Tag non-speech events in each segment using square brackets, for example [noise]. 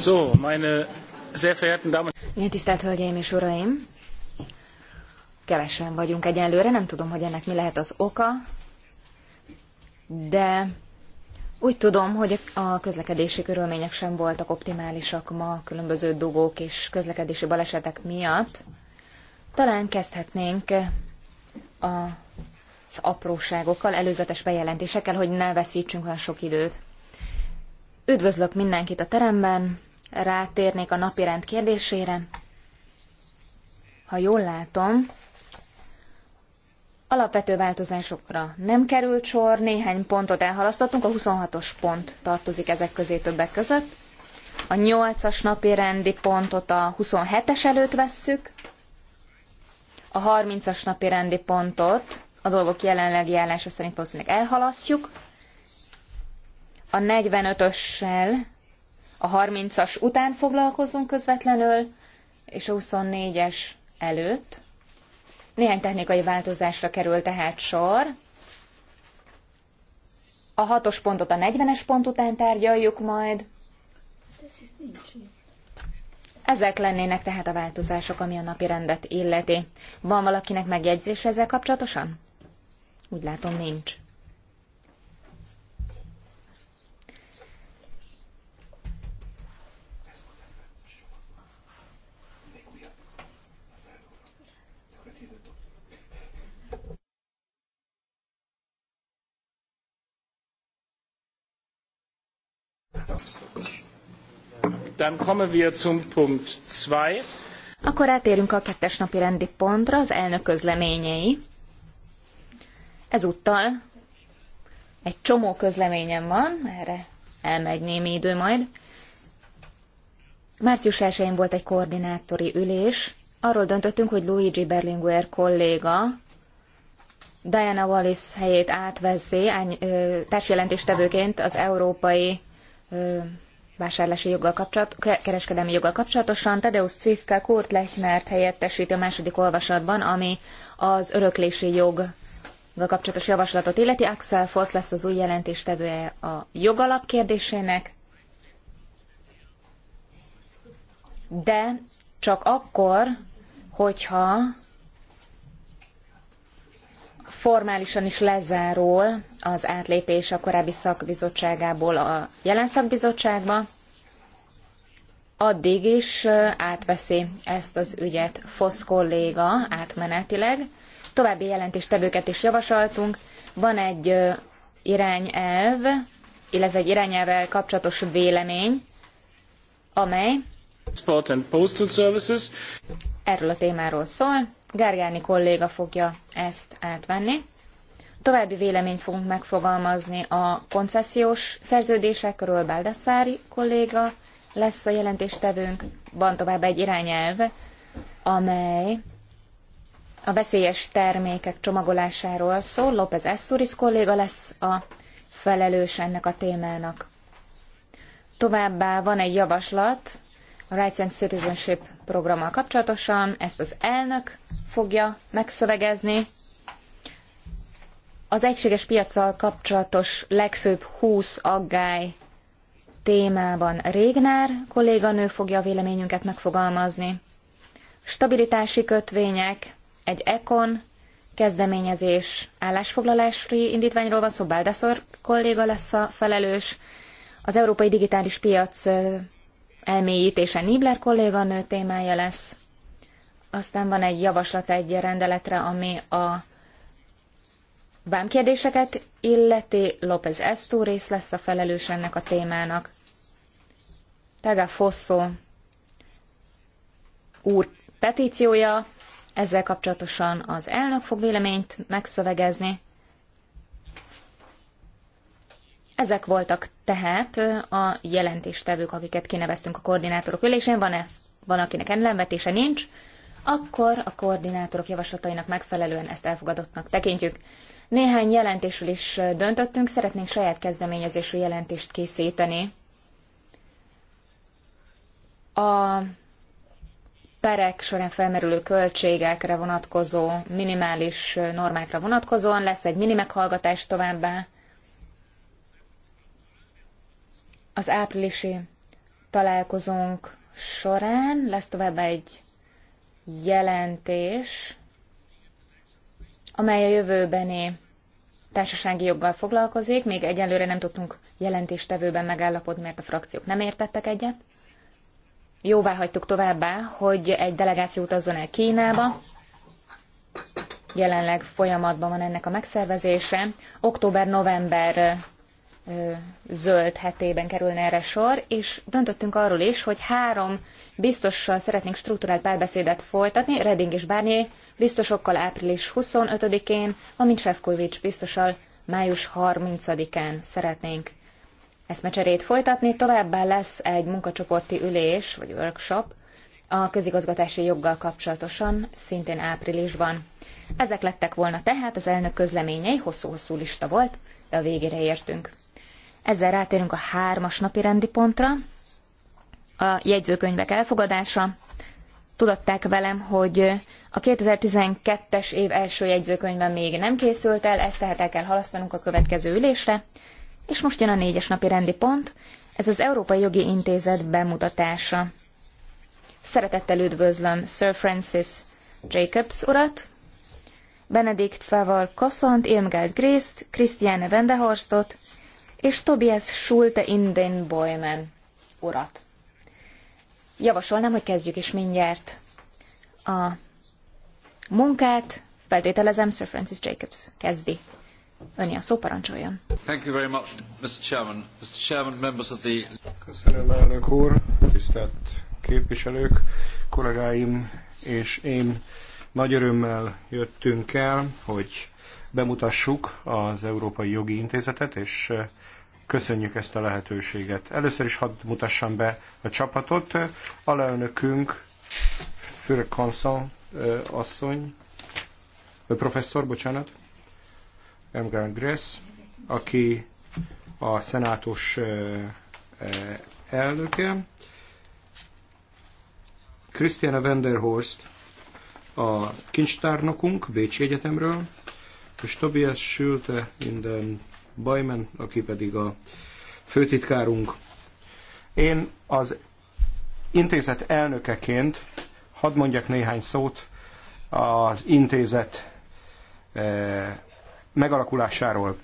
So, meine sehr verehrten Damen. Milyen tisztelt Hölgyeim és Uraim! Kevesen vagyunk egyenlőre, nem tudom, hogy ennek mi lehet az oka, de úgy tudom, hogy a közlekedési körülmények sem voltak optimálisak ma különböző dugók és közlekedési balesetek miatt. Talán kezdhetnénk a, az apróságokkal, előzetes bejelentésekkel, hogy ne veszítsünk olyan sok időt. Üdvözlök mindenkit a teremben, rátérnék a napirend kérdésére. Ha jól látom, alapvető változásokra nem került sor, néhány pontot elhalasztottunk, a 26-os pont tartozik ezek közé többek között. A 8-as napi rendi pontot a 27-es előtt vesszük, a 30-as napi rendi pontot a dolgok jelenlegi állása szerint valószínűleg elhalasztjuk, a 45-össel a 30-as után foglalkozunk közvetlenül, és a 24-es előtt. Néhány technikai változásra kerül tehát sor. A hatos pontot a 40-es pont után tárgyaljuk majd. Ezek lennének tehát a változások, ami a napi rendet illeti. Van valakinek megjegyzés ezzel kapcsolatosan? Úgy látom, nincs. Dann kommen wir zum Punkt 2. Akkor átérünk a kettes napi rendi pontra, az elnök közleményei. Ezúttal egy csomó közleményem van, erre elmegy némi idő majd. Március 1-én volt egy koordinátori ülés. Arról döntöttünk, hogy Luigi Berlinguer kolléga Diana Wallis helyét átveszi társjelentéstevőként az Európai vásárlási joggal kapcsolat, kereskedelmi joggal kapcsolatosan Tadeusz Cvifka Kurt Lechnert helyettesíti a második olvasatban, ami az öröklési jog kapcsolatos javaslatot illeti. Axel Foss lesz az új jelentéstevője a jogalap kérdésének, de csak akkor, hogyha formálisan is lezárul az átlépés a korábbi szakbizottságából a jelen szakbizottságba, addig is átveszi ezt az ügyet FOSZ kolléga átmenetileg. További jelentéstevőket is javasoltunk. Van egy irányelv, illetve egy irányelvvel kapcsolatos vélemény, amely Erről a témáról szól. Gárgáni kolléga fogja ezt átvenni. További véleményt fogunk megfogalmazni a koncesziós szerződésekről. Báldaszári kolléga lesz a jelentéstevőnk. Van tovább egy irányelv, amely a veszélyes termékek csomagolásáról szól. López Esturis kolléga lesz a felelős ennek a témának. Továbbá van egy javaslat, a Rights and Citizenship programmal kapcsolatosan, ezt az elnök fogja megszövegezni. Az egységes piaccal kapcsolatos legfőbb 20 aggály témában Régnár kolléganő fogja a véleményünket megfogalmazni. Stabilitási kötvények, egy ekon, kezdeményezés, állásfoglalási indítványról van szó, Báldászor kolléga lesz a felelős, az európai digitális piac elmélyítése Nibler kolléganő témája lesz. Aztán van egy javaslat egy rendeletre, ami a vámkérdéseket illeti. López rész lesz a felelős ennek a témának. Tega Fosszó úr petíciója, ezzel kapcsolatosan az elnök fog véleményt megszövegezni. Ezek voltak tehát a jelentéstevők, akiket kineveztünk a koordinátorok ülésén. Van-e valakinek ellenvetése? Nincs. Akkor a koordinátorok javaslatainak megfelelően ezt elfogadottnak tekintjük. Néhány jelentésről is döntöttünk, szeretnénk saját kezdeményezésű jelentést készíteni. A perek során felmerülő költségekre vonatkozó, minimális normákra vonatkozóan lesz egy mini meghallgatás továbbá, Az áprilisi találkozónk során lesz tovább egy jelentés, amely a jövőbeni társasági joggal foglalkozik. Még egyelőre nem tudtunk jelentéstevőben megállapodni, mert a frakciók nem értettek egyet. Jóvá hagytuk továbbá, hogy egy delegáció utazzon el Kínába. Jelenleg folyamatban van ennek a megszervezése. Október-november zöld hetében kerülne erre sor, és döntöttünk arról is, hogy három biztossal szeretnénk strukturált párbeszédet folytatni, Reding és Barnier biztosokkal április 25-én, valamint Sefcovics biztossal május 30-án szeretnénk eszmecserét folytatni. Továbbá lesz egy munkacsoporti ülés, vagy workshop, a közigazgatási joggal kapcsolatosan, szintén áprilisban. Ezek lettek volna tehát az elnök közleményei, hosszú-hosszú lista volt, de a végére értünk. Ezzel rátérünk a hármas napi rendi pontra. A jegyzőkönyvek elfogadása. Tudatták velem, hogy a 2012-es év első jegyzőkönyve még nem készült el, ezt tehát el kell halasztanunk a következő ülésre. És most jön a négyes napi rendi pont, ez az Európai Jogi Intézet bemutatása. Szeretettel üdvözlöm Sir Francis Jacobs urat, Benedikt Favar Kossant, Irmgard Grészt, Christiane Wendehorstot, és Tobias Schulte in den Bäumen urat. Javasolnám, hogy kezdjük is mindjárt a munkát. Feltételezem, Sir Francis Jacobs kezdi. Önni a szó, parancsoljon. Thank you very much, Mr. Chairman. Mr. Chairman, members of the... Köszönöm, elnök úr, tisztelt képviselők, kollégáim és én nagy örömmel jöttünk el, hogy bemutassuk az Európai Jogi Intézetet, és köszönjük ezt a lehetőséget. Először is hadd mutassam be a csapatot. Alelnökünk Füre Kanszon asszony, professzor, bocsánat, M. Gress, aki a szenátus elnöke, Christiana Wenderhorst, a kincstárnokunk Bécsi Egyetemről, és Tobias Sülte minden Bajmen, aki pedig a főtitkárunk. Én az intézet elnökeként hadd mondjak néhány szót az intézet eh, megalakulásáról.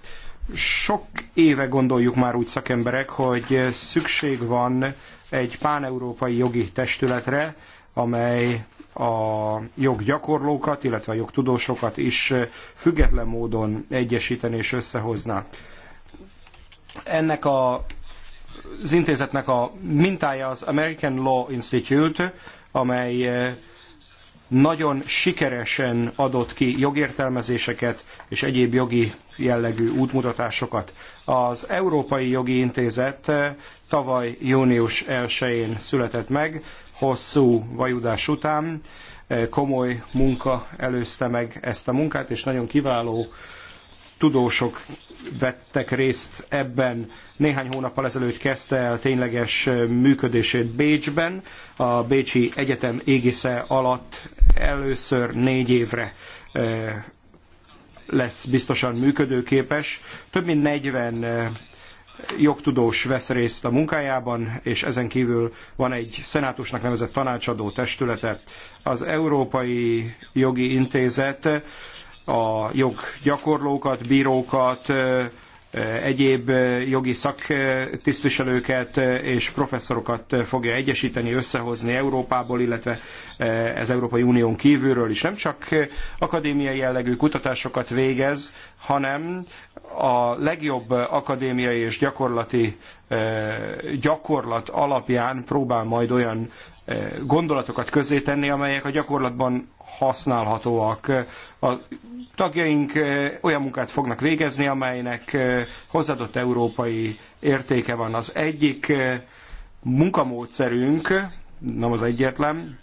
Sok éve gondoljuk már úgy szakemberek, hogy szükség van egy páneurópai jogi testületre, amely a joggyakorlókat, illetve a jogtudósokat is független módon egyesíteni és összehozná. Ennek a, az intézetnek a mintája az American Law Institute, amely nagyon sikeresen adott ki jogértelmezéseket és egyéb jogi jellegű útmutatásokat. Az Európai Jogi Intézet tavaly június 1-én született meg, hosszú vajudás után. Eh, komoly munka előzte meg ezt a munkát, és nagyon kiváló tudósok vettek részt ebben. Néhány hónappal ezelőtt kezdte el tényleges eh, működését Bécsben, a Bécsi Egyetem égisze alatt először négy évre eh, lesz biztosan működőképes. Több mint 40 jogtudós vesz részt a munkájában, és ezen kívül van egy szenátusnak nevezett tanácsadó testülete. Az Európai Jogi Intézet a joggyakorlókat, bírókat, egyéb jogi szaktisztviselőket és professzorokat fogja egyesíteni, összehozni Európából, illetve az Európai Unión kívülről is. Nem csak akadémiai jellegű kutatásokat végez, hanem a legjobb akadémiai és gyakorlati gyakorlat alapján próbál majd olyan gondolatokat közzétenni, amelyek a gyakorlatban használhatóak. A Tagjaink olyan munkát fognak végezni, amelynek hozzáadott európai értéke van. Az egyik munkamódszerünk, nem az egyetlen,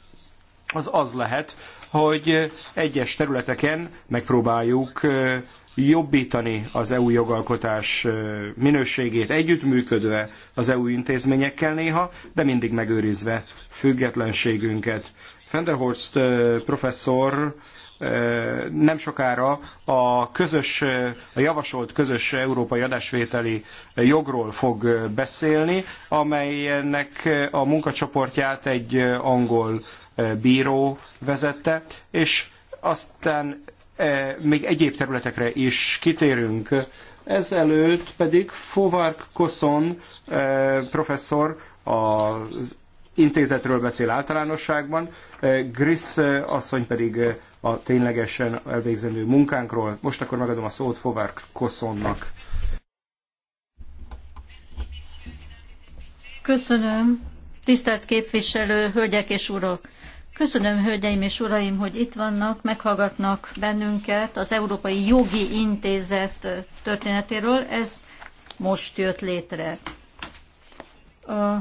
az az lehet, hogy egyes területeken megpróbáljuk jobbítani az EU jogalkotás minőségét, együttműködve az EU intézményekkel néha, de mindig megőrizve függetlenségünket. Fenderhorst professzor nem sokára a, közös, a javasolt közös európai adásvételi jogról fog beszélni, amelynek a munkacsoportját egy angol bíró vezette, és aztán még egyéb területekre is kitérünk. Ezelőtt pedig Fovark Koszon professzor az intézetről beszél általánosságban, Grisz asszony pedig a ténylegesen elvégzendő munkánkról. Most akkor megadom a szót Fovár Koszonnak. Köszönöm, tisztelt képviselő, hölgyek és urok! Köszönöm, hölgyeim és uraim, hogy itt vannak, meghallgatnak bennünket az Európai Jogi Intézet történetéről. Ez most jött létre. A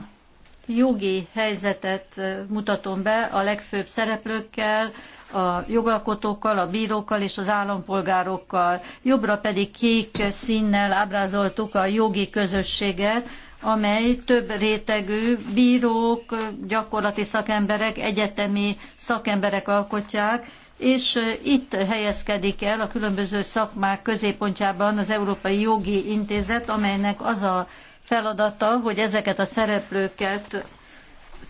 jogi helyzetet mutatom be a legfőbb szereplőkkel, a jogalkotókkal, a bírókkal és az állampolgárokkal. Jobbra pedig kék színnel ábrázoltuk a jogi közösséget, amely több rétegű bírók, gyakorlati szakemberek, egyetemi szakemberek alkotják, és itt helyezkedik el a különböző szakmák középpontjában az Európai Jogi Intézet, amelynek az a feladata, hogy ezeket a szereplőket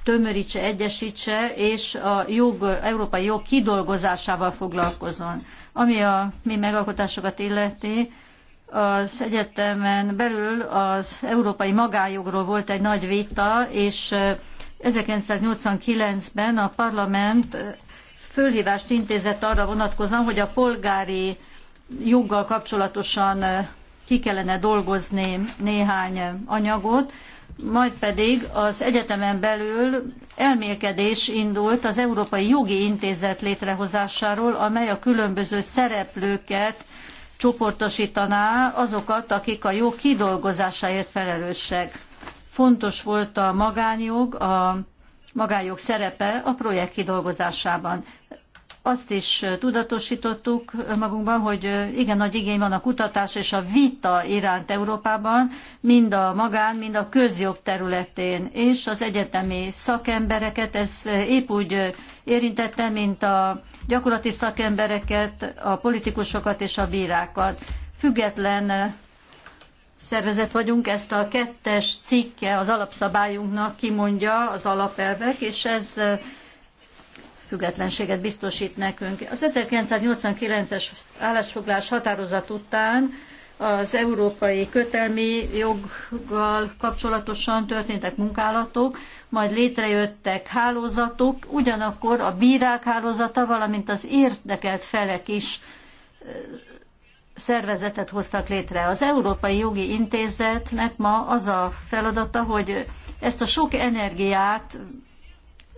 tömörítse, egyesítse, és a jog, európai jog kidolgozásával foglalkozon. Ami a mi megalkotásokat illeti, az egyetemen belül az európai magájogról volt egy nagy vita, és 1989-ben eh, a parlament eh, fölhívást intézett arra vonatkozóan, hogy a polgári joggal kapcsolatosan eh, ki kellene dolgozni néhány anyagot, majd pedig az egyetemen belül elmélkedés indult az Európai Jogi Intézet létrehozásáról, amely a különböző szereplőket csoportosítaná azokat, akik a jog kidolgozásáért felelősek. Fontos volt a magánjog, a magánjog szerepe a projekt kidolgozásában azt is tudatosítottuk magunkban, hogy igen nagy igény van a kutatás és a vita iránt Európában, mind a magán, mind a közjog területén, és az egyetemi szakembereket ez épp úgy érintette, mint a gyakorlati szakembereket, a politikusokat és a bírákat. Független szervezet vagyunk, ezt a kettes cikke az alapszabályunknak kimondja az alapelvek, és ez függetlenséget biztosít nekünk. Az 1989-es állásfoglás határozat után az európai kötelmi joggal kapcsolatosan történtek munkálatok, majd létrejöttek hálózatok, ugyanakkor a bírák hálózata, valamint az érdekelt felek is szervezetet hoztak létre. Az Európai Jogi Intézetnek ma az a feladata, hogy ezt a sok energiát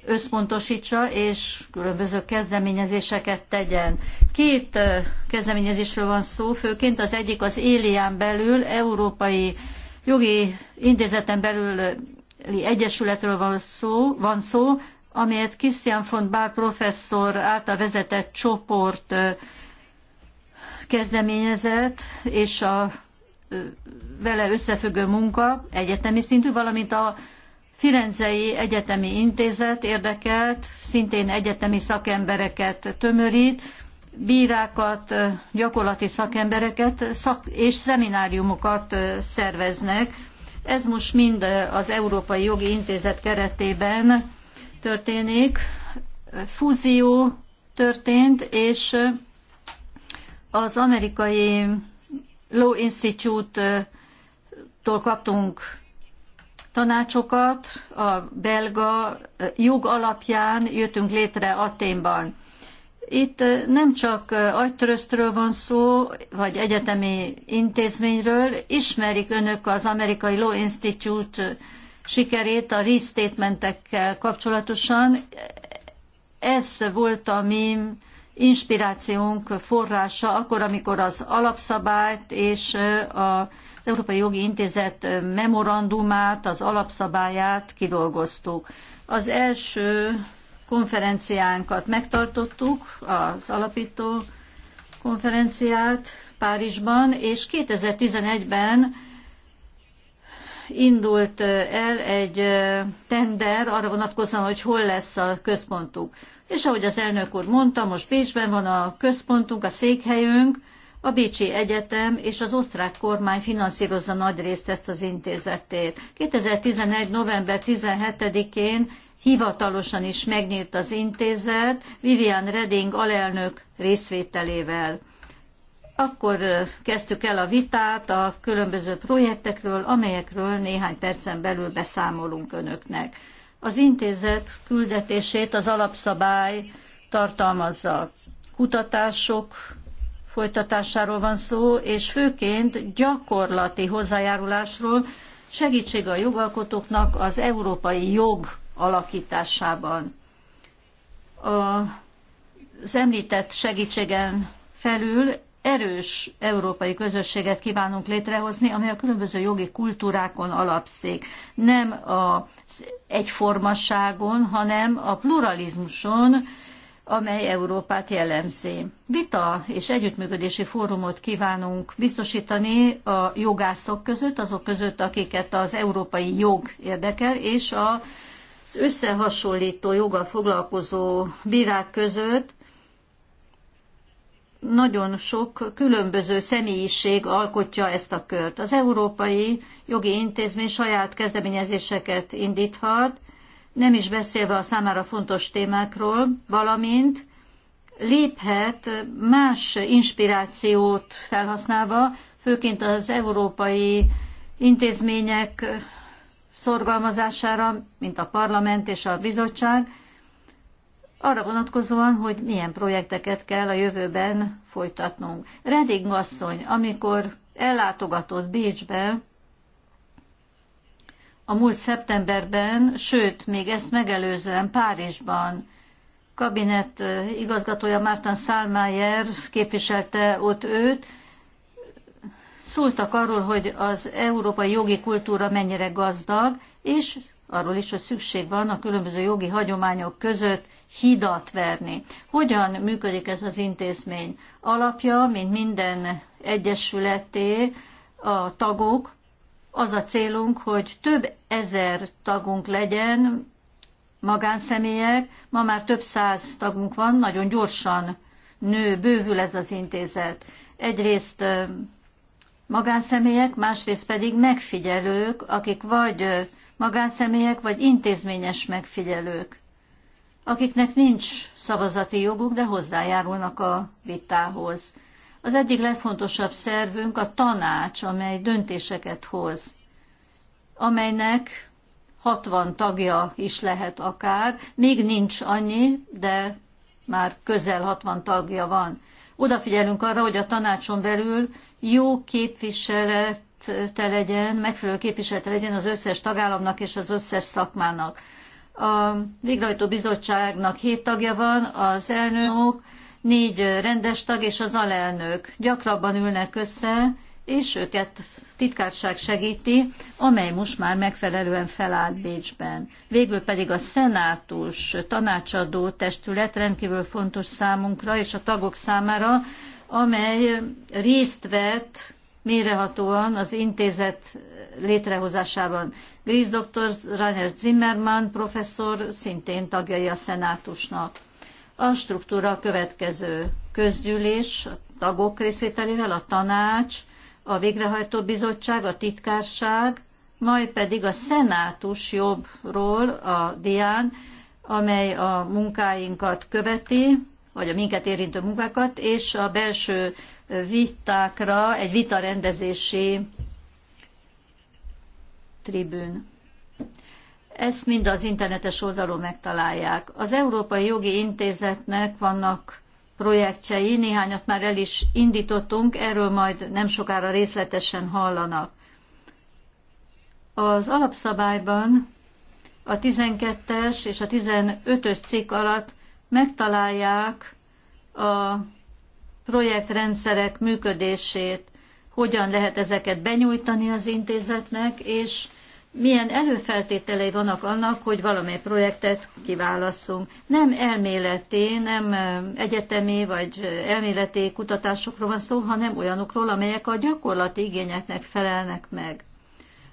összpontosítsa és különböző kezdeményezéseket tegyen. Két kezdeményezésről van szó, főként az egyik az Élián belül, Európai Jogi Intézeten belüli egyesületről van szó, van szó amelyet Christian von Bár professzor által vezetett csoport kezdeményezett, és a vele összefüggő munka egyetemi szintű, valamint a Firenzei Egyetemi Intézet érdekelt, szintén egyetemi szakembereket tömörít, bírákat, gyakorlati szakembereket szak és szemináriumokat szerveznek. Ez most mind az Európai Jogi Intézet keretében történik. Fúzió történt, és az amerikai Law Institute-tól kaptunk tanácsokat, a belga jog alapján jöttünk létre Aténban. Itt nem csak agytöröztről van szó, vagy egyetemi intézményről, ismerik önök az amerikai Law Institute sikerét a restatementekkel kapcsolatosan. Ez volt a mi inspirációnk forrása akkor, amikor az alapszabályt és a az Európai Jogi Intézet memorandumát, az alapszabályát kidolgoztuk. Az első konferenciánkat megtartottuk, az alapító konferenciát Párizsban, és 2011-ben indult el egy tender arra vonatkozóan, hogy hol lesz a központunk. És ahogy az elnök úr mondta, most Pécsben van a központunk, a székhelyünk, a Bécsi Egyetem és az osztrák kormány finanszírozza nagyrészt ezt az intézetét. 2011. november 17-én hivatalosan is megnyílt az intézet Vivian Reding alelnök részvételével. Akkor kezdtük el a vitát a különböző projektekről, amelyekről néhány percen belül beszámolunk önöknek. Az intézet küldetését az alapszabály tartalmazza. Kutatások, folytatásáról van szó, és főként gyakorlati hozzájárulásról, segítség a jogalkotóknak az európai jog alakításában. A, az említett segítségen felül erős európai közösséget kívánunk létrehozni, amely a különböző jogi kultúrákon alapszik. Nem az egyformaságon, hanem a pluralizmuson, amely Európát jellemzi. Vita és együttműködési fórumot kívánunk biztosítani a jogászok között, azok között, akiket az európai jog érdekel, és az összehasonlító joggal foglalkozó bírák között, nagyon sok különböző személyiség alkotja ezt a kört. Az Európai Jogi Intézmény saját kezdeményezéseket indíthat, nem is beszélve a számára fontos témákról, valamint léphet más inspirációt felhasználva, főként az európai intézmények szorgalmazására, mint a parlament és a bizottság, arra vonatkozóan, hogy milyen projekteket kell a jövőben folytatnunk. Redding asszony, amikor ellátogatott Bécsbe, a múlt szeptemberben, sőt, még ezt megelőzően Párizsban kabinet igazgatója Márton Szálmájer képviselte ott őt, szóltak arról, hogy az európai jogi kultúra mennyire gazdag, és arról is, hogy szükség van a különböző jogi hagyományok között hidat verni. Hogyan működik ez az intézmény? Alapja, mint minden egyesületé, a tagok, az a célunk, hogy több ezer tagunk legyen, magánszemélyek, ma már több száz tagunk van, nagyon gyorsan nő, bővül ez az intézet. Egyrészt magánszemélyek, másrészt pedig megfigyelők, akik vagy magánszemélyek, vagy intézményes megfigyelők, akiknek nincs szavazati joguk, de hozzájárulnak a vitához. Az egyik legfontosabb szervünk a tanács, amely döntéseket hoz, amelynek 60 tagja is lehet akár, még nincs annyi, de már közel 60 tagja van. Odafigyelünk arra, hogy a tanácson belül jó képviselete legyen, megfelelő képviselete legyen az összes tagállamnak és az összes szakmának. A végrehajtó bizottságnak hét tagja van, az elnök, négy rendes tag és az alelnök gyakrabban ülnek össze, és őket titkárság segíti, amely most már megfelelően felállt Bécsben. Végül pedig a szenátus tanácsadó testület rendkívül fontos számunkra és a tagok számára, amely részt vett mérehatóan az intézet létrehozásában. Gríz dr. Rainer Zimmermann professzor szintén tagjai a szenátusnak. A struktúra a következő közgyűlés, a tagok részvételével, a tanács, a végrehajtó bizottság, a titkárság, majd pedig a szenátus jobbról a dián, amely a munkáinkat követi, vagy a minket érintő munkákat, és a belső vitákra egy vitarendezési tribűn. Ezt mind az internetes oldalon megtalálják. Az Európai Jogi Intézetnek vannak projektjei, néhányat már el is indítottunk, erről majd nem sokára részletesen hallanak. Az alapszabályban a 12-es és a 15-ös cikk alatt megtalálják a projektrendszerek működését, hogyan lehet ezeket benyújtani az intézetnek, és milyen előfeltételei vannak annak, hogy valamely projektet kiválasszunk. Nem elméleti, nem egyetemi vagy elméleti kutatásokról van szó, hanem olyanokról, amelyek a gyakorlati igényeknek felelnek meg.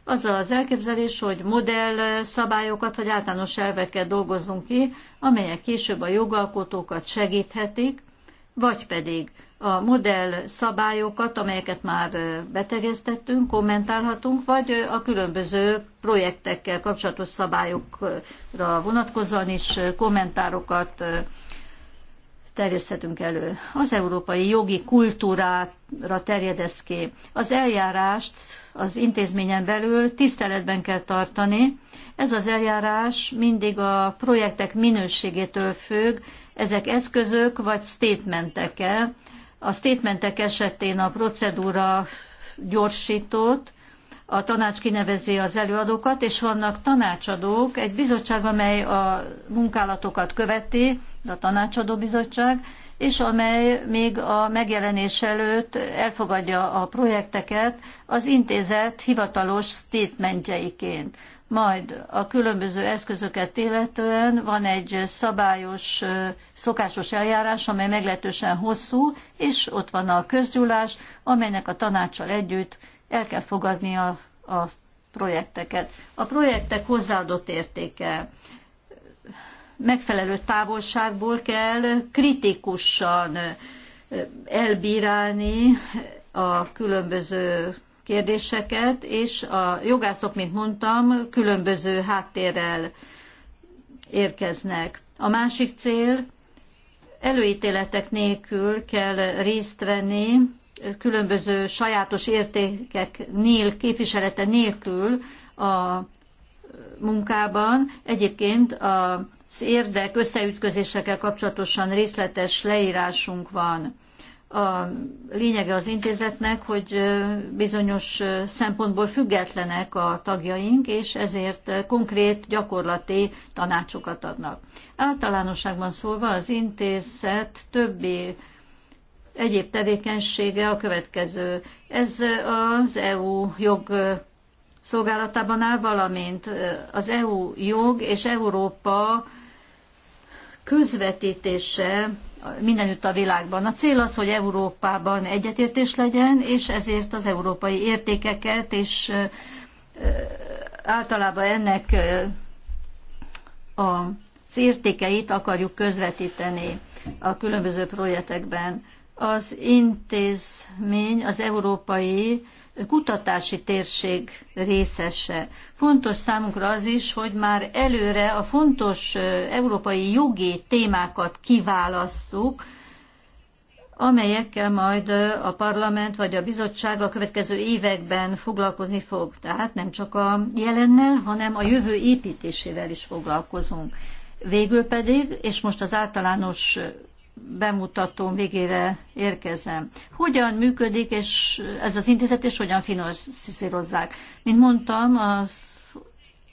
Az az elképzelés, hogy modell szabályokat vagy általános elveket dolgozzunk ki, amelyek később a jogalkotókat segíthetik, vagy pedig a modell szabályokat, amelyeket már beterjesztettünk, kommentálhatunk, vagy a különböző projektekkel kapcsolatos szabályokra vonatkozóan is kommentárokat terjeszthetünk elő. Az európai jogi kultúrára terjedez ki. Az eljárást az intézményen belül tiszteletben kell tartani. Ez az eljárás mindig a projektek minőségétől függ, ezek eszközök vagy statementek -e, a statementek esetén a procedúra gyorsított, a tanács kinevezi az előadókat, és vannak tanácsadók, egy bizottság, amely a munkálatokat követi, a tanácsadó bizottság, és amely még a megjelenés előtt elfogadja a projekteket az intézet hivatalos statementjeiként. Majd a különböző eszközöket illetően van egy szabályos, szokásos eljárás, amely meglehetősen hosszú, és ott van a közgyúlás, amelynek a tanácsal együtt el kell fogadni a, a projekteket. A projektek hozzáadott értéke megfelelő távolságból kell kritikusan elbírálni a különböző kérdéseket, és a jogászok, mint mondtam, különböző háttérrel érkeznek. A másik cél, előítéletek nélkül kell részt venni, különböző sajátos értékek nél, képviselete nélkül a munkában. Egyébként az érdek összeütközésekkel kapcsolatosan részletes leírásunk van a lényege az intézetnek, hogy bizonyos szempontból függetlenek a tagjaink, és ezért konkrét gyakorlati tanácsokat adnak. Általánosságban szólva az intézet többi egyéb tevékenysége a következő. Ez az EU jog szolgálatában áll, valamint az EU jog és Európa közvetítése mindenütt a világban. A cél az, hogy Európában egyetértés legyen, és ezért az európai értékeket, és általában ennek az értékeit akarjuk közvetíteni a különböző projektekben. Az intézmény az európai kutatási térség részese. Fontos számunkra az is, hogy már előre a fontos európai jogi témákat kiválasszuk, amelyekkel majd a parlament vagy a bizottság a következő években foglalkozni fog. Tehát nem csak a jelennel, hanem a jövő építésével is foglalkozunk. Végül pedig, és most az általános bemutatóm végére érkezem. Hogyan működik és ez az intézet, és hogyan finanszírozzák? Mint mondtam, az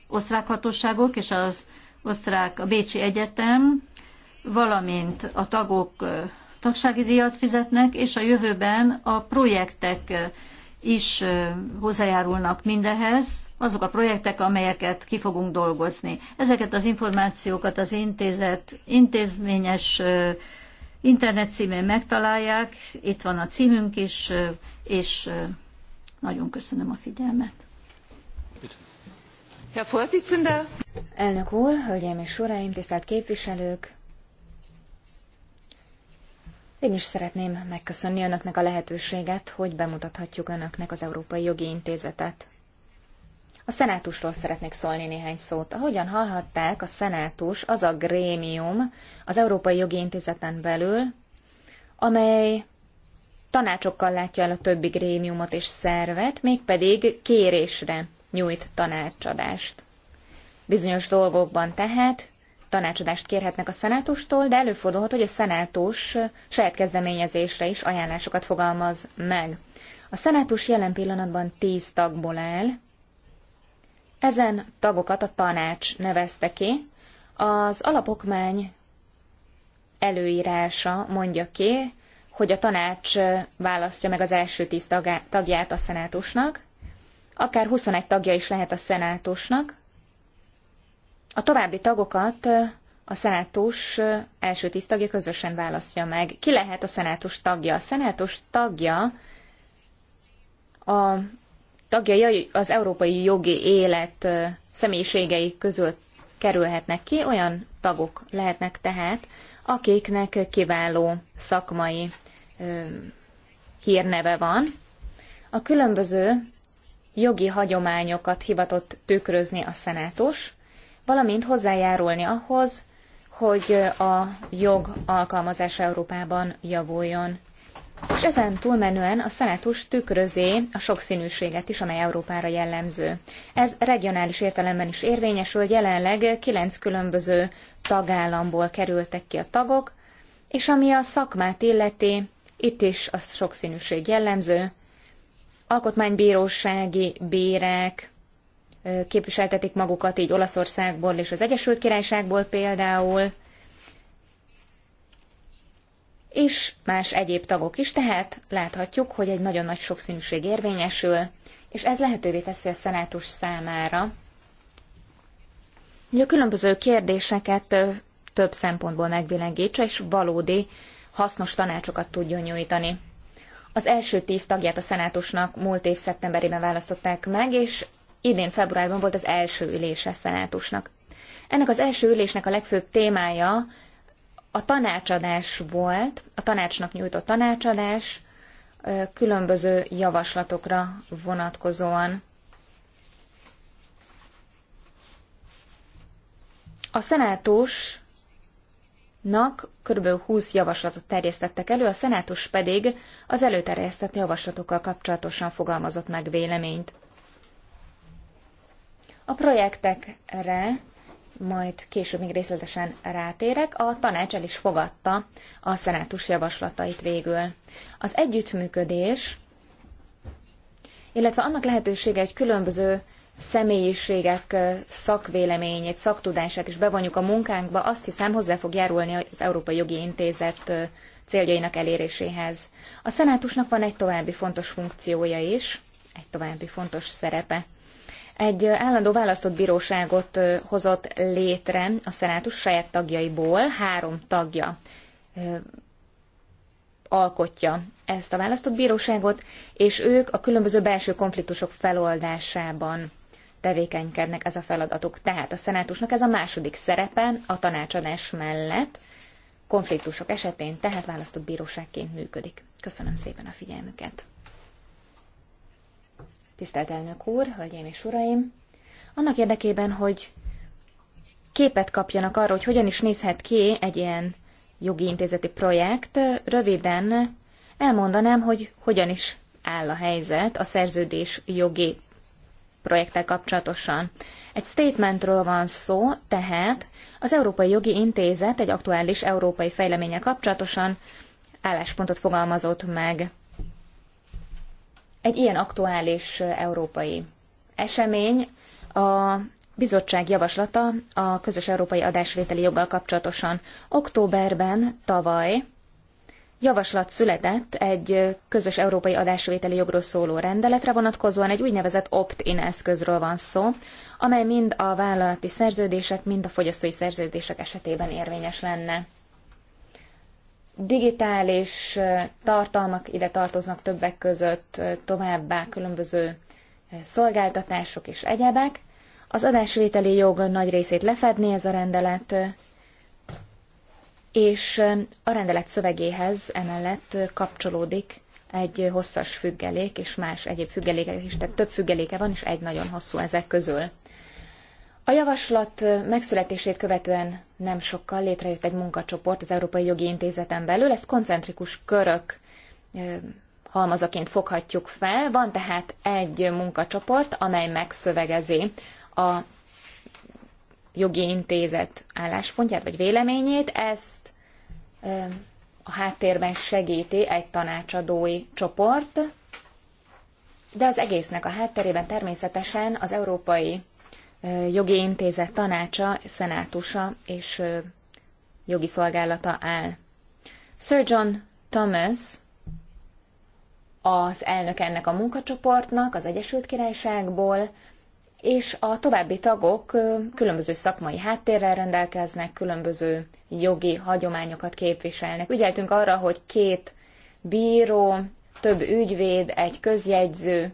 osztrák hatóságok és az osztrák, a Bécsi Egyetem, valamint a tagok tagsági díjat fizetnek, és a jövőben a projektek is hozzájárulnak mindehez, azok a projektek, amelyeket ki fogunk dolgozni. Ezeket az információkat az intézet intézményes Internet címén megtalálják, itt van a címünk is, és nagyon köszönöm a figyelmet. Herr Elnök úr, hölgyeim és uraim, tisztelt képviselők! Én is szeretném megköszönni önöknek a lehetőséget, hogy bemutathatjuk önöknek az Európai Jogi Intézetet. A szenátusról szeretnék szólni néhány szót. Ahogyan hallhatták, a szenátus az a grémium az Európai Jogi Intézeten belül, amely tanácsokkal látja el a többi grémiumot és szervet, mégpedig kérésre nyújt tanácsadást. Bizonyos dolgokban tehát tanácsadást kérhetnek a szenátustól, de előfordulhat, hogy a szenátus saját kezdeményezésre is ajánlásokat fogalmaz meg. A szenátus jelen pillanatban tíz tagból áll, ezen tagokat a tanács nevezte ki, az alapokmány előírása mondja ki, hogy a tanács választja meg az első tíz tagját a szenátusnak, akár 21 tagja is lehet a szenátusnak. A további tagokat a szenátus első tíz tagja közösen választja meg. Ki lehet a szenátus tagja? A szenátus tagja a tagjai az európai jogi élet személyiségei közül kerülhetnek ki, olyan tagok lehetnek tehát, akiknek kiváló szakmai hírneve van. A különböző jogi hagyományokat hivatott tükrözni a szenátus, valamint hozzájárulni ahhoz, hogy a jog alkalmazása Európában javuljon és ezen túlmenően a szenátus tükrözi a sokszínűséget is, amely Európára jellemző. Ez regionális értelemben is érvényesül, jelenleg kilenc különböző tagállamból kerültek ki a tagok, és ami a szakmát illeti, itt is a sokszínűség jellemző, alkotmánybírósági bérek képviseltetik magukat így Olaszországból és az Egyesült Királyságból például, és más egyéb tagok is, tehát láthatjuk, hogy egy nagyon nagy sokszínűség érvényesül, és ez lehetővé teszi a szenátus számára, hogy a különböző kérdéseket több szempontból megvilágítsa, és valódi, hasznos tanácsokat tudjon nyújtani. Az első tíz tagját a szenátusnak múlt év szeptemberében választották meg, és idén februárban volt az első ülése szenátusnak. Ennek az első ülésnek a legfőbb témája a tanácsadás volt, a tanácsnak nyújtott tanácsadás különböző javaslatokra vonatkozóan. A szenátusnak kb. 20 javaslatot terjesztettek elő, a szenátus pedig az előterjesztett javaslatokkal kapcsolatosan fogalmazott meg véleményt. A projektekre majd később még részletesen rátérek, a tanács el is fogadta a szenátus javaslatait végül. Az együttműködés, illetve annak lehetősége, hogy különböző személyiségek szakvéleményét, szaktudását is bevonjuk a munkánkba, azt hiszem hozzá fog járulni az Európai Jogi Intézet céljainak eléréséhez. A szenátusnak van egy további fontos funkciója is, egy további fontos szerepe egy állandó választott bíróságot hozott létre a szenátus saját tagjaiból, három tagja alkotja ezt a választott bíróságot, és ők a különböző belső konfliktusok feloldásában tevékenykednek ez a feladatuk. Tehát a szenátusnak ez a második szerepe a tanácsadás mellett konfliktusok esetén, tehát választott bíróságként működik. Köszönöm szépen a figyelmüket! tisztelt elnök úr, hölgyeim és uraim! Annak érdekében, hogy képet kapjanak arról, hogy hogyan is nézhet ki egy ilyen jogi intézeti projekt, röviden elmondanám, hogy hogyan is áll a helyzet a szerződés jogi projekttel kapcsolatosan. Egy statementről van szó, tehát az Európai Jogi Intézet egy aktuális európai fejleménye kapcsolatosan álláspontot fogalmazott meg egy ilyen aktuális európai esemény a bizottság javaslata a közös európai adásvételi joggal kapcsolatosan. Októberben tavaly javaslat született egy közös európai adásvételi jogról szóló rendeletre vonatkozóan egy úgynevezett opt-in eszközről van szó, amely mind a vállalati szerződések, mind a fogyasztói szerződések esetében érvényes lenne digitális tartalmak ide tartoznak többek között, továbbá különböző szolgáltatások és egyebek. Az adásvételi jog nagy részét lefedné ez a rendelet, és a rendelet szövegéhez emellett kapcsolódik egy hosszas függelék és más egyéb függelékek is, tehát több függeléke van, és egy nagyon hosszú ezek közül. A javaslat megszületését követően nem sokkal létrejött egy munkacsoport az Európai Jogi Intézeten belül, ezt koncentrikus körök halmazaként foghatjuk fel. Van tehát egy munkacsoport, amely megszövegezi a jogi intézet álláspontját vagy véleményét, ezt a háttérben segíti egy tanácsadói csoport, de az egésznek a hátterében természetesen az Európai jogi intézet tanácsa, szenátusa és jogi szolgálata áll. Sir John Thomas az elnök ennek a munkacsoportnak az Egyesült Királyságból, és a további tagok különböző szakmai háttérrel rendelkeznek, különböző jogi hagyományokat képviselnek. Ügyeltünk arra, hogy két bíró, több ügyvéd, egy közjegyző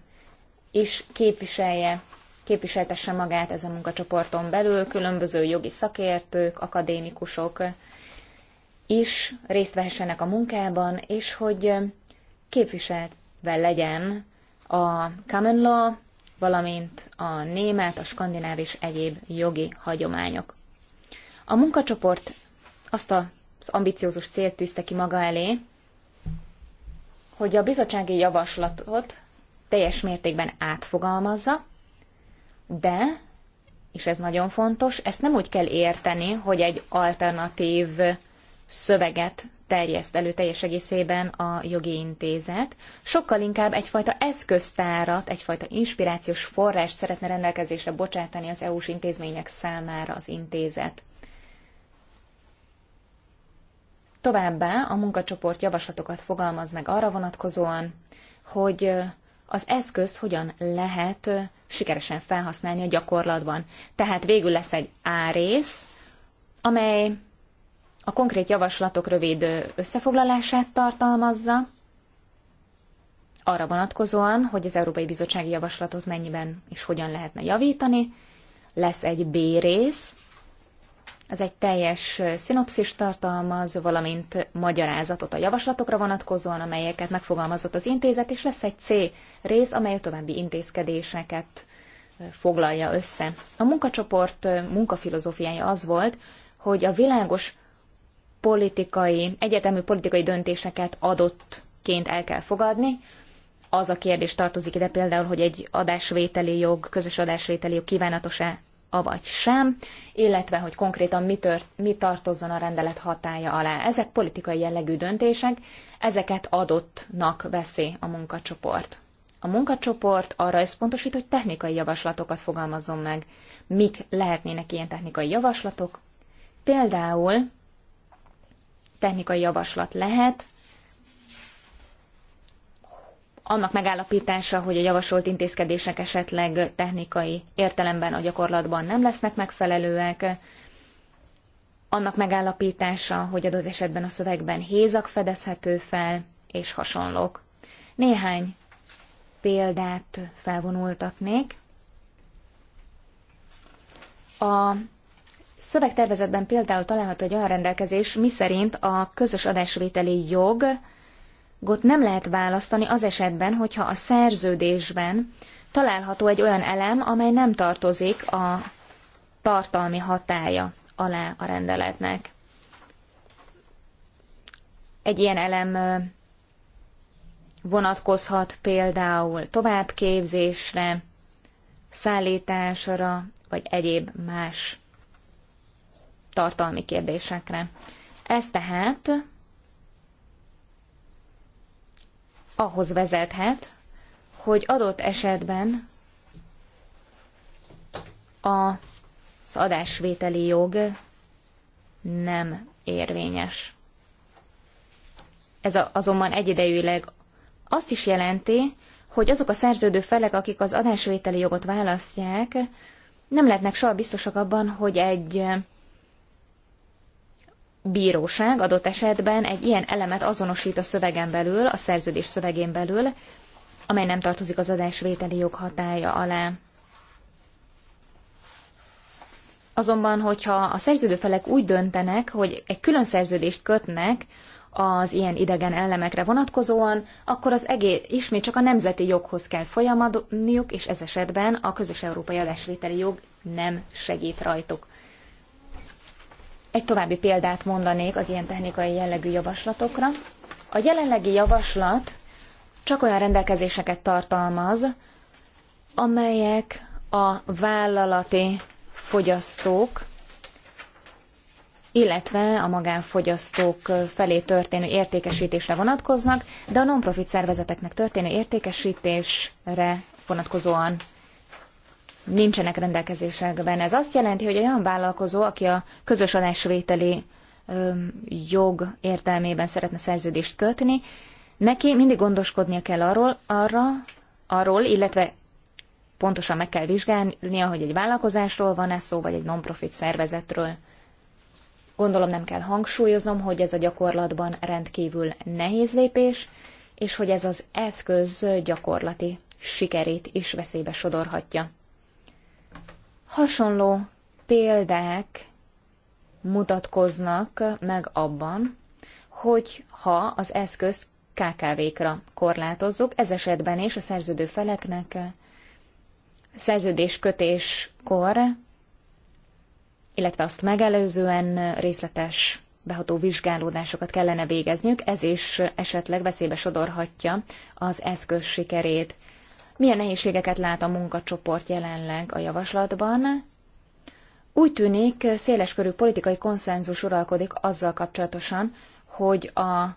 is képviselje képviseltesse magát ezen munkacsoporton belül, különböző jogi szakértők, akadémikusok is részt vehessenek a munkában, és hogy képviselve legyen a common law, valamint a német, a skandináv és egyéb jogi hagyományok. A munkacsoport azt az ambiciózus célt tűzte ki maga elé, hogy a bizottsági javaslatot teljes mértékben átfogalmazza, de, és ez nagyon fontos, ezt nem úgy kell érteni, hogy egy alternatív szöveget terjeszt elő teljes egészében a jogi intézet, sokkal inkább egyfajta eszköztárat, egyfajta inspirációs forrást szeretne rendelkezésre bocsátani az EU-s intézmények számára az intézet. Továbbá a munkacsoport javaslatokat fogalmaz meg arra vonatkozóan, hogy az eszközt hogyan lehet sikeresen felhasználni a gyakorlatban. Tehát végül lesz egy A rész, amely a konkrét javaslatok rövid összefoglalását tartalmazza, arra vonatkozóan, hogy az Európai Bizottsági Javaslatot mennyiben és hogyan lehetne javítani. Lesz egy B rész, ez egy teljes szinopszis tartalmaz, valamint magyarázatot a javaslatokra vonatkozóan, amelyeket megfogalmazott az intézet, és lesz egy C rész, amely a további intézkedéseket foglalja össze. A munkacsoport munkafilozófiája az volt, hogy a világos politikai, egyetemű politikai döntéseket adottként el kell fogadni. Az a kérdés tartozik ide például, hogy egy adásvételi jog, közös adásvételi jog kívánatos-e avagy sem, illetve hogy konkrétan mi, tört, mi tartozzon a rendelet hatája alá. Ezek politikai jellegű döntések, ezeket adottnak veszi a munkacsoport. A munkacsoport arra is pontosít, hogy technikai javaslatokat fogalmazzon meg. Mik lehetnének ilyen technikai javaslatok? Például technikai javaslat lehet annak megállapítása, hogy a javasolt intézkedések esetleg technikai értelemben a gyakorlatban nem lesznek megfelelőek, annak megállapítása, hogy adott esetben a szövegben hézak fedezhető fel, és hasonlók. Néhány példát felvonultatnék. A szövegtervezetben például található egy olyan rendelkezés, miszerint a közös adásvételi jog Gott nem lehet választani az esetben, hogyha a szerződésben található egy olyan elem, amely nem tartozik a tartalmi hatája alá a rendeletnek. Egy ilyen elem vonatkozhat például továbbképzésre, szállításra, vagy egyéb más tartalmi kérdésekre. Ez tehát ahhoz vezethet, hogy adott esetben az adásvételi jog nem érvényes. Ez azonban egyidejűleg azt is jelenti, hogy azok a szerződő felek, akik az adásvételi jogot választják, nem lehetnek soha biztosak abban, hogy egy bíróság adott esetben egy ilyen elemet azonosít a szövegen belül, a szerződés szövegén belül, amely nem tartozik az adásvételi jog hatája alá. Azonban, hogyha a szerződőfelek úgy döntenek, hogy egy külön szerződést kötnek az ilyen idegen elemekre vonatkozóan, akkor az egész ismét csak a nemzeti joghoz kell folyamodniuk, és ez esetben a közös európai adásvételi jog nem segít rajtuk. Egy további példát mondanék az ilyen technikai jellegű javaslatokra. A jelenlegi javaslat csak olyan rendelkezéseket tartalmaz, amelyek a vállalati fogyasztók, illetve a magánfogyasztók felé történő értékesítésre vonatkoznak, de a non-profit szervezeteknek történő értékesítésre vonatkozóan nincsenek rendelkezésekben. Ez azt jelenti, hogy olyan vállalkozó, aki a közös adásvételi jog értelmében szeretne szerződést kötni, neki mindig gondoskodnia kell arról, arra, arról, illetve pontosan meg kell vizsgálnia, hogy egy vállalkozásról van-e szó, vagy egy non-profit szervezetről. Gondolom nem kell hangsúlyoznom, hogy ez a gyakorlatban rendkívül nehéz lépés, és hogy ez az eszköz gyakorlati sikerét is veszélybe sodorhatja. Hasonló példák mutatkoznak meg abban, hogy ha az eszközt KKV-kra korlátozzuk, ez esetben is a szerződő feleknek szerződéskötéskor, illetve azt megelőzően részletes beható vizsgálódásokat kellene végezniük, ez is esetleg veszélybe sodorhatja az eszköz sikerét. Milyen nehézségeket lát a munkacsoport jelenleg a javaslatban? Úgy tűnik, széleskörű politikai konszenzus uralkodik azzal kapcsolatosan, hogy a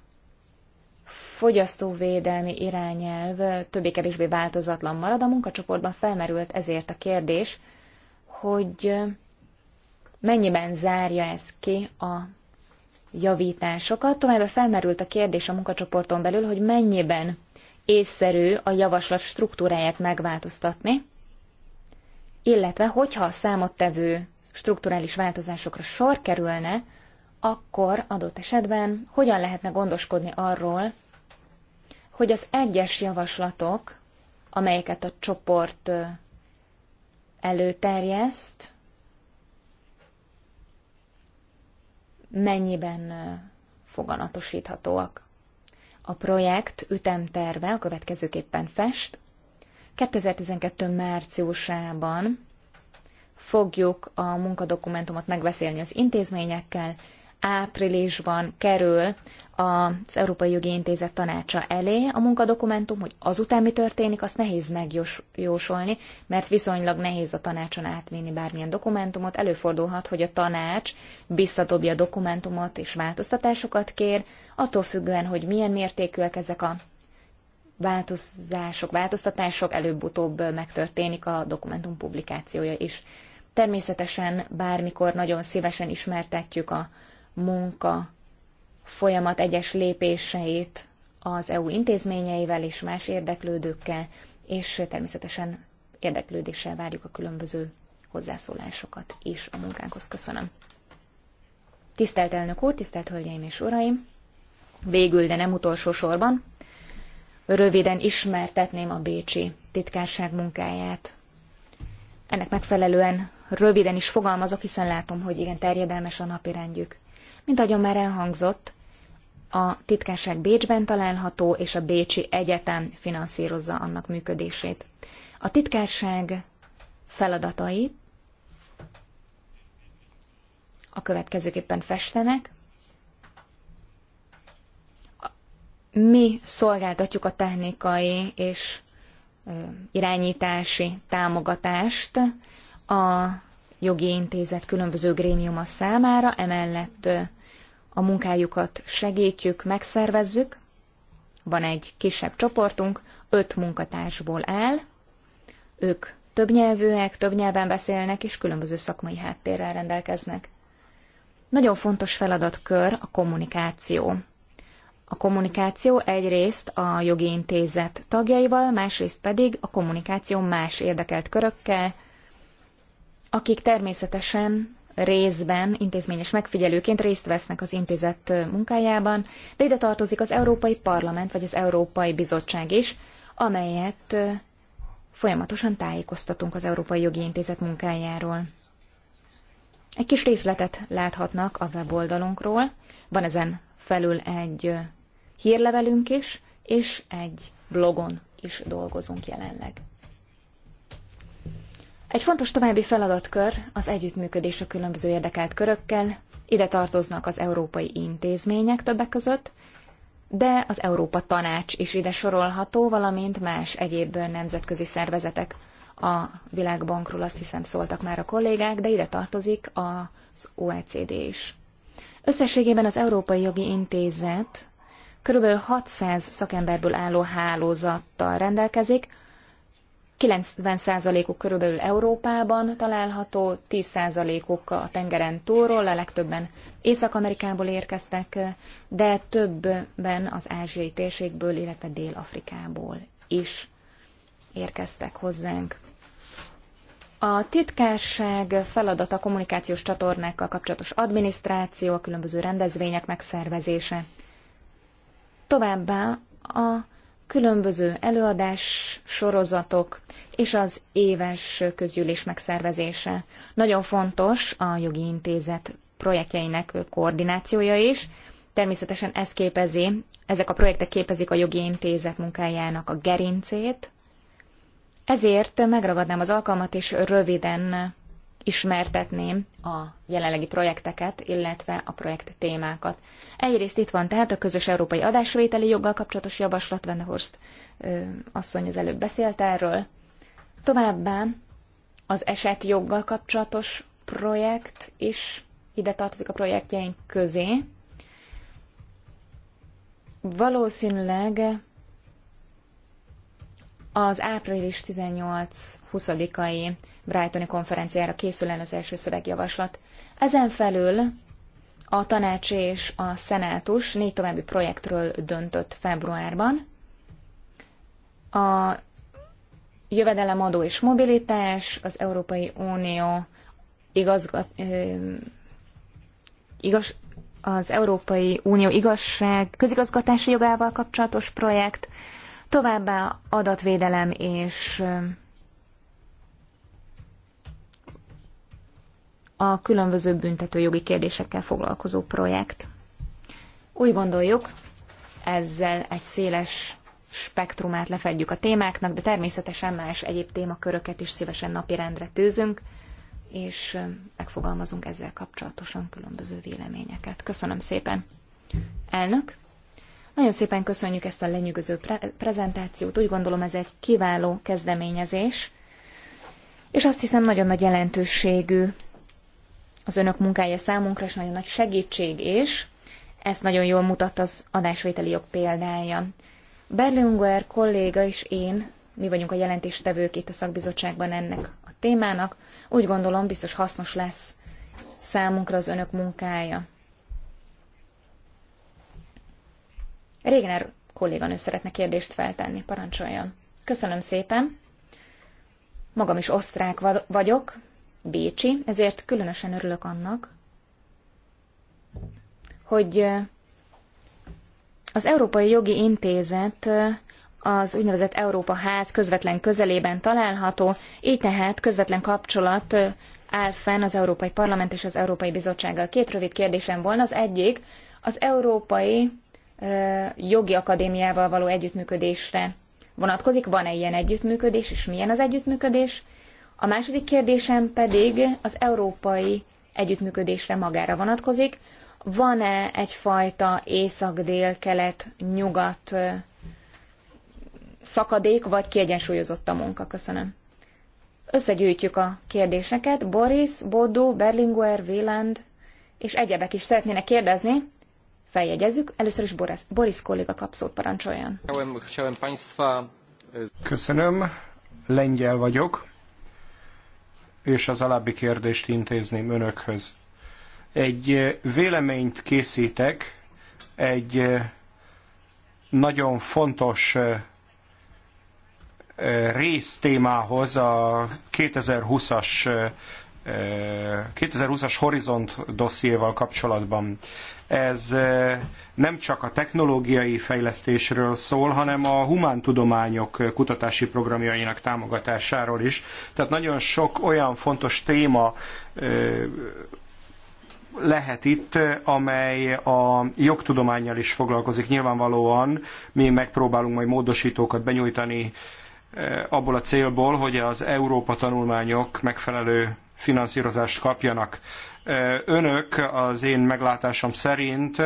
fogyasztóvédelmi irányelv többé-kevésbé változatlan marad. A munkacsoportban felmerült ezért a kérdés, hogy mennyiben zárja ez ki a javításokat. Továbbá felmerült a kérdés a munkacsoporton belül, hogy mennyiben észszerű a javaslat struktúráját megváltoztatni, illetve hogyha a számottevő strukturális változásokra sor kerülne, akkor adott esetben hogyan lehetne gondoskodni arról, hogy az egyes javaslatok, amelyeket a csoport előterjeszt, mennyiben foganatosíthatóak. A projekt ütemterve a következőképpen fest. 2012. márciusában fogjuk a munkadokumentumot megbeszélni az intézményekkel, áprilisban kerül az Európai Jogi Intézet tanácsa elé a munkadokumentum, hogy azután mi történik, azt nehéz megjósolni, mert viszonylag nehéz a tanácson átvinni bármilyen dokumentumot. Előfordulhat, hogy a tanács visszadobja a dokumentumot és változtatásokat kér, attól függően, hogy milyen mértékűek ezek a változások, változtatások, előbb-utóbb megtörténik a dokumentum publikációja is. Természetesen bármikor nagyon szívesen ismertetjük a munka folyamat egyes lépéseit az EU intézményeivel és más érdeklődőkkel, és természetesen érdeklődéssel várjuk a különböző hozzászólásokat és a munkánkhoz. Köszönöm. Tisztelt elnök úr, tisztelt hölgyeim és uraim! Végül, de nem utolsó sorban, röviden ismertetném a Bécsi titkárság munkáját. Ennek megfelelően röviden is fogalmazok, hiszen látom, hogy igen terjedelmes a napirendjük. Mint ahogyan már elhangzott, a titkárság Bécsben található, és a Bécsi Egyetem finanszírozza annak működését. A titkárság feladatai a következőképpen festenek. Mi szolgáltatjuk a technikai és irányítási támogatást a jogi intézet különböző grémiuma számára, emellett a munkájukat segítjük, megszervezzük. Van egy kisebb csoportunk, öt munkatársból áll, ők több nyelvűek, több nyelven beszélnek és különböző szakmai háttérrel rendelkeznek. Nagyon fontos feladatkör a kommunikáció. A kommunikáció egyrészt a jogi intézet tagjaival, másrészt pedig a kommunikáció más érdekelt körökkel, akik természetesen részben intézményes megfigyelőként részt vesznek az intézet munkájában, de ide tartozik az Európai Parlament vagy az Európai Bizottság is, amelyet folyamatosan tájékoztatunk az Európai Jogi Intézet munkájáról. Egy kis részletet láthatnak a weboldalunkról. Van ezen felül egy hírlevelünk is, és egy blogon is dolgozunk jelenleg. Egy fontos további feladatkör az együttműködés a különböző érdekelt körökkel. Ide tartoznak az európai intézmények többek között, de az Európa Tanács is ide sorolható, valamint más egyéb nemzetközi szervezetek a világbankról, azt hiszem szóltak már a kollégák, de ide tartozik az OECD is. Összességében az Európai Jogi Intézet körülbelül 600 szakemberből álló hálózattal rendelkezik, 90%-uk körülbelül Európában található, 10%-uk a tengeren túlról, a legtöbben Észak-Amerikából érkeztek, de többben az ázsiai térségből, illetve Dél-Afrikából is érkeztek hozzánk. A titkárság feladata a kommunikációs csatornákkal kapcsolatos adminisztráció, a különböző rendezvények megszervezése. Továbbá a különböző előadás sorozatok, és az éves közgyűlés megszervezése. Nagyon fontos a jogi intézet projektjeinek koordinációja is. Természetesen ez képezi, ezek a projektek képezik a jogi intézet munkájának a gerincét. Ezért megragadnám az alkalmat, és röviden ismertetném a jelenlegi projekteket, illetve a projekt témákat. Egyrészt itt van tehát a közös európai adásvételi joggal kapcsolatos javaslat, Vendehorst asszony az előbb beszélt erről. Továbbá az eset joggal kapcsolatos projekt is ide tartozik a projektjeink közé. Valószínűleg az április 18-20-ai Brightoni konferenciára készül el az első szövegjavaslat. Ezen felül a tanács és a szenátus négy további projektről döntött februárban. A jövedelemadó és mobilitás, az Európai Unió igazgat, igaz, az Európai Unió igazság közigazgatási jogával kapcsolatos projekt, továbbá adatvédelem és a különböző jogi kérdésekkel foglalkozó projekt. Úgy gondoljuk, ezzel egy széles spektrumát lefedjük a témáknak, de természetesen más egyéb témaköröket is szívesen napirendre tűzünk, és megfogalmazunk ezzel kapcsolatosan különböző véleményeket. Köszönöm szépen. Elnök, nagyon szépen köszönjük ezt a lenyűgöző pre- prezentációt. Úgy gondolom ez egy kiváló kezdeményezés, és azt hiszem nagyon nagy jelentőségű az önök munkája számunkra, és nagyon nagy segítség is. Ezt nagyon jól mutat az adásvételi jog példája. Berlinguer kolléga és én, mi vagyunk a jelentéstevők itt a szakbizottságban ennek a témának, úgy gondolom biztos hasznos lesz számunkra az önök munkája. Régner kolléganő szeretne kérdést feltenni, parancsoljon. Köszönöm szépen. Magam is osztrák vagyok, bécsi, ezért különösen örülök annak, hogy az Európai Jogi Intézet az úgynevezett Európa Ház közvetlen közelében található, így tehát közvetlen kapcsolat áll fenn az Európai Parlament és az Európai Bizottsággal. Két rövid kérdésem volna. Az egyik az Európai Jogi Akadémiával való együttműködésre vonatkozik. Van-e ilyen együttműködés, és milyen az együttműködés? A második kérdésem pedig az európai együttműködésre magára vonatkozik van-e egyfajta észak-dél-kelet-nyugat szakadék, vagy kiegyensúlyozott a munka? Köszönöm. Összegyűjtjük a kérdéseket. Boris, Bodó, Berlinguer, Véland és egyebek is szeretnének kérdezni. Feljegyezzük. Először is Boris, Boris kolléga kap szót, parancsoljon. E, Köszönöm. Lengyel vagyok, és az alábbi kérdést intézném önökhöz egy véleményt készítek egy nagyon fontos résztémához a 2020-as 2020-as Horizont dossziéval kapcsolatban. Ez nem csak a technológiai fejlesztésről szól, hanem a humántudományok kutatási programjainak támogatásáról is. Tehát nagyon sok olyan fontos téma lehet itt, amely a jogtudományjal is foglalkozik. Nyilvánvalóan mi megpróbálunk majd módosítókat benyújtani eh, abból a célból, hogy az Európa tanulmányok megfelelő finanszírozást kapjanak. Eh, önök az én meglátásom szerint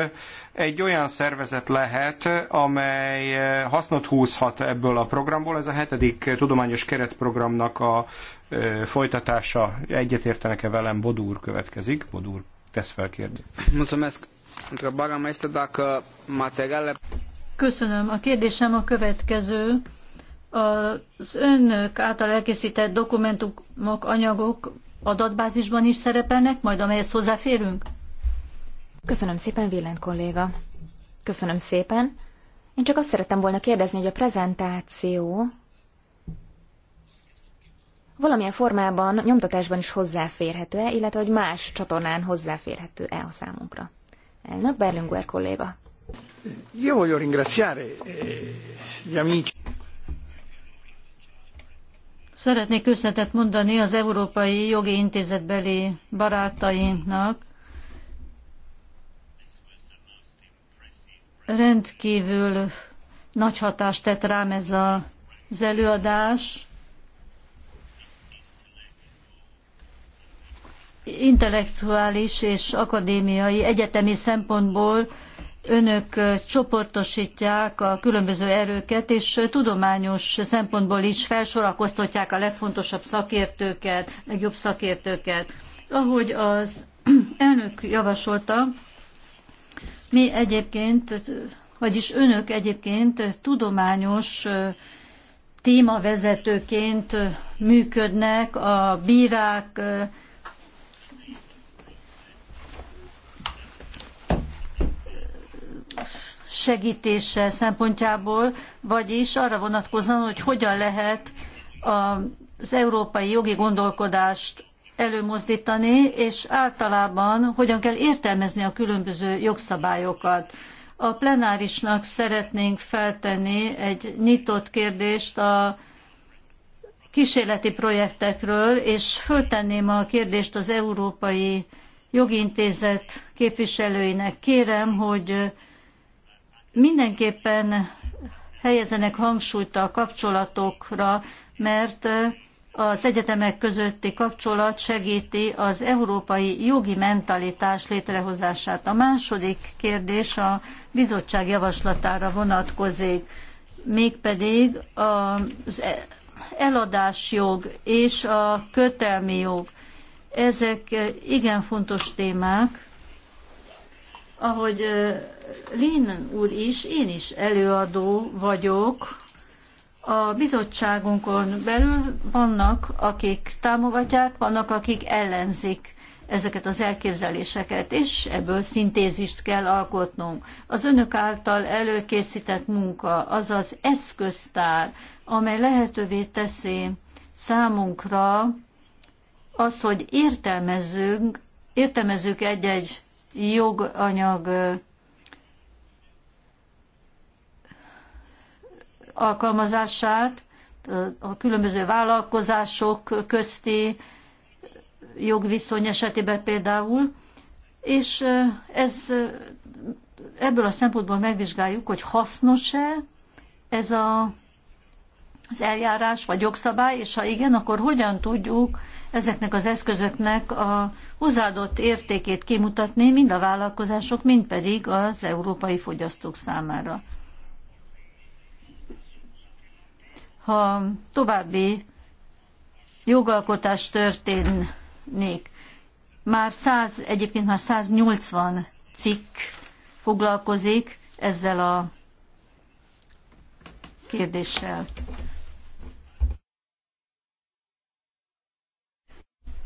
egy olyan szervezet lehet, amely eh, hasznot húzhat ebből a programból. Ez a hetedik tudományos keretprogramnak a folytatása. Egyetértenek-e velem? Bodúr következik. Bodúr tesz fel kérdést. Mulțumesc. Întrebarea mea este dacă Köszönöm. A kérdésem a következő. Az önök által elkészített dokumentumok, anyagok adatbázisban is szerepelnek, majd amelyhez hozzáférünk? Köszönöm szépen, Villent kolléga. Köszönöm szépen. Én csak azt szerettem volna kérdezni, hogy a prezentáció valamilyen formában, nyomtatásban is hozzáférhető-e, illetve hogy más csatornán hozzáférhető-e a számunkra. Elnök Berlinguer kolléga. Jó, jó, ringraciare. Szeretnék köszönetet mondani az Európai Jogi Intézetbeli barátainknak. Rendkívül nagy hatást tett rám ez a, az előadás intellektuális és akadémiai, egyetemi szempontból önök csoportosítják a különböző erőket, és tudományos szempontból is felsorakoztatják a legfontosabb szakértőket, legjobb szakértőket. Ahogy az [clears throat] elnök javasolta, mi egyébként, vagyis önök egyébként tudományos témavezetőként működnek, a bírák, segítése szempontjából, vagyis arra vonatkozóan, hogy hogyan lehet az európai jogi gondolkodást előmozdítani, és általában hogyan kell értelmezni a különböző jogszabályokat. A plenárisnak szeretnénk feltenni egy nyitott kérdést a kísérleti projektekről, és föltenném a kérdést az Európai Jogintézet képviselőinek. Kérem, hogy mindenképpen helyezenek hangsúlyt a kapcsolatokra, mert az egyetemek közötti kapcsolat segíti az európai jogi mentalitás létrehozását. A második kérdés a bizottság javaslatára vonatkozik, mégpedig az eladásjog és a kötelmi jog. Ezek igen fontos témák, ahogy Lin úr is, én is előadó vagyok. A bizottságunkon belül vannak, akik támogatják, vannak, akik ellenzik ezeket az elképzeléseket, és ebből szintézist kell alkotnunk. Az önök által előkészített munka, az az eszköztár, amely lehetővé teszi számunkra az, hogy értelmezzünk, értelmezzük egy-egy joganyag alkalmazását, a különböző vállalkozások közti jogviszony esetében például, és ez, ebből a szempontból megvizsgáljuk, hogy hasznos-e ez a, az eljárás vagy jogszabály, és ha igen, akkor hogyan tudjuk ezeknek az eszközöknek a hozzáadott értékét kimutatni mind a vállalkozások, mind pedig az európai fogyasztók számára. ha további jogalkotás történnék. Már 100, egyébként már 180 cikk foglalkozik ezzel a kérdéssel.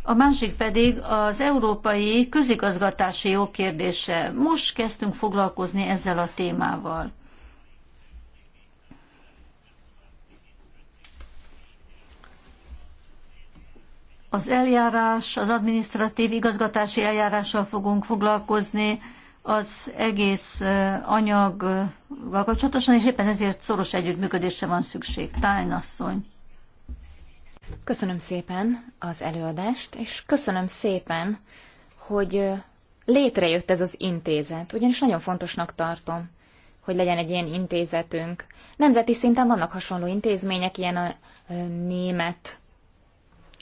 A másik pedig az európai közigazgatási jogkérdése. Most kezdtünk foglalkozni ezzel a témával. Az eljárás, az administratív igazgatási eljárással fogunk foglalkozni, az egész anyaggal kapcsolatosan, és éppen ezért szoros együttműködésre van szükség. asszony. Köszönöm szépen az előadást, és köszönöm szépen, hogy létrejött ez az intézet, ugyanis nagyon fontosnak tartom, hogy legyen egy ilyen intézetünk. Nemzeti szinten vannak hasonló intézmények, ilyen a német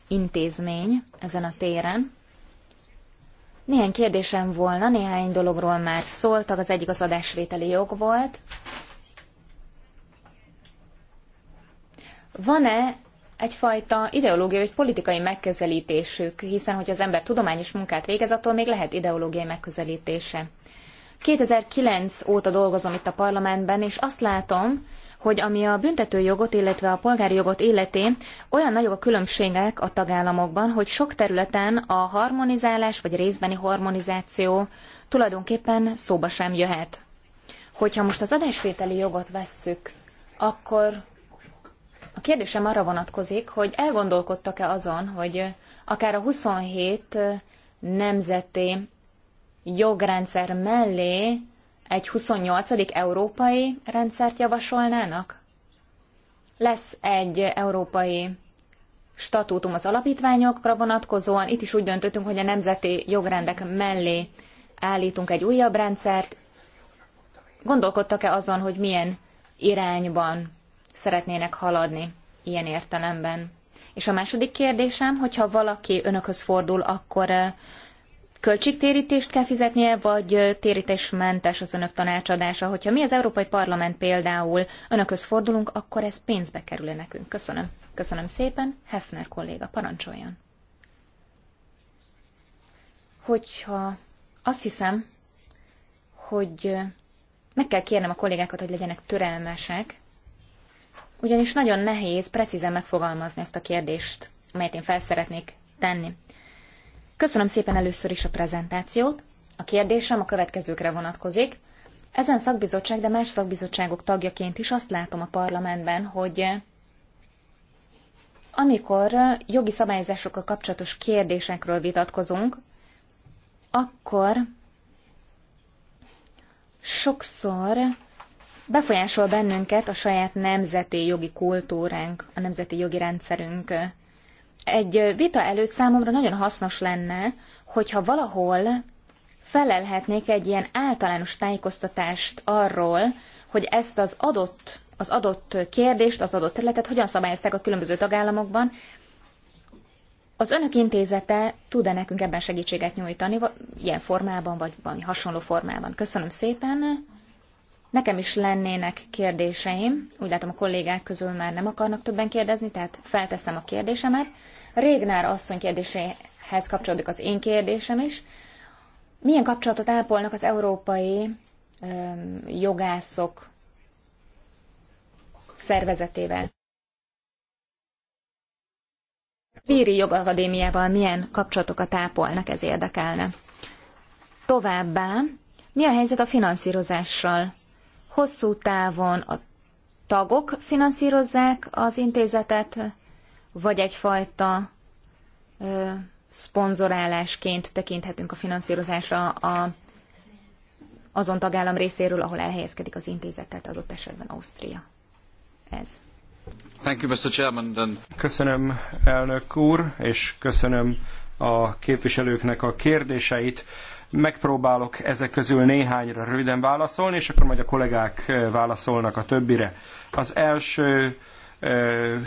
intézmény ezen a téren. Néhány kérdésem volna, néhány dologról már szóltak, az egyik az adásvételi jog volt. Van-e egyfajta ideológiai vagy politikai megközelítésük, hiszen hogy az ember tudományos munkát végez, attól még lehet ideológiai megközelítése. 2009 óta dolgozom itt a parlamentben, és azt látom, hogy ami a büntető jogot, illetve a polgári jogot illeti, olyan nagyok a különbségek a tagállamokban, hogy sok területen a harmonizálás vagy részbeni harmonizáció tulajdonképpen szóba sem jöhet. Hogyha most az adásvételi jogot vesszük, akkor a kérdésem arra vonatkozik, hogy elgondolkodtak-e azon, hogy akár a 27 nemzeti jogrendszer mellé egy 28. európai rendszert javasolnának? Lesz egy európai statútum az alapítványokra vonatkozóan. Itt is úgy döntöttünk, hogy a nemzeti jogrendek mellé állítunk egy újabb rendszert. Gondolkodtak-e azon, hogy milyen irányban szeretnének haladni ilyen értelemben? És a második kérdésem, hogyha valaki önökhöz fordul, akkor eh, költségtérítést kell fizetnie, vagy térítésmentes az önök tanácsadása? Hogyha mi az Európai Parlament például önökhöz fordulunk, akkor ez pénzbe kerül nekünk. Köszönöm. Köszönöm szépen. Hefner kolléga, parancsoljon. Hogyha azt hiszem, hogy meg kell kérnem a kollégákat, hogy legyenek türelmesek, ugyanis nagyon nehéz precízen megfogalmazni ezt a kérdést, amelyet én felszeretnék tenni. Köszönöm szépen először is a prezentációt. A kérdésem a következőkre vonatkozik. Ezen szakbizottság, de más szakbizottságok tagjaként is azt látom a parlamentben, hogy amikor jogi szabályozásokkal kapcsolatos kérdésekről vitatkozunk, akkor sokszor befolyásol bennünket a saját nemzeti jogi kultúránk, a nemzeti jogi rendszerünk egy vita előtt számomra nagyon hasznos lenne, hogyha valahol felelhetnék egy ilyen általános tájékoztatást arról, hogy ezt az adott, az adott kérdést, az adott területet hogyan szabályozták a különböző tagállamokban. Az önök intézete tud-e nekünk ebben segítséget nyújtani, ilyen formában, vagy valami hasonló formában? Köszönöm szépen. Nekem is lennének kérdéseim, úgy látom a kollégák közül már nem akarnak többen kérdezni, tehát felteszem a kérdésemet. Régnár asszony kérdéséhez kapcsolódik az én kérdésem is. Milyen kapcsolatot ápolnak az európai öm, jogászok szervezetével? Víri Jogakadémiával milyen kapcsolatokat ápolnak, ez érdekelne. Továbbá, mi a helyzet a finanszírozással? Hosszú távon a tagok finanszírozzák az intézetet, vagy egyfajta ö, szponzorálásként tekinthetünk a finanszírozásra a, azon tagállam részéről, ahol elhelyezkedik az intézetet, adott esetben Ausztria. Ez. Thank you, Mr. Chairman. Köszönöm, elnök úr, és köszönöm a képviselőknek a kérdéseit. Megpróbálok ezek közül néhányra röviden válaszolni, és akkor majd a kollégák válaszolnak a többire. Az első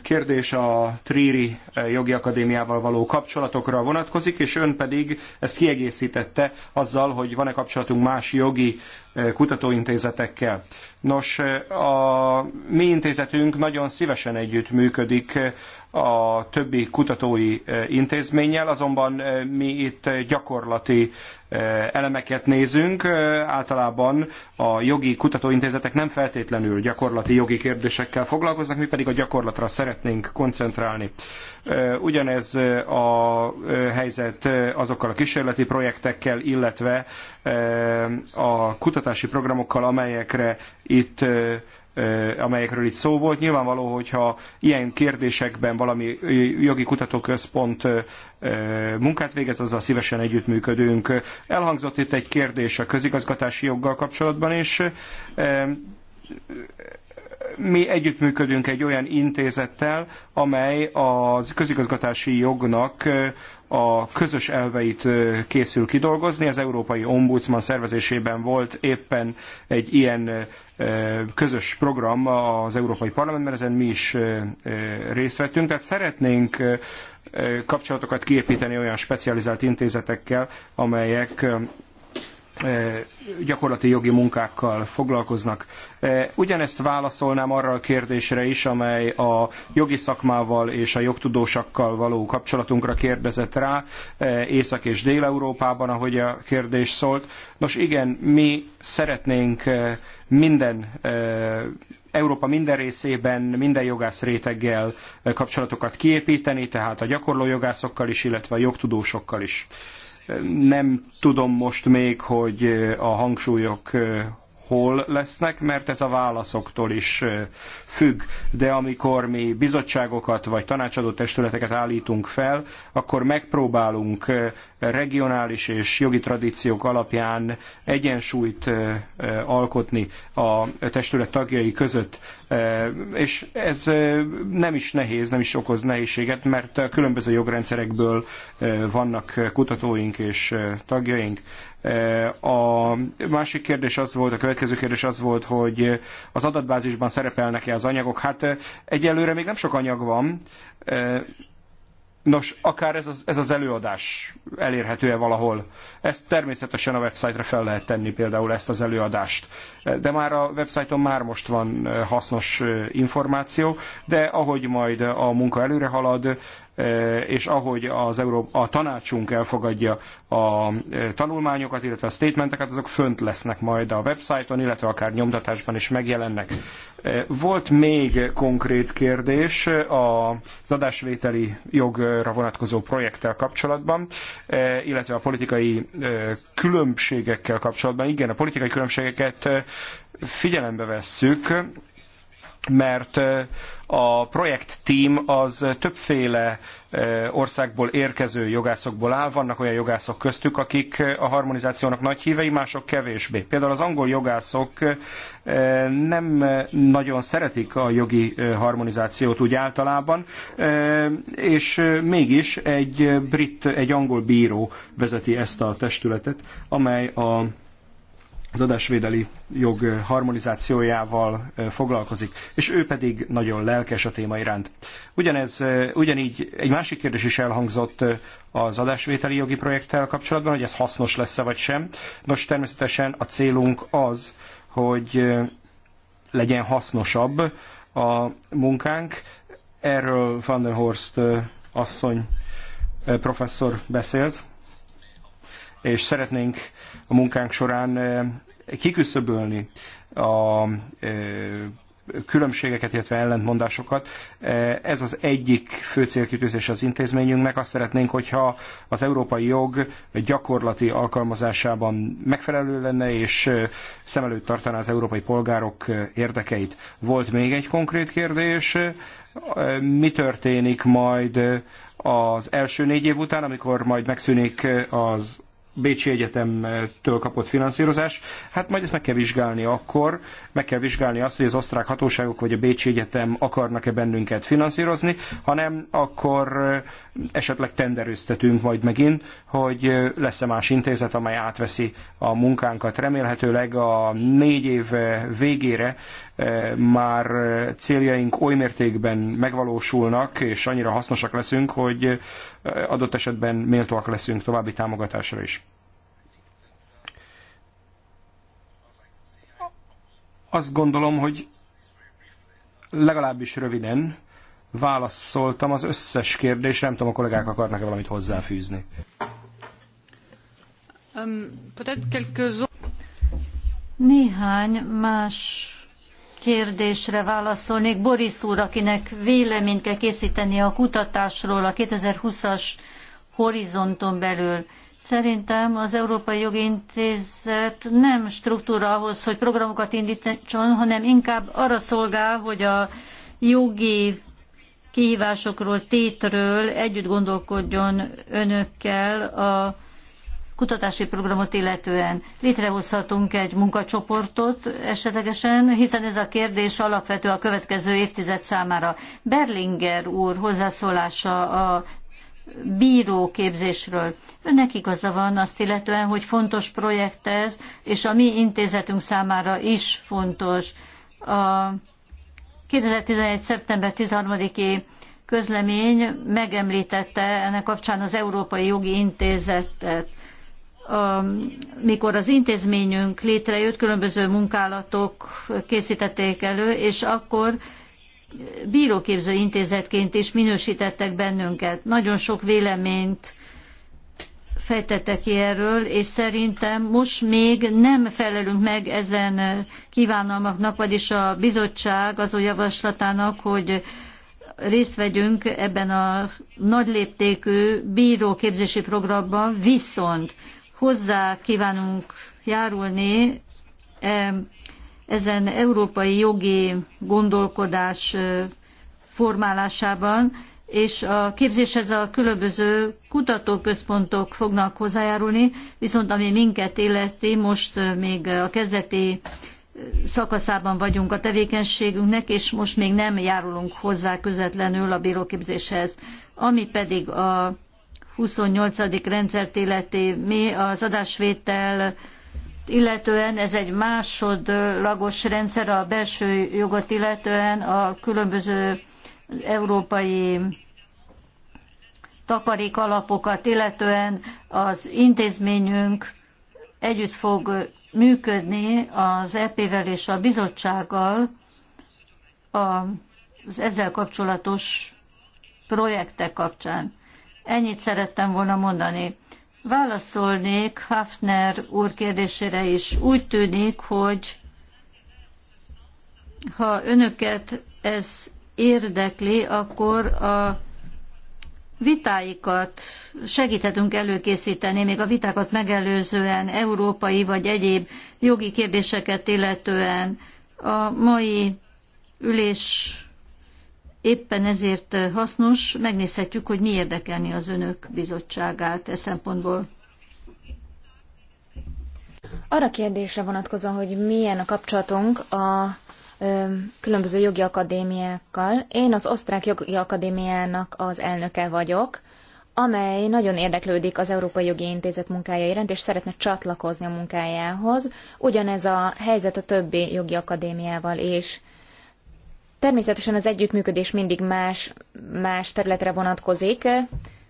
kérdés a Tríri Jogi Akadémiával való kapcsolatokra vonatkozik, és ön pedig ezt kiegészítette azzal, hogy van-e kapcsolatunk más jogi kutatóintézetekkel. Nos, a mi intézetünk nagyon szívesen együttműködik a többi kutatói eh, intézménnyel, azonban eh, mi itt gyakorlati eh, elemeket nézünk. Általában a jogi kutatóintézetek nem feltétlenül gyakorlati jogi kérdésekkel foglalkoznak, mi pedig a gyakorlatra szeretnénk koncentrálni. Ugyanez a helyzet azokkal a kísérleti projektekkel, illetve a kutató támogatási programokkal, amelyekre itt amelyekről itt szó volt. Nyilvánvaló, hogyha ilyen kérdésekben valami jogi kutatóközpont munkát végez, azzal szívesen együttműködünk. Elhangzott itt egy kérdés a közigazgatási joggal kapcsolatban, is mi együttműködünk egy olyan intézettel, amely a közigazgatási jognak a közös elveit készül kidolgozni. Az Európai Ombudsman szervezésében volt éppen egy ilyen közös program az Európai Parlamentben, ezen mi is részt vettünk. Tehát szeretnénk kapcsolatokat kiépíteni olyan specializált intézetekkel, amelyek E, gyakorlati jogi munkákkal foglalkoznak. E, ugyanezt válaszolnám arra a kérdésre is, amely a jogi szakmával és a jogtudósakkal való kapcsolatunkra kérdezett rá, e, Észak- és Dél-Európában, ahogy a kérdés szólt. Nos igen, mi szeretnénk minden Európa minden részében minden jogász réteggel kapcsolatokat kiépíteni, tehát a gyakorló jogászokkal is, illetve a jogtudósokkal is. Nem tudom most még, hogy a hangsúlyok hol lesznek, mert ez a válaszoktól is függ. De amikor mi bizottságokat vagy tanácsadó testületeket állítunk fel, akkor megpróbálunk regionális és jogi tradíciók alapján egyensúlyt alkotni a testület tagjai között. És ez nem is nehéz, nem is okoz nehézséget, mert a különböző jogrendszerekből vannak kutatóink és tagjaink. A másik kérdés az volt, a következő kérdés az volt, hogy az adatbázisban szerepelnek-e az anyagok. Hát egyelőre még nem sok anyag van, Nos, akár ez az, ez az előadás elérhető-e valahol? Ezt természetesen a websájtra fel lehet tenni például ezt az előadást. De már a websájton már most van eh, hasznos eh, információ, de ahogy majd a munka előre halad, Eh, és ahogy az Euró- a tanácsunk elfogadja a eh, tanulmányokat, illetve a statementeket, azok fönt lesznek majd a websájton, illetve akár nyomtatásban is megjelennek. Eh, volt még konkrét kérdés az adásvételi jogra vonatkozó projekttel kapcsolatban, illetve a politikai különbségekkel kapcsolatban. Igen, a politikai különbségeket figyelembe vesszük, mert a projekt team az többféle országból érkező jogászokból áll. Vannak olyan jogászok köztük, akik a harmonizációnak nagy hívei, mások kevésbé. Például az angol jogászok nem nagyon szeretik a jogi harmonizációt úgy általában, és mégis egy brit, egy angol bíró vezeti ezt a testületet, amely a az adásvédeli jog harmonizációjával foglalkozik, és ő pedig nagyon lelkes a téma iránt. Ugyanez, ugyanígy egy másik kérdés is elhangzott az adásvételi jogi projekttel kapcsolatban, hogy ez hasznos lesz-e vagy sem. Nos, természetesen a célunk az, hogy legyen hasznosabb a munkánk. Erről Van der Horst asszony professzor beszélt, és szeretnénk a munkánk során kiküszöbölni a e, különbségeket, illetve ellentmondásokat. E, ez az egyik fő célkitűzés az intézményünknek. Azt szeretnénk, hogyha az európai jog gyakorlati alkalmazásában megfelelő lenne, és e, szem előtt tartaná az európai polgárok érdekeit. Volt még egy konkrét kérdés, mi történik majd az első négy év után, amikor majd megszűnik az Bécsi Egyetemtől kapott finanszírozás. Hát majd ezt meg kell vizsgálni akkor, meg kell vizsgálni azt, hogy az osztrák hatóságok vagy a Bécsi Egyetem akarnak-e bennünket finanszírozni, hanem akkor eh, esetleg tenderőztetünk majd megint, hogy eh, lesz-e más intézet, amely átveszi a munkánkat. Remélhetőleg a négy év eh, végére már céljaink oly mértékben megvalósulnak, és annyira hasznosak leszünk, hogy adott esetben méltóak leszünk további támogatásra is. Azt gondolom, hogy legalábbis röviden válaszoltam az összes kérdésre, nem tudom, a kollégák akarnak-e valamit hozzáfűzni. Um, Néhány más kérdésre válaszolnék. Boris úr, akinek véleményt kell készíteni a kutatásról a 2020-as horizonton belül. Szerintem az Európai Jogi Intézet nem struktúra ahhoz, hogy programokat indítson, hanem inkább arra szolgál, hogy a jogi kihívásokról, tétről együtt gondolkodjon önökkel a kutatási programot illetően. Létrehozhatunk egy munkacsoportot esetlegesen, hiszen ez a kérdés alapvető a következő évtized számára. Berlinger úr hozzászólása a bíróképzésről. Önnek igaza van azt illetően, hogy fontos projekt ez, és a mi intézetünk számára is fontos. A 2011. szeptember 13-i közlemény megemlítette ennek kapcsán az Európai Jogi Intézetet. Mikor az intézményünk létrejött, különböző munkálatok készítették elő, és akkor bíróképző intézetként is minősítettek bennünket. Nagyon sok véleményt fejtettek ki erről, és szerintem most még nem felelünk meg ezen kívánalmaknak, vagyis a bizottság a javaslatának, hogy részt vegyünk ebben a nagy léptékű bíróképzési programban, viszont hozzá kívánunk járulni e ezen európai jogi gondolkodás formálásában, és a képzéshez a különböző kutatóközpontok fognak hozzájárulni, viszont ami minket illeti, most még a kezdeti szakaszában vagyunk a tevékenységünknek, és most még nem járulunk hozzá közvetlenül a bíróképzéshez. Ami pedig a 28. rendszert illeti, mi az adásvétel illetően ez egy másodlagos rendszer a belső jogot illetően a különböző európai takarékalapokat illetően az intézményünk együtt fog működni az EP-vel és a bizottsággal az ezzel kapcsolatos projektek kapcsán. Ennyit szerettem volna mondani. Válaszolnék Hafner úr kérdésére is. Úgy tűnik, hogy ha önöket ez érdekli, akkor a vitáikat segíthetünk előkészíteni, még a vitákat megelőzően, európai vagy egyéb jogi kérdéseket illetően. A mai ülés Éppen ezért eh, hasznos, megnézhetjük, hogy mi érdekelni az önök bizottságát e szempontból. Arra kérdésre vonatkozom, hogy milyen a kapcsolatunk a ö, különböző jogi akadémiákkal. Én az Osztrák Jogi Akadémiának az elnöke vagyok, amely nagyon érdeklődik az Európai Jogi Intézet munkája iránt, és szeretne csatlakozni a munkájához. Ugyanez a helyzet a többi jogi akadémiával is. Természetesen az együttműködés mindig más, más területre vonatkozik,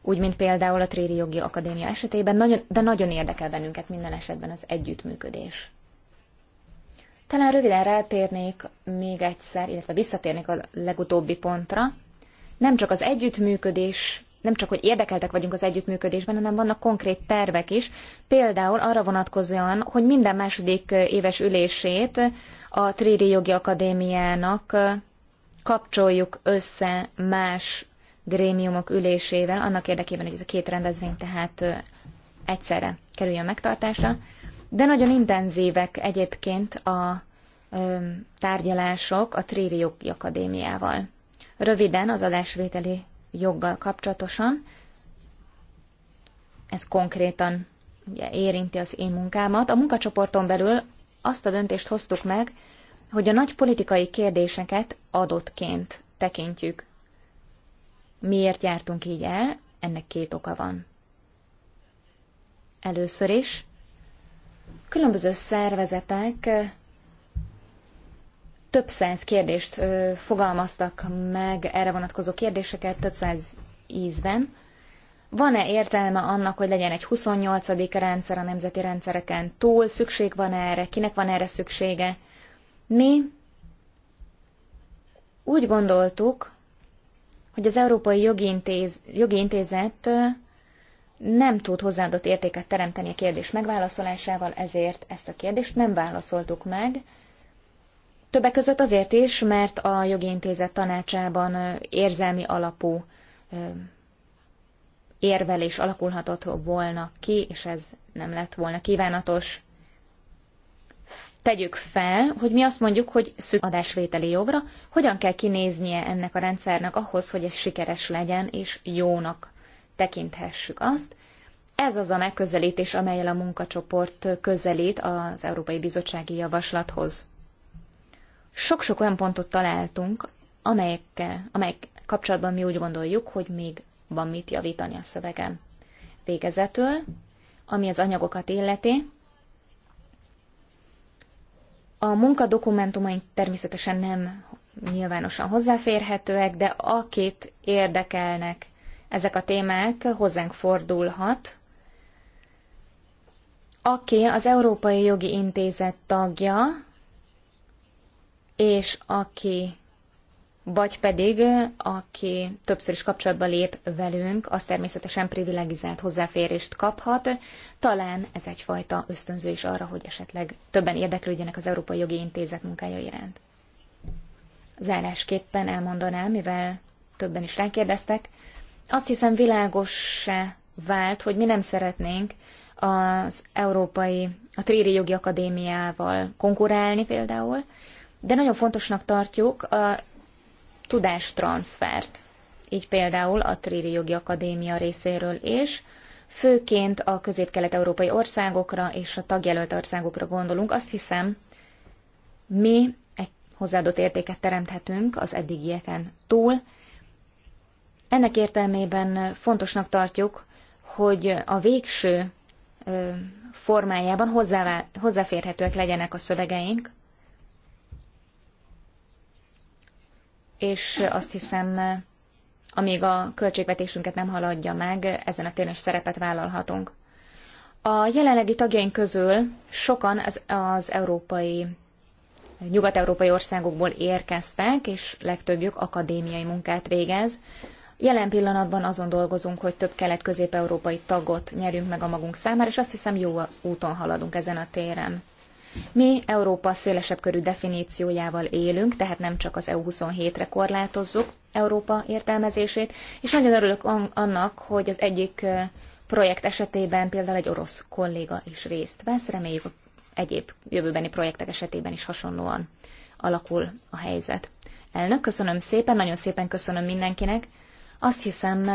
úgy, mint például a Tréri Jogi Akadémia esetében, nagyon, de nagyon érdekel bennünket minden esetben az együttműködés. Talán röviden rátérnék még egyszer, illetve visszatérnék a legutóbbi pontra. Nem csak az együttműködés, nem csak, hogy érdekeltek vagyunk az együttműködésben, hanem vannak konkrét tervek is. Például arra vonatkozóan, hogy minden második éves ülését a Tréri Jogi Akadémiának kapcsoljuk össze más grémiumok ülésével, annak érdekében, hogy ez a két rendezvény tehát egyszerre kerüljön megtartásra. De nagyon intenzívek egyébként a tárgyalások a Tréri Jogi Akadémiával. Röviden az adásvételi joggal kapcsolatosan, ez konkrétan ugye, érinti az én munkámat. A munkacsoporton belül azt a döntést hoztuk meg, hogy a nagy politikai kérdéseket adottként tekintjük. Miért jártunk így el? Ennek két oka van. Először is különböző szervezetek több száz kérdést fogalmaztak meg, erre vonatkozó kérdéseket több száz ízben. Van-e értelme annak, hogy legyen egy 28. rendszer a nemzeti rendszereken túl? Szükség van -e erre? Kinek van erre szüksége? Mi úgy gondoltuk, hogy az Európai Jogi, Intéz, Jogi Intézet nem tud hozzáadott értéket teremteni a kérdés megválaszolásával, ezért ezt a kérdést nem válaszoltuk meg. Többek között azért is, mert a jogi intézet tanácsában érzelmi alapú érvelés alakulhatott volna ki, és ez nem lett volna kívánatos tegyük fel, hogy mi azt mondjuk, hogy szük adásvételi jogra, hogyan kell kinéznie ennek a rendszernek ahhoz, hogy ez sikeres legyen, és jónak tekinthessük azt. Ez az a megközelítés, amelyel a munkacsoport közelít az Európai Bizottsági Javaslathoz. Sok-sok olyan pontot találtunk, amelyekkel, amelyek kapcsolatban mi úgy gondoljuk, hogy még van mit javítani a szövegen. Végezetül, ami az anyagokat illeti, a munkadokumentumaink természetesen nem nyilvánosan hozzáférhetőek, de akit érdekelnek ezek a témák, hozzánk fordulhat. Aki az Európai Jogi Intézet tagja, és aki vagy pedig, aki többször is kapcsolatba lép velünk, az természetesen privilegizált hozzáférést kaphat. Talán ez egyfajta ösztönző is arra, hogy esetleg többen érdeklődjenek az Európai Jogi Intézet munkája iránt. Zárásképpen elmondanám, mivel többen is rákérdeztek, azt hiszem világossá vált, hogy mi nem szeretnénk az Európai, a Tréri Jogi Akadémiával konkurálni például, de nagyon fontosnak tartjuk a tudástranszfert, így például a Tríri Jogi Akadémia részéről is, főként a közép-kelet-európai országokra és a tagjelölt országokra gondolunk, azt hiszem, mi egy hozzáadott értéket teremthetünk az eddigieken túl. Ennek értelmében fontosnak tartjuk, hogy a végső formájában hozzáférhetőek legyenek a szövegeink, és azt hiszem, amíg a költségvetésünket nem haladja meg, ezen a téren is szerepet vállalhatunk. A jelenlegi tagjaink közül sokan az, az európai, nyugat-európai országokból érkeztek, és legtöbbjük akadémiai munkát végez. Jelen pillanatban azon dolgozunk, hogy több kelet-közép-európai tagot nyerünk meg a magunk számára, és azt hiszem jó úton haladunk ezen a téren. Mi Európa szélesebb körű definíciójával élünk, tehát nem csak az EU27-re korlátozzuk Európa értelmezését, és nagyon örülök annak, hogy az egyik projekt esetében például egy orosz kolléga is részt vesz, reméljük egyéb jövőbeni projektek esetében is hasonlóan alakul a helyzet. Elnök, köszönöm szépen, nagyon szépen köszönöm mindenkinek. Azt hiszem,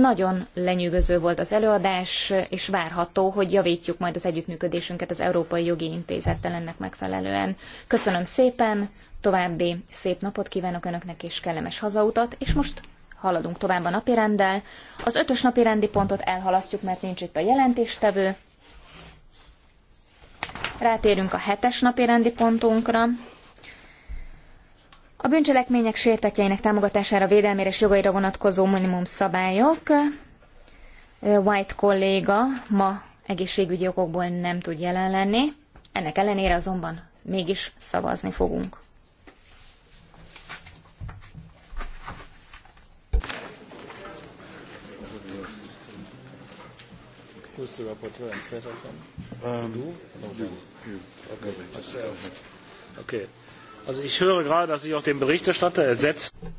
nagyon lenyűgöző volt az előadás, és várható, hogy javítjuk majd az együttműködésünket az Európai Jogi Intézettel ennek megfelelően. Köszönöm szépen, további szép napot kívánok Önöknek, és kellemes hazautat, és most haladunk tovább a napirenddel. Az ötös napirendi pontot elhalasztjuk, mert nincs itt a jelentéstevő. Rátérünk a hetes napirendi pontunkra. A bűncselekmények sértetjeinek támogatására, védelmére és jogaira vonatkozó minimum szabályok. White kolléga ma egészségügyi okokból nem tud jelen lenni, ennek ellenére azonban mégis szavazni fogunk. Who's the rapporteur and set of them? Um, you? No, you. you. Okay, myself. Okay.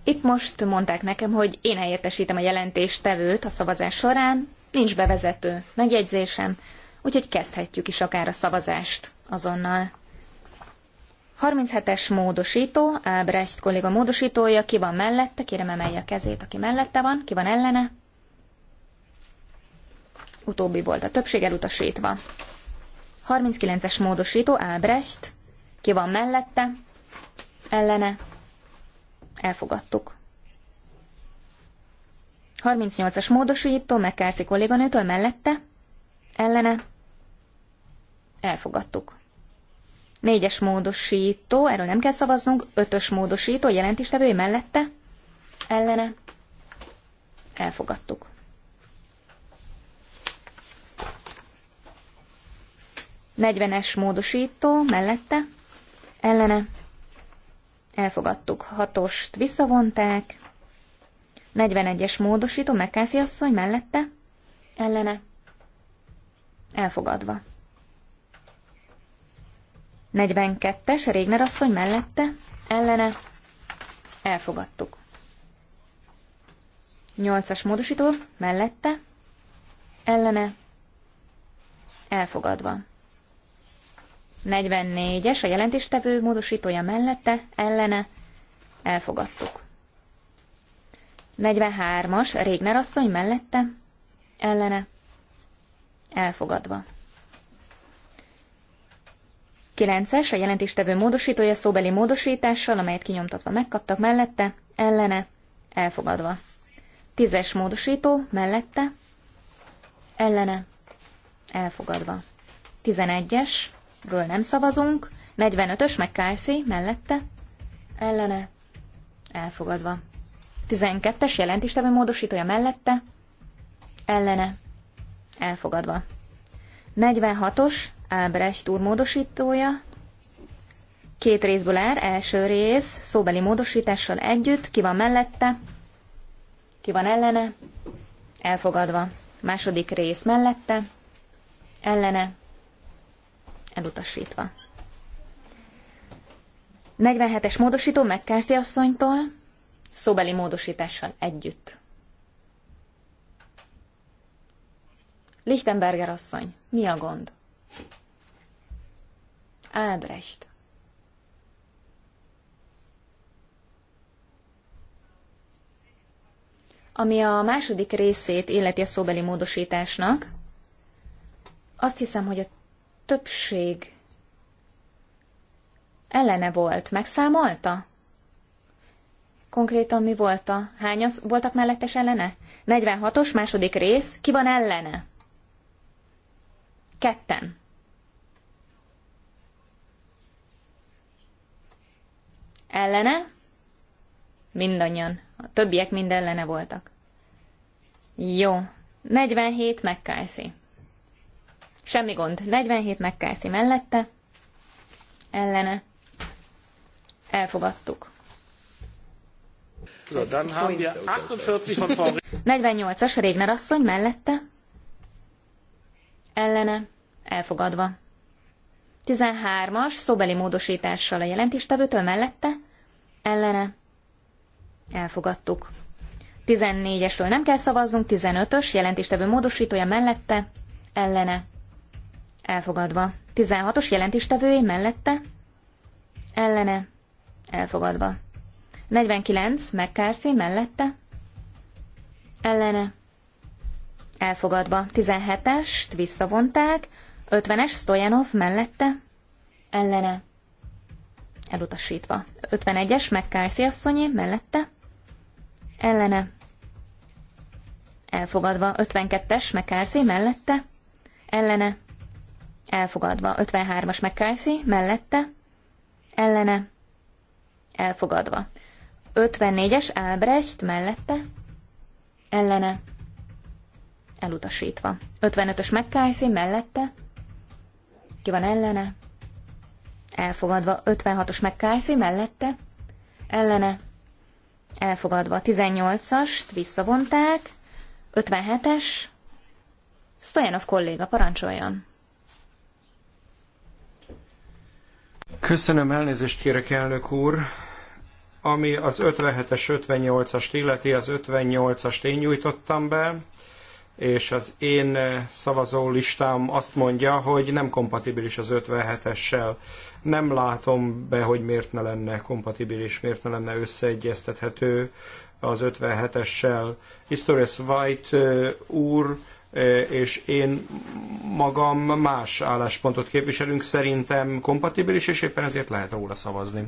Itt most mondták nekem, hogy én helyettesítem a jelentéstevőt a szavazás során, nincs bevezető, megjegyzésem, úgyhogy kezdhetjük is akár a szavazást azonnal. 37-es módosító, Albrecht kolléga módosítója, ki van mellette, kérem emelje a kezét, aki mellette van, ki van ellene. Utóbbi volt a többség elutasítva. 39-es módosító, Albrecht, ki van mellette, ellene elfogadtuk. 38-as módosító McCarthy kolléganőtől mellette ellene elfogadtuk. Négyes módosító, erről nem kell szavaznunk, ötös módosító, jelentéstevő mellette, ellene, elfogadtuk. Negyvenes módosító, mellette, ellene, elfogadtuk. Hatost visszavonták, 41-es módosító, McCarthy asszony mellette, ellene, elfogadva. 42-es, Régner asszony mellette, ellene, elfogadtuk. 8-as módosító, mellette, ellene, elfogadva. 44-es a jelentéstevő módosítója mellette, ellene, elfogadtuk. 43-as Régner asszony mellette, ellene, elfogadva. 9-es a jelentéstevő módosítója szóbeli módosítással, amelyet kinyomtatva megkaptak mellette, ellene, elfogadva. 10-es módosító mellette, ellene, elfogadva. 11-es ről nem szavazunk. 45-ös Kárszé, mellette ellene elfogadva. 12-es jelentéstevő módosítója mellette ellene elfogadva. 46-os Ábrecht úr módosítója két részből áll, első rész szóbeli módosítással együtt, ki van mellette, ki van ellene, elfogadva. Második rész mellette, ellene, elutasítva. 47-es módosító megkárti asszonytól, szóbeli módosítással együtt. Lichtenberger asszony, mi a gond? Ábrecht. Ami a második részét illeti a szóbeli módosításnak, azt hiszem, hogy a többség ellene volt. Megszámolta? Konkrétan mi volt a... Hányas voltak mellettes ellene? 46-os második rész. Ki van ellene? Ketten. Ellene? Mindannyian. A többiek mind ellene voltak. Jó. 47 McCarthy. Semmi gond. 47 megkászi mellette, ellene. Elfogadtuk. 48 48-as Régner asszony mellette, ellene, elfogadva. 13-as szóbeli módosítással a jelentéstevőtől mellette, ellene, elfogadtuk. 14-esről nem kell szavaznunk, 15-ös jelentéstevő módosítója mellette, ellene, Elfogadva. 16-os jelentéstevője mellette? Ellene. Elfogadva. 49. McCarthy mellette? Ellene. Elfogadva. 17-est visszavonták. 50-es Stojanov mellette? Ellene. Elutasítva. 51-es McCarthy asszonyé mellette? Ellene. Elfogadva. 52-es McCarthy mellette? Ellene elfogadva. 53-as McCarthy, mellette, ellene, elfogadva. 54-es Albrecht, mellette, ellene, elutasítva. 55-ös McCarthy, mellette, ki van ellene, elfogadva. 56-os McCarthy, mellette, ellene, elfogadva. 18-ast visszavonták, 57-es, Stojanov kolléga, parancsoljon! Köszönöm, elnézést kérek, elnök úr. Ami az 57-es, 58-ast illeti, az 58-ast én nyújtottam be, és az én szavazó listám azt mondja, hogy nem kompatibilis az 57-essel. Nem látom be, hogy miért ne lenne kompatibilis, miért ne lenne összeegyeztethető az 57-essel. Historius White úr és én magam más álláspontot képviselünk, szerintem kompatibilis, és éppen ezért lehet róla szavazni.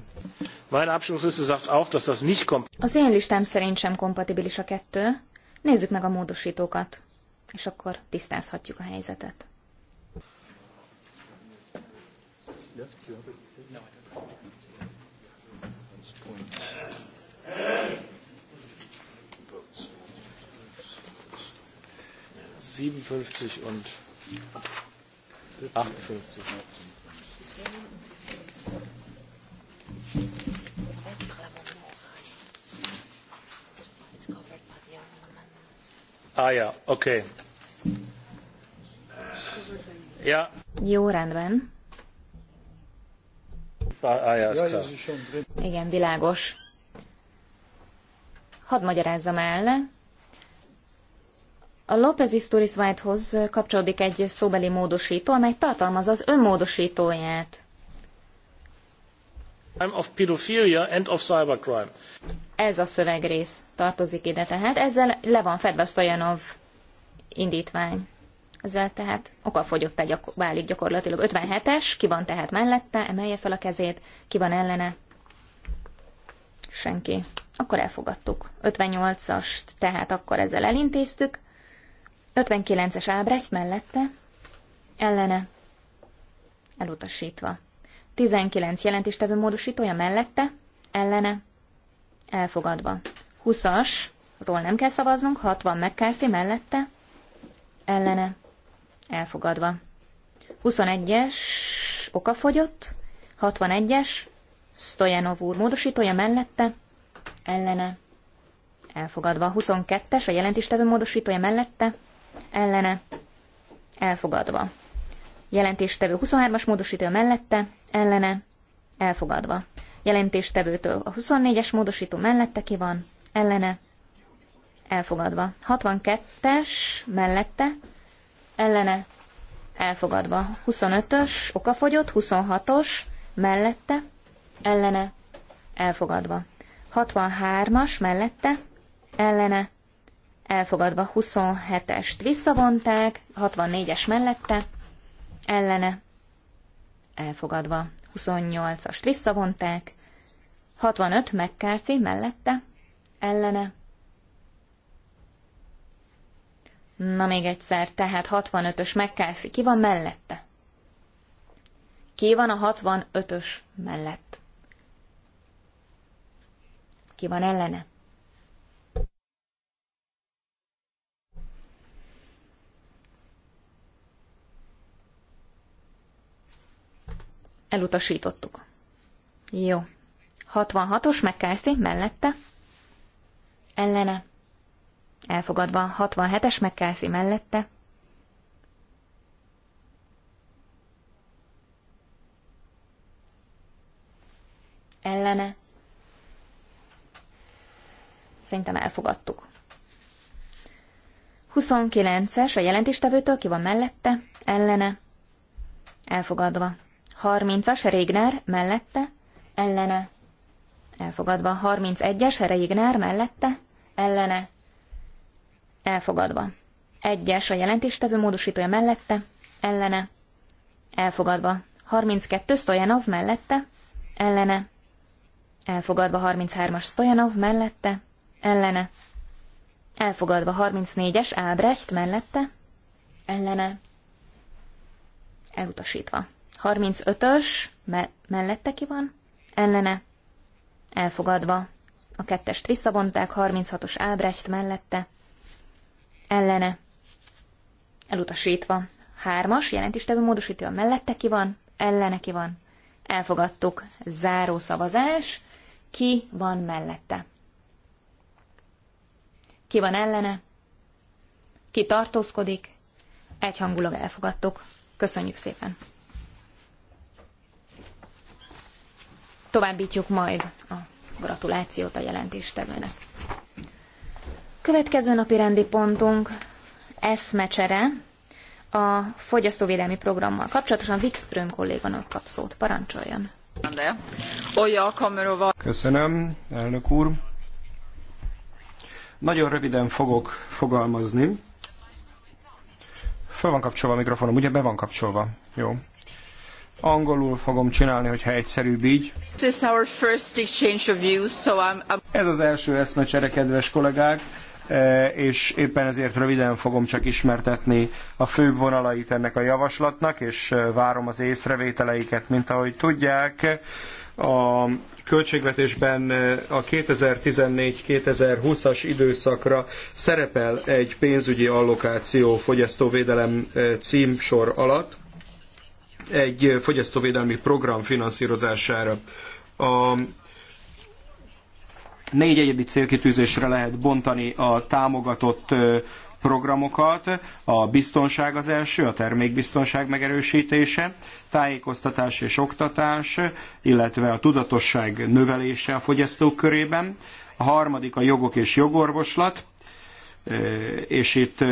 Az én listám szerint sem kompatibilis a kettő. Nézzük meg a módosítókat, és akkor tisztázhatjuk a helyzetet. Yeah. 57 und 58. Ah ja, okay. Ja. Jó, rendben. Ah, ah ja, ist klar. Igen, világos. Hadd magyarázzam el, a López Isturiz Whitehoz kapcsolódik egy szóbeli módosító, amely tartalmaz az önmódosítóját. Of pedophilia and of cybercrime. Ez a szövegrész tartozik ide tehát, ezzel le van fedve Stojanov indítvány. Ezzel tehát okafogyott egy gyakor- válik gyakorlatilag 57-es, ki van tehát mellette, emelje fel a kezét, ki van ellene, senki. Akkor elfogadtuk. 58 as tehát akkor ezzel elintéztük. 59-es Ábrecht mellette, ellene, elutasítva. 19 jelentéstevő módosítója mellette, ellene, elfogadva. 20-as, ról nem kell szavaznunk, 60 McCarthy mellette, ellene, elfogadva. 21-es, okafogyott, 61-es, Stojanov úr módosítója mellette, ellene, elfogadva. 22-es, a jelentéstevő módosítója mellette, ellene, elfogadva. Jelentéstevő 23-as módosítő mellette, ellene, elfogadva. Jelentéstevőtől a 24-es módosító mellette ki van, ellene, elfogadva. 62-es mellette, ellene, elfogadva. 25-ös, okafogyott, 26-os, mellette, ellene, elfogadva. 63-as mellette, ellene, elfogadva 27-est visszavonták, 64-es mellette, ellene, elfogadva 28-ast visszavonták, 65 McCarthy mellette, ellene. Na még egyszer, tehát 65-ös McCarthy, ki van mellette? Ki van a 65-ös mellett? Ki van ellene? Elutasítottuk. Jó. 66-os McCarthy mellette. Ellene. Elfogadva. 67-es McCarthy mellette. Ellene. Szerintem elfogadtuk. 29-es a jelentéstevőtől, ki van mellette, ellene, elfogadva. Harmincas Régner mellette, ellene. Elfogadva. Harminc es Régner mellette, ellene. Elfogadva. Egyes a jelentéstevő módosítója mellette, ellene. Elfogadva. 32 Stojanov mellette, ellene. Elfogadva 33-as Stojanov mellette, ellene. Elfogadva 34-es Ábrecht mellette, ellene. Elutasítva. 35-ös me- mellette ki van, ellene elfogadva. A kettest visszavonták, 36-os Ábrecht mellette, ellene elutasítva. Hármas jelentéstevő módosítja, mellette ki van, ellene ki van. Elfogadtuk. Záró szavazás. Ki van mellette? Ki van ellene? Ki tartózkodik? Egyhangulag elfogadtuk. Köszönjük szépen! továbbítjuk majd a gratulációt a jelentéstevőnek. Következő napi rendi pontunk eszmecsere a fogyasztóvédelmi programmal kapcsolatosan Wikström kolléganők kap szót. Parancsoljon! Köszönöm, elnök úr! Nagyon röviden fogok fogalmazni. Fel van kapcsolva a mikrofonom, ugye be van kapcsolva? Jó. Angolul fogom csinálni, hogyha egyszerűbb így. Ez az első eszmecsere, kedves kollégák, eh, és éppen ezért röviden fogom csak ismertetni a főbb vonalait ennek a javaslatnak, és eh, várom az észrevételeiket, mint ahogy tudják. A költségvetésben eh, a 2014-2020-as időszakra szerepel egy pénzügyi allokáció fogyasztóvédelem címsor alatt, egy fogyasztóvédelmi program finanszírozására. A négy egyedi célkitűzésre lehet bontani a támogatott programokat. A biztonság az első, a termékbiztonság megerősítése, tájékoztatás és oktatás, illetve a tudatosság növelése a fogyasztók körében. A harmadik a jogok és jogorvoslat, és itt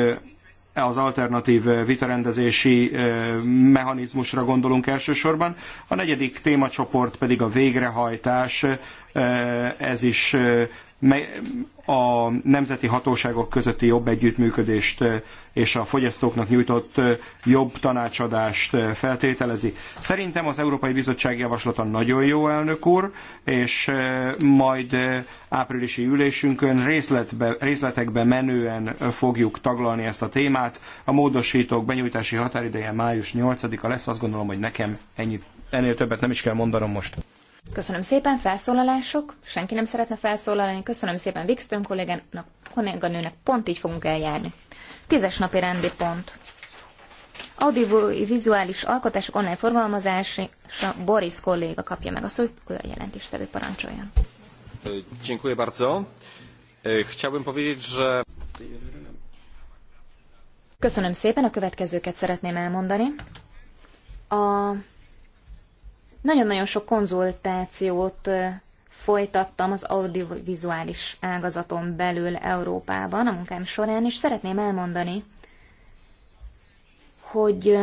az alternatív eh, vitarendezési eh, mechanizmusra gondolunk elsősorban. A negyedik témacsoport pedig a végrehajtás, Eh, ez is eh, a nemzeti hatóságok közötti jobb együttműködést eh, és a fogyasztóknak nyújtott jobb tanácsadást feltételezi. Szerintem az Európai Bizottság javaslata nagyon jó, elnök úr, és majd áprilisi ülésünkön részletbe, részletekbe menően fogjuk taglalni ezt a témát. A módosítók benyújtási határideje május 8-a lesz, azt gondolom, hogy nekem ennyi, ennél többet nem is kell mondanom most. Köszönöm szépen, felszólalások. Senki nem szeretne felszólalni. Köszönöm szépen Wikström kollégának, kolléganőnek. Pont így fogunk eljárni. Tízes napi rendi pont. Audiovizuális alkotások online forgalmazása Boris kolléga kapja meg a szót, ő a jelentéstevő parancsoljon. Dziękuję bardzo. E, chciałbym powiedzieć, że... Köszönöm szépen, a következőket szeretném elmondani. A nagyon-nagyon sok konzultációt folytattam az audiovizuális ágazaton belül Európában a munkám során, és szeretném elmondani, hogy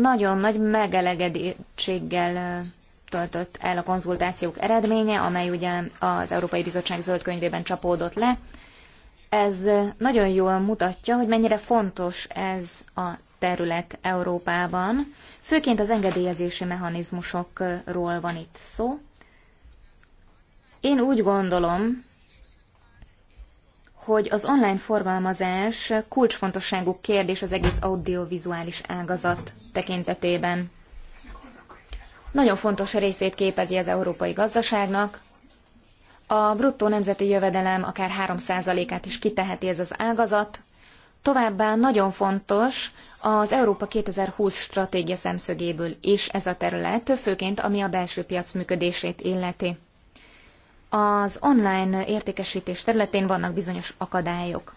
nagyon nagy megelegedéséggel töltött el a konzultációk eredménye, amely ugye az Európai Bizottság zöld könyvében csapódott le. Ez nagyon jól mutatja, hogy mennyire fontos ez a terület Európában, Főként az engedélyezési mechanizmusokról van itt szó. Én úgy gondolom, hogy az online forgalmazás kulcsfontosságú kérdés az egész audiovizuális ágazat tekintetében. Nagyon fontos részét képezi az európai gazdaságnak. A bruttó nemzeti jövedelem akár 3%-át is kiteheti ez az ágazat, Továbbá nagyon fontos az Európa 2020 stratégia szemszögéből is ez a terület, főként ami a belső piac működését illeti. Az online értékesítés területén vannak bizonyos akadályok.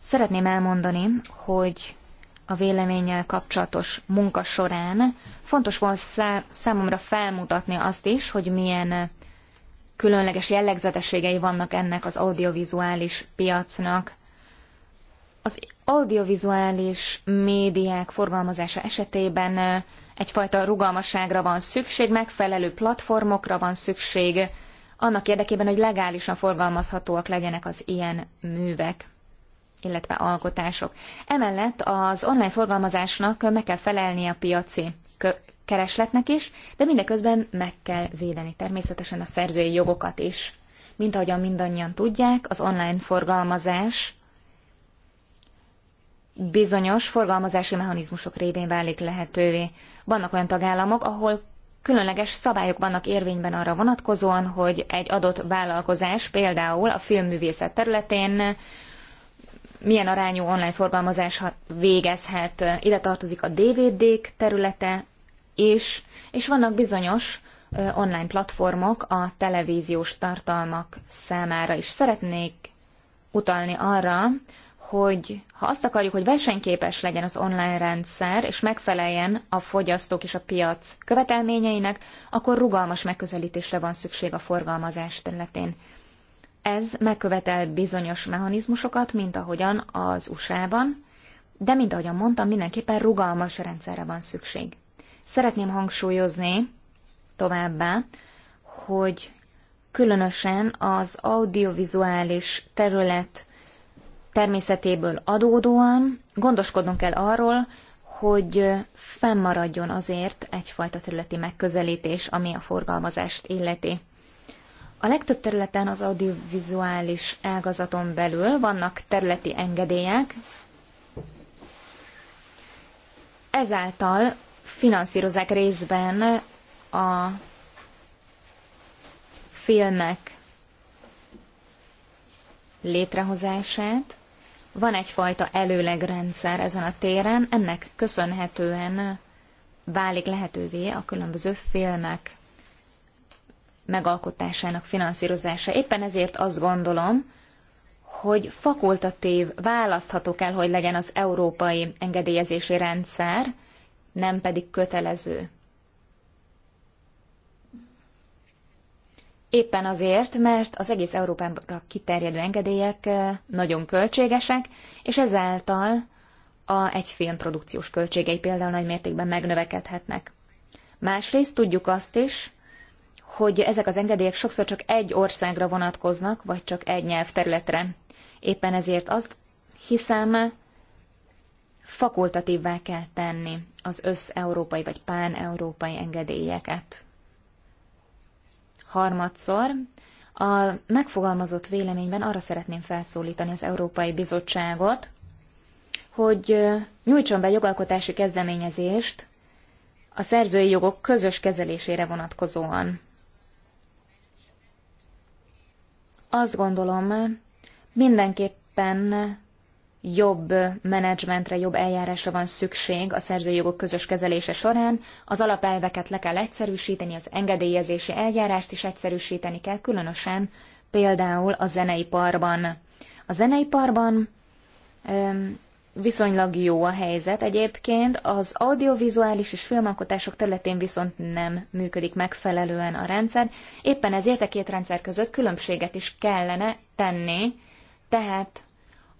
Szeretném elmondani, hogy a véleménnyel kapcsolatos munka során fontos volt számomra felmutatni azt is, hogy milyen különleges jellegzetességei vannak ennek az audiovizuális piacnak. Az audiovizuális médiák forgalmazása esetében egyfajta rugalmasságra van szükség, megfelelő platformokra van szükség, annak érdekében, hogy legálisan forgalmazhatóak legyenek az ilyen művek illetve alkotások. Emellett az online forgalmazásnak meg kell felelnie a piaci keresletnek is, de mindeközben meg kell védeni természetesen a szerzői jogokat is. Mint ahogyan mindannyian tudják, az online forgalmazás bizonyos forgalmazási mechanizmusok révén válik lehetővé. Vannak olyan tagállamok, ahol különleges szabályok vannak érvényben arra vonatkozóan, hogy egy adott vállalkozás például a filmművészet területén milyen arányú online forgalmazás végezhet. Ide tartozik a DVD-k területe, és és vannak bizonyos online platformok a televíziós tartalmak számára is. Szeretnék utalni arra, hogy ha azt akarjuk, hogy versenyképes legyen az online rendszer, és megfeleljen a fogyasztók és a piac követelményeinek, akkor rugalmas megközelítésre van szükség a forgalmazás területén. Ez megkövetel bizonyos mechanizmusokat, mint ahogyan az USA-ban, de mint ahogyan mondtam, mindenképpen rugalmas rendszerre van szükség. Szeretném hangsúlyozni továbbá, hogy különösen az audiovizuális terület természetéből adódóan gondoskodnunk kell arról, hogy fennmaradjon azért egyfajta területi megközelítés, ami a forgalmazást illeti. A legtöbb területen az audiovizuális ágazaton belül vannak területi engedélyek, ezáltal finanszírozzák részben a filmek létrehozását. Van egyfajta előlegrendszer ezen a téren, ennek köszönhetően válik lehetővé a különböző filmek megalkotásának finanszírozása. Éppen ezért azt gondolom, hogy fakultatív, választható kell, hogy legyen az európai engedélyezési rendszer, nem pedig kötelező. Éppen azért, mert az egész Európára kiterjedő engedélyek eh, nagyon költségesek, és ezáltal a egy film produkciós költségei például nagy mértékben megnövekedhetnek. Másrészt tudjuk azt is, hogy ezek az engedélyek sokszor csak egy országra vonatkoznak, vagy csak egy nyelvterületre. Éppen ezért azt hiszem, fakultatívvá kell tenni az összeurópai vagy pán-európai engedélyeket. Harmadszor, a megfogalmazott véleményben arra szeretném felszólítani az Európai Bizottságot, hogy nyújtson be jogalkotási kezdeményezést a szerzői jogok közös kezelésére vonatkozóan. Azt gondolom, mindenképpen jobb menedzsmentre, jobb eljárásra van szükség a szerzőjogok közös kezelése során. Az alapelveket le kell egyszerűsíteni, az engedélyezési eljárást is egyszerűsíteni kell, különösen például a zeneiparban. A zeneiparban viszonylag jó a helyzet egyébként, az audiovizuális és filmalkotások területén viszont nem működik megfelelően a rendszer, éppen ezért a két rendszer között különbséget is kellene tenni, tehát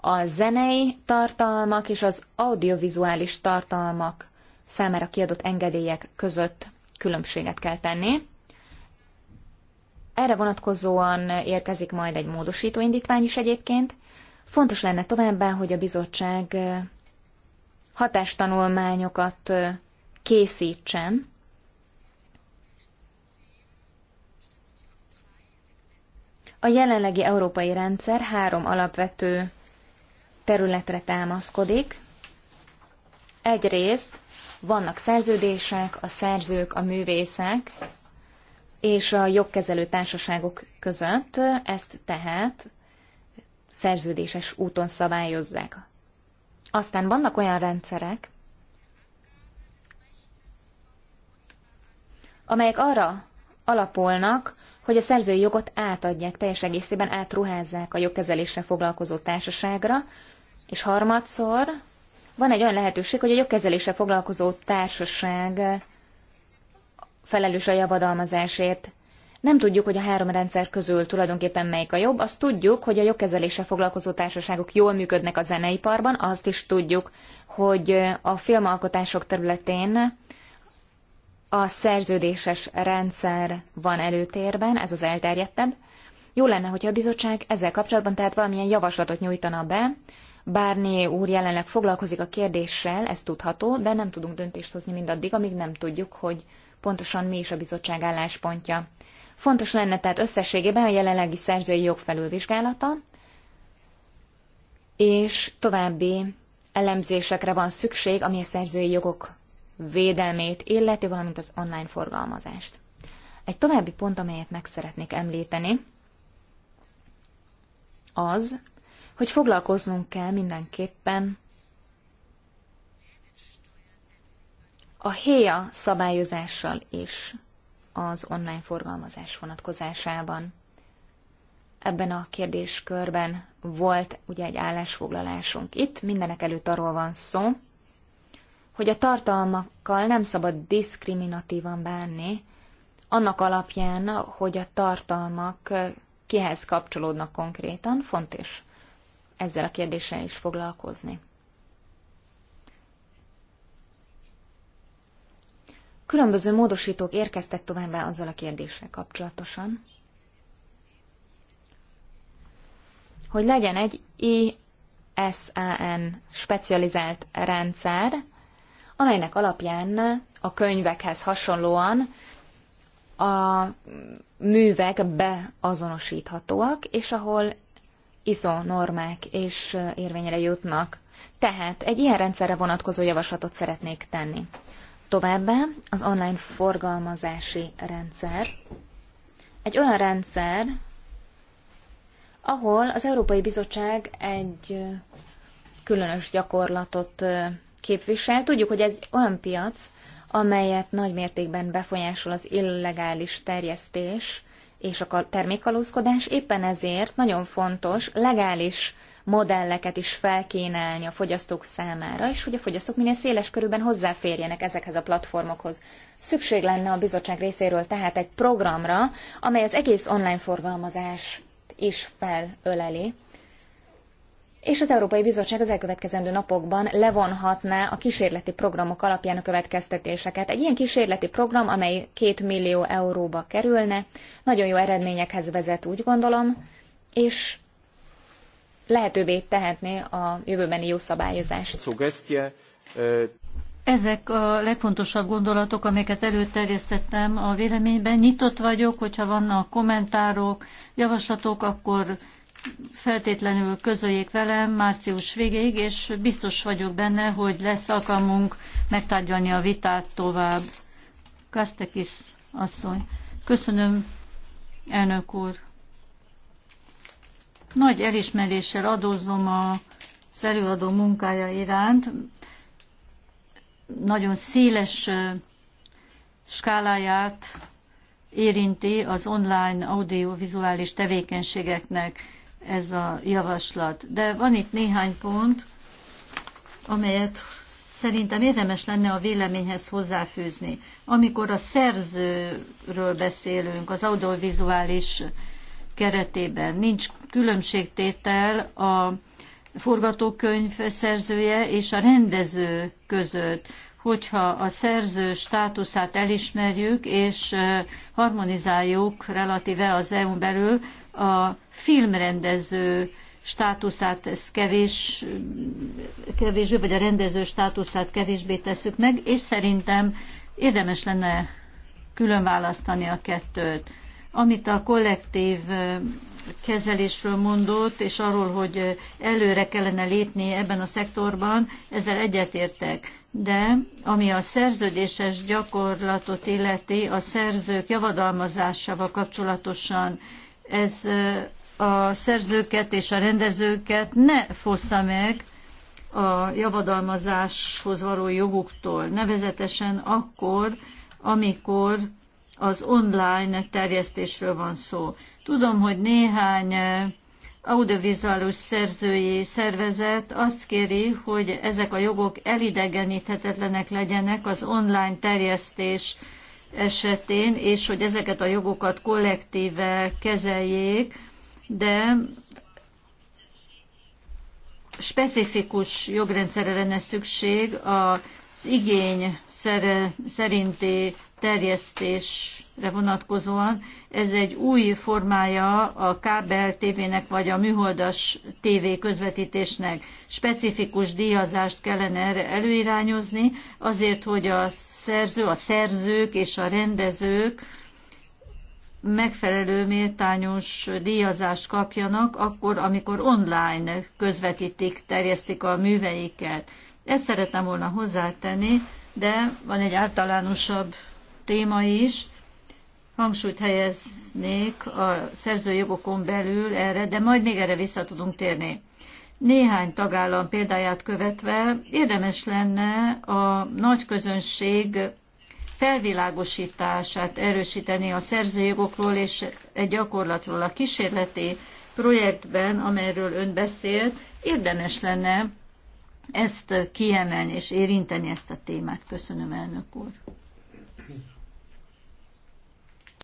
a zenei tartalmak és az audiovizuális tartalmak számára kiadott engedélyek között különbséget kell tenni. Erre vonatkozóan érkezik majd egy módosító indítvány is egyébként. Fontos lenne továbbá, hogy a bizottság hatástanulmányokat készítsen, A jelenlegi európai rendszer három alapvető területre támaszkodik. Egyrészt vannak szerződések, a szerzők, a művészek és a jogkezelő társaságok között, ezt tehát szerződéses úton szabályozzák. Aztán vannak olyan rendszerek, amelyek arra alapolnak, hogy a szerzői jogot átadják, teljes egészében átruházzák a jogkezeléssel foglalkozó társaságra, és harmadszor van egy olyan lehetőség, hogy a jogkezeléssel foglalkozó társaság felelős a javadalmazásért. Nem tudjuk, hogy a három rendszer közül tulajdonképpen melyik a jobb, azt tudjuk, hogy a jogkezeléssel foglalkozó társaságok jól működnek a zeneiparban, azt is tudjuk, hogy a filmalkotások területén a szerződéses rendszer van előtérben, ez az elterjedtebb. Jó lenne, hogyha a bizottság ezzel kapcsolatban tehát valamilyen javaslatot nyújtana be, Bárné úr jelenleg foglalkozik a kérdéssel, ez tudható, de nem tudunk döntést hozni mindaddig, amíg nem tudjuk, hogy pontosan mi is a bizottság álláspontja. Fontos lenne tehát összességében a jelenlegi szerzői jog felülvizsgálata, és további elemzésekre van szükség, ami a szerzői jogok védelmét illeti, valamint az online forgalmazást. Egy további pont, amelyet meg szeretnék említeni, az, hogy foglalkoznunk kell mindenképpen a héja szabályozással is az online forgalmazás vonatkozásában. Ebben a kérdéskörben volt ugye egy állásfoglalásunk. Itt mindenek előtt arról van szó, hogy a tartalmakkal nem szabad diszkriminatívan bánni, annak alapján, hogy a tartalmak kihez kapcsolódnak konkrétan, fontos, ezzel a kérdéssel is foglalkozni. Különböző módosítók érkeztek továbbá azzal a kérdéssel kapcsolatosan, hogy legyen egy ISAN specializált rendszer, amelynek alapján a könyvekhez hasonlóan a művek beazonosíthatóak, és ahol ISO normák és érvényre jutnak. Tehát egy ilyen rendszerre vonatkozó javaslatot szeretnék tenni. Továbbá az online forgalmazási rendszer. Egy olyan rendszer, ahol az Európai Bizottság egy különös gyakorlatot képvisel. Tudjuk, hogy ez olyan piac, amelyet nagy mértékben befolyásol az illegális terjesztés, és a termékkalózkodás. Éppen ezért nagyon fontos legális modelleket is felkínálni a fogyasztók számára, és hogy a fogyasztók minél széles körülben hozzáférjenek ezekhez a platformokhoz. Szükség lenne a bizottság részéről tehát egy programra, amely az egész online forgalmazás is felöleli, és az Európai Bizottság az elkövetkezendő napokban levonhatná a kísérleti programok alapján a következtetéseket. Egy ilyen kísérleti program, amely két millió euróba kerülne, nagyon jó eredményekhez vezet, úgy gondolom, és lehetővé tehetné a jövőbeni jó szabályozást. Ezek a legfontosabb gondolatok, amiket előterjesztettem a véleményben. Nyitott vagyok, hogyha vannak kommentárok, javaslatok, akkor feltétlenül közöljék velem március végéig, és biztos vagyok benne, hogy lesz alkalmunk megtárgyalni a vitát tovább. Kastekis asszony. Köszönöm, elnök úr. Nagy elismeréssel adózom a előadó munkája iránt. Nagyon széles skáláját érinti az online audiovizuális tevékenységeknek ez a javaslat. De van itt néhány pont, amelyet szerintem érdemes lenne a véleményhez hozzáfűzni. Amikor a szerzőről beszélünk az audiovizuális keretében, nincs különbségtétel a forgatókönyv szerzője és a rendező között hogyha a szerző státuszát elismerjük és harmonizáljuk relatíve az EU-n belül, a filmrendező státuszát kevés, kevésbé, vagy a rendező státuszát kevésbé tesszük meg, és szerintem érdemes lenne külön választani a kettőt. Amit a kollektív kezelésről mondott, és arról, hogy előre kellene lépni ebben a szektorban, ezzel egyetértek. De ami a szerződéses gyakorlatot illeti, a szerzők javadalmazásával kapcsolatosan ez a szerzőket és a rendezőket ne fossza meg a javadalmazáshoz való joguktól, nevezetesen akkor, amikor az online terjesztésről van szó. Tudom, hogy néhány audiovizuális szerzői szervezet azt kéri, hogy ezek a jogok elidegeníthetetlenek legyenek az online terjesztés esetén, és hogy ezeket a jogokat kollektíve kezeljék, de specifikus jogrendszerre lenne szükség az igény szerinti terjesztés Re vonatkozóan. Ez egy új formája a kábel tévének vagy a műholdas TV közvetítésnek. Specifikus díjazást kellene erre előirányozni, azért, hogy a szerző, a szerzők és a rendezők megfelelő méltányos díjazást kapjanak, akkor, amikor online közvetítik, terjesztik a műveiket. Ezt szeretem volna hozzátenni, de van egy általánosabb téma is, hangsúlyt helyeznék a szerzőjogokon belül erre, de majd még erre vissza tudunk térni. Néhány tagállam példáját követve érdemes lenne a nagy közönség felvilágosítását erősíteni a szerzőjogokról és egy gyakorlatról. A kísérleti projektben, amelyről ön beszélt, érdemes lenne ezt kiemelni és érinteni ezt a témát. Köszönöm, elnök úr.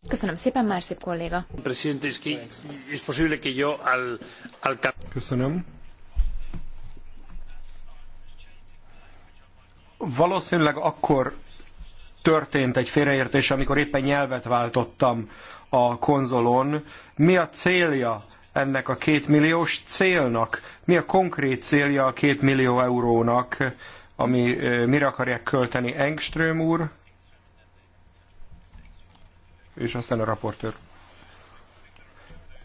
Köszönöm szépen, Márszép kolléga. Köszönöm. Valószínűleg akkor történt egy félreértés, amikor éppen nyelvet váltottam a konzolon. Mi a célja ennek a kétmilliós célnak? Mi a konkrét célja a kétmillió eurónak, ami eh, mire akarják költeni Engström úr? és aztán a raportőr.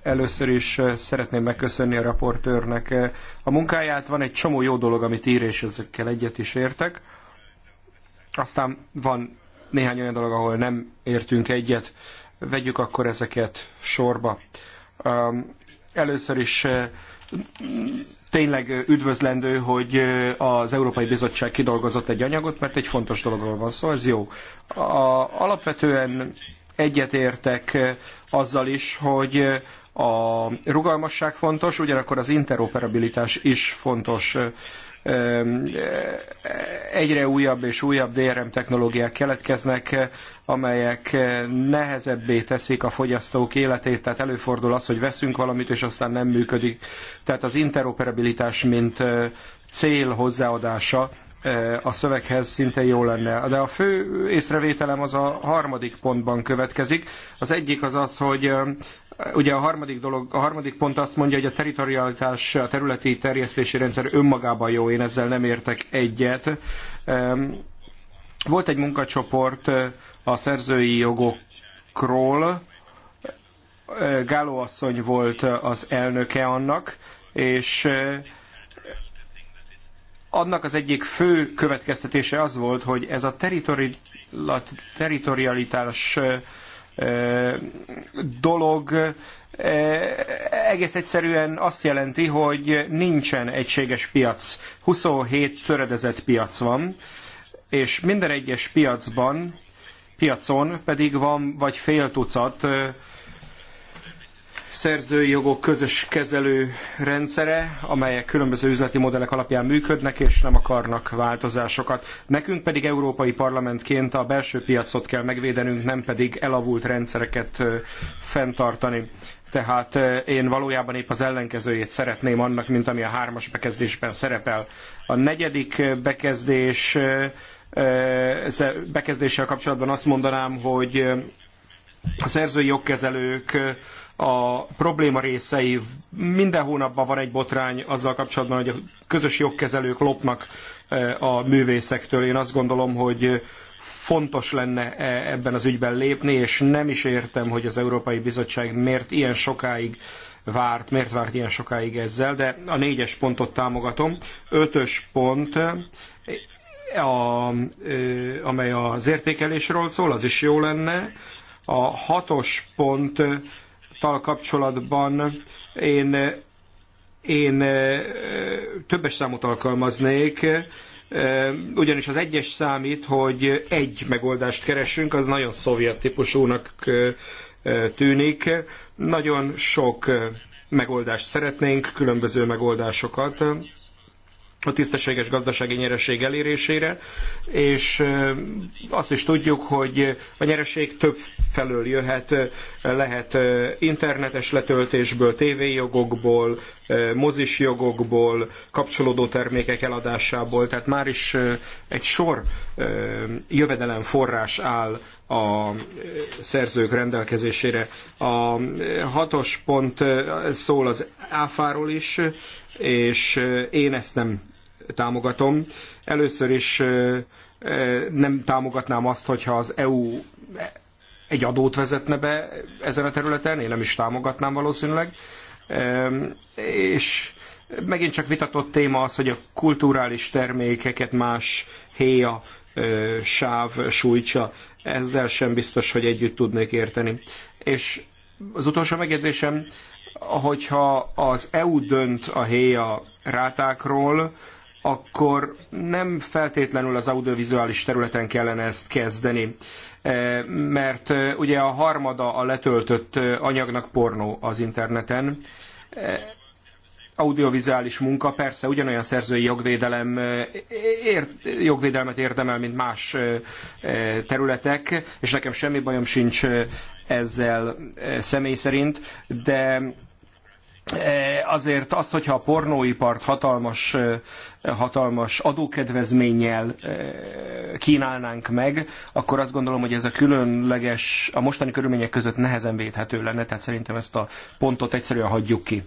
Először is eh, szeretném megköszönni a raportőrnek eh, a munkáját. Van egy csomó jó dolog, amit ír, és ezekkel egyet is értek. Aztán van néhány olyan dolog, ahol nem értünk egyet. Vegyük akkor ezeket sorba. Um, először is eh, tényleg üdvözlendő, hogy az Európai Bizottság kidolgozott egy anyagot, mert egy fontos dologról van szó, szóval ez jó. A, alapvetően Egyetértek azzal is, hogy a rugalmasság fontos, ugyanakkor az interoperabilitás is fontos. Egyre újabb és újabb DRM technológiák keletkeznek, amelyek nehezebbé teszik a fogyasztók életét, tehát előfordul az, hogy veszünk valamit, és aztán nem működik. Tehát az interoperabilitás, mint cél hozzáadása a szöveghez szinte jó lenne. De a fő észrevételem az a harmadik pontban következik. Az egyik az az, hogy ugye a harmadik, dolog, a harmadik pont azt mondja, hogy a territorialitás, a területi terjesztési rendszer önmagában jó, én ezzel nem értek egyet. Volt egy munkacsoport a szerzői jogokról, Gáló asszony volt az elnöke annak, és annak az egyik fő következtetése az volt, hogy ez a teritorialitás dolog egész egyszerűen azt jelenti, hogy nincsen egységes piac. 27 töredezett piac van, és minden egyes piacban, piacon pedig van vagy fél tucat szerzői jogok közös kezelő rendszere, amelyek különböző üzleti modellek alapján működnek és nem akarnak változásokat. Nekünk pedig európai parlamentként a belső piacot kell megvédenünk, nem pedig elavult rendszereket fenntartani. Tehát én valójában épp az ellenkezőjét szeretném annak, mint ami a hármas bekezdésben szerepel. A negyedik bekezdés bekezdéssel kapcsolatban azt mondanám, hogy a szerzői jogkezelők a probléma részei. Minden hónapban van egy botrány azzal kapcsolatban, hogy a közös jogkezelők lopnak eh, a művészektől. Én azt gondolom, hogy fontos lenne eh, ebben az ügyben lépni, és nem is értem, hogy az Európai Bizottság miért ilyen sokáig várt, miért várt ilyen sokáig ezzel, de a négyes pontot támogatom. Ötös pont, eh, a, amely az értékelésről szól, az is jó lenne. A hatos pont tal kapcsolatban én, én többes számot alkalmaznék, ugyanis az egyes számít, hogy egy megoldást keresünk, az nagyon szovjet típusúnak tűnik. Nagyon sok megoldást szeretnénk, különböző megoldásokat a tisztességes gazdasági nyereség elérésére, és azt is tudjuk, hogy a nyereség több felől jöhet, lehet internetes letöltésből, tévéjogokból, mozis jogokból, kapcsolódó termékek eladásából, tehát már is egy sor jövedelem forrás áll a szerzők rendelkezésére. A hatos pont szól az áfáról is, és én ezt nem támogatom. Először is nem támogatnám azt, hogyha az EU egy adót vezetne be ezen a területen, én nem is támogatnám valószínűleg. És megint csak vitatott téma az, hogy a kulturális termékeket más héja sáv sújtsa. Ezzel sem biztos, hogy együtt tudnék érteni. És az utolsó megjegyzésem hogyha az EU dönt a héja rátákról, akkor nem feltétlenül az audiovizuális területen kellene ezt kezdeni, eh, mert eh, ugye a harmada a letöltött eh, anyagnak pornó az interneten. Audiovizuális munka persze ugyanolyan szerzői jogvédelem, ért jogvédelmet érdemel, mint más területek, és nekem semmi bajom sincs ezzel személy szerint, de E, azért az, hogyha a pornóipart hatalmas, e, hatalmas adókedvezménnyel e, kínálnánk meg, akkor azt gondolom, hogy ez a különleges, a mostani körülmények között nehezen védhető lenne, tehát szerintem ezt a pontot egyszerűen hagyjuk ki.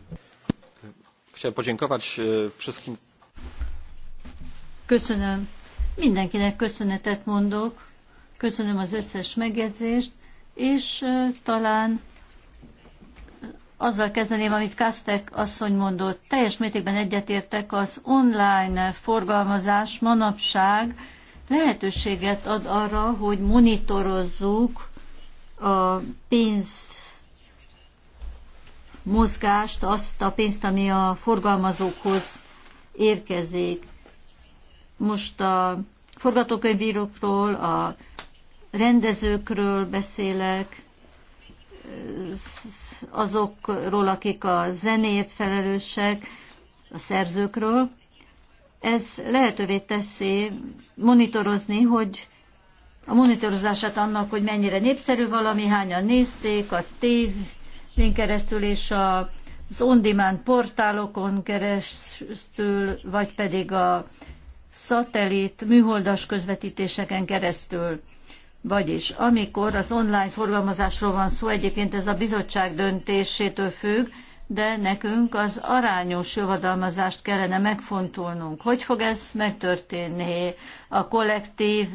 Köszönöm. Mindenkinek köszönetet mondok, köszönöm az összes megjegyzést, és talán azzal kezdeném, amit Kastek asszony mondott. Teljes mértékben egyetértek, az online forgalmazás manapság lehetőséget ad arra, hogy monitorozzuk a pénz mozgást, azt a pénzt, ami a forgalmazókhoz érkezik. Most a forgatókönyvírókról, a rendezőkről beszélek, azokról, akik a zenét felelősek, a szerzőkről. Ez lehetővé teszi monitorozni, hogy a monitorozását annak, hogy mennyire népszerű valami, hányan nézték, a tévén keresztül és a az on-demand portálokon keresztül, vagy pedig a szatellit műholdas közvetítéseken keresztül. Vagyis amikor az online forgalmazásról van szó, egyébként ez a bizottság döntésétől függ, de nekünk az arányos jövedalmazást kellene megfontolnunk. Hogy fog ez megtörténni? A kollektív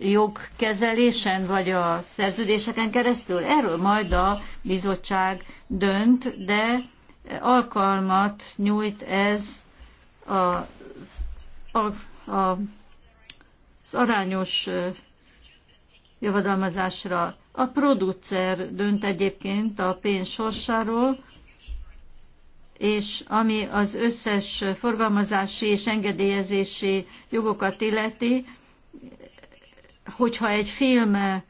jogkezelésen, vagy a szerződéseken keresztül? Erről majd a bizottság dönt, de alkalmat nyújt ez a, a, a, az arányos javadalmazásra. A producer dönt egyébként a pénz sorsáról, és ami az összes forgalmazási és engedélyezési jogokat illeti, hogyha egy film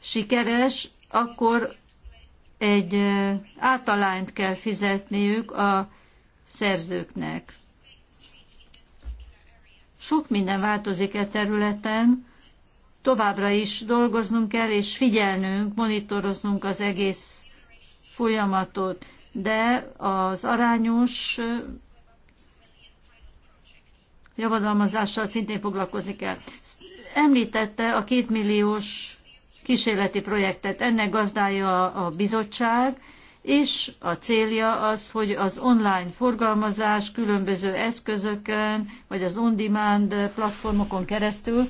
sikeres, akkor egy általányt kell fizetniük a szerzőknek. Sok minden változik e területen, továbbra is dolgoznunk kell, és figyelnünk, monitoroznunk az egész folyamatot. De az arányos javadalmazással szintén foglalkozni kell. Említette a kétmilliós kísérleti projektet. Ennek gazdája a bizottság, és a célja az, hogy az online forgalmazás különböző eszközökön, vagy az on-demand platformokon keresztül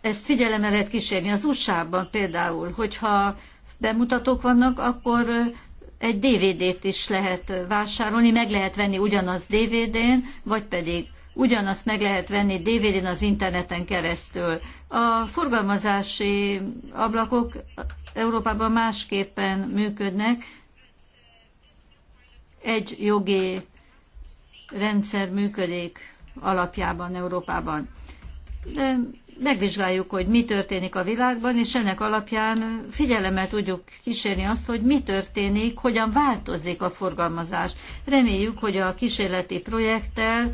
ezt figyelemmel lehet kísérni. Az USA-ban például, hogyha bemutatók vannak, akkor egy DVD-t is lehet vásárolni, meg lehet venni ugyanaz DVD-n, vagy pedig ugyanazt meg lehet venni DVD-n az interneten keresztül. A forgalmazási ablakok Európában másképpen működnek. Egy jogi rendszer működik alapjában Európában. De megvizsgáljuk, hogy mi történik a világban, és ennek alapján figyelemmel tudjuk kísérni azt, hogy mi történik, hogyan változik a forgalmazás. Reméljük, hogy a kísérleti projekttel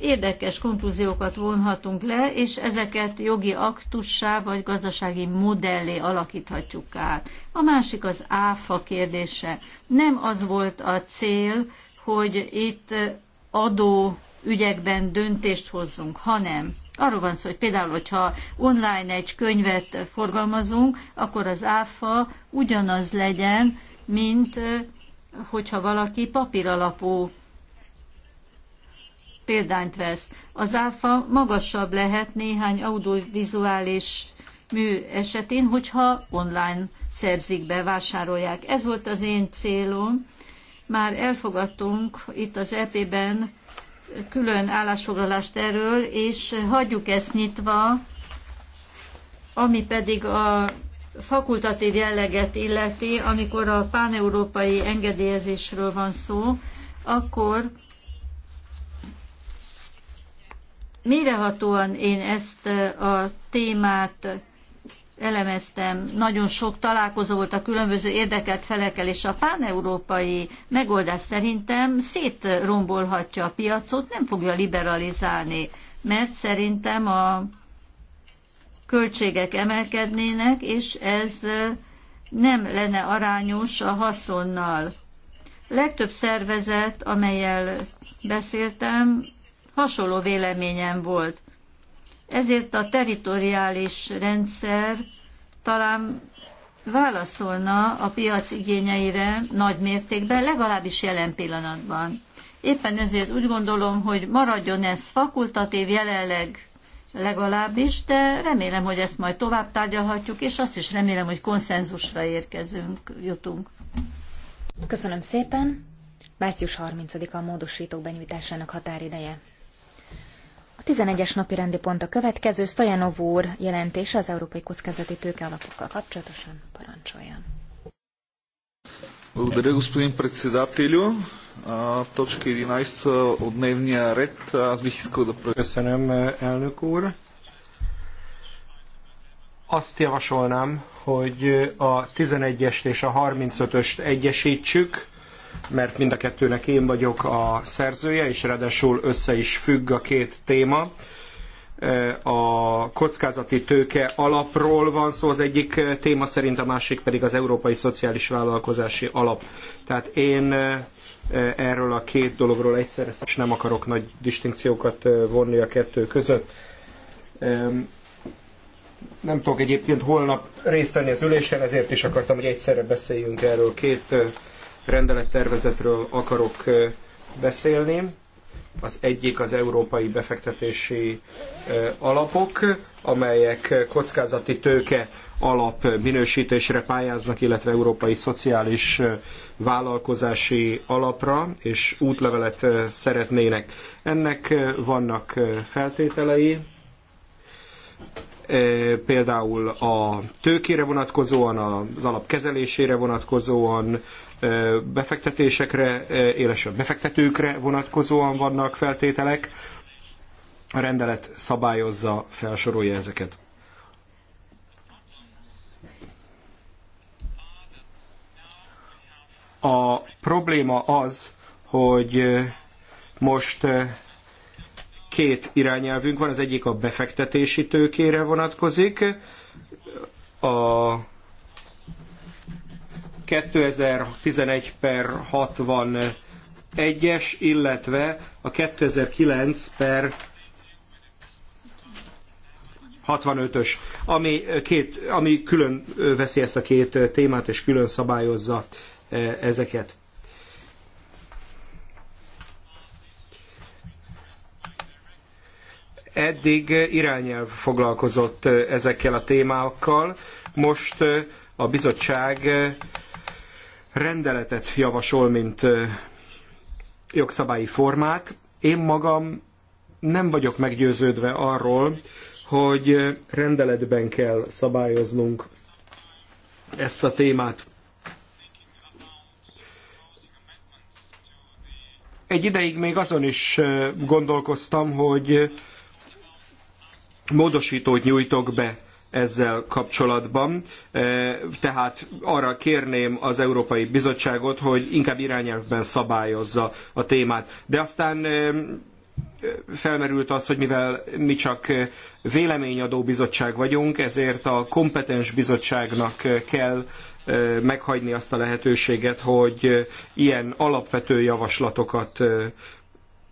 érdekes konklúziókat vonhatunk le, és ezeket jogi aktussá vagy gazdasági modellé alakíthatjuk át. A másik az áfa kérdése. Nem az volt a cél, hogy itt adó ügyekben döntést hozzunk, hanem Arról van szó, hogy például, hogyha online egy könyvet forgalmazunk, akkor az áfa ugyanaz legyen, mint hogyha valaki papír alapú példányt vesz. Az áfa magasabb lehet néhány audiovizuális mű esetén, hogyha online szerzik be, vásárolják. Ez volt az én célom. Már elfogadtunk itt az EP-ben külön állásfoglalást erről, és hagyjuk ezt nyitva, ami pedig a fakultatív jelleget illeti, amikor a páneurópai engedélyezésről van szó, akkor mirehatóan én ezt a témát elemeztem, nagyon sok találkozó volt a különböző érdekelt felekkel, és a páneurópai megoldás szerintem szétrombolhatja a piacot, nem fogja liberalizálni, mert szerintem a költségek emelkednének, és ez nem lenne arányos a haszonnal. Legtöbb szervezet, amelyel beszéltem, hasonló véleményem volt. Ezért a teritoriális rendszer talán válaszolna a piac igényeire nagy mértékben, legalábbis jelen pillanatban. Éppen ezért úgy gondolom, hogy maradjon ez fakultatív jelenleg legalábbis, de remélem, hogy ezt majd tovább tárgyalhatjuk, és azt is remélem, hogy konszenzusra érkezünk, jutunk. Köszönöm szépen. Március 30-a a módosítók benyújtásának határideje. 11-es napi rendi pont a következő, Stojanov úr jelentése az Európai Kockázati Tőke alapokkal kapcsolatosan parancsoljon. Благодаря, господин председателю. Точка 11 от дневния ред. Аз бих искал да... Köszönöm, elnök úr. Azt javasolnám, hogy a 11-est és a 35-öst egyesítsük mert mind a kettőnek én vagyok a szerzője, és ráadásul össze is függ a két téma. A kockázati tőke alapról van szó az egyik téma szerint, a másik pedig az Európai Szociális Vállalkozási Alap. Tehát én erről a két dologról egyszerre, és nem akarok nagy distinkciókat vonni a kettő között. Nem tudok egyébként holnap részt venni az ülésen, ezért is akartam, hogy egyszerre beszéljünk erről két rendelettervezetről akarok beszélni. Az egyik az európai befektetési alapok, amelyek kockázati tőke alap minősítésre pályáznak, illetve európai szociális vállalkozási alapra, és útlevelet szeretnének. Ennek vannak feltételei, például a tőkére vonatkozóan, az alap kezelésére vonatkozóan, befektetésekre, élesebb befektetőkre vonatkozóan vannak feltételek. A rendelet szabályozza, felsorolja ezeket. A probléma az, hogy most két irányelvünk van, az egyik a befektetési tőkére vonatkozik, a 2011 per 61-es, illetve a 2009 per 65-ös, ami, két, ami külön veszi ezt a két témát, és külön szabályozza e, ezeket. Eddig irányelv foglalkozott e, ezekkel a témákkal, most e, a bizottság rendeletet javasol, mint jogszabályi formát. Én magam nem vagyok meggyőződve arról, hogy rendeletben kell szabályoznunk ezt a témát. Egy ideig még azon is gondolkoztam, hogy módosítót nyújtok be ezzel kapcsolatban. E, tehát arra kérném az Európai Bizottságot, hogy inkább irányelvben szabályozza a témát. De aztán e, felmerült az, hogy mivel mi csak véleményadó bizottság vagyunk, ezért a kompetens bizottságnak kell e, meghagyni azt a lehetőséget, hogy ilyen alapvető javaslatokat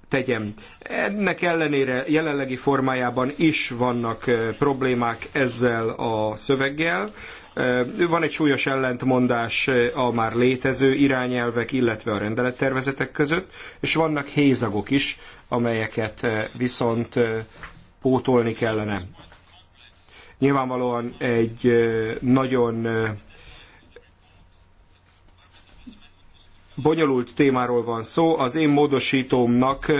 tegyem. Ennek ellenére jelenlegi formájában is vannak eh, problémák ezzel a szöveggel. Eh, van egy súlyos ellentmondás eh, a már létező irányelvek, illetve a rendelettervezetek között, és vannak hézagok is, amelyeket viszont pótolni kellene. Nyilvánvalóan egy nagyon bonyolult témáról van szó. Az én módosítómnak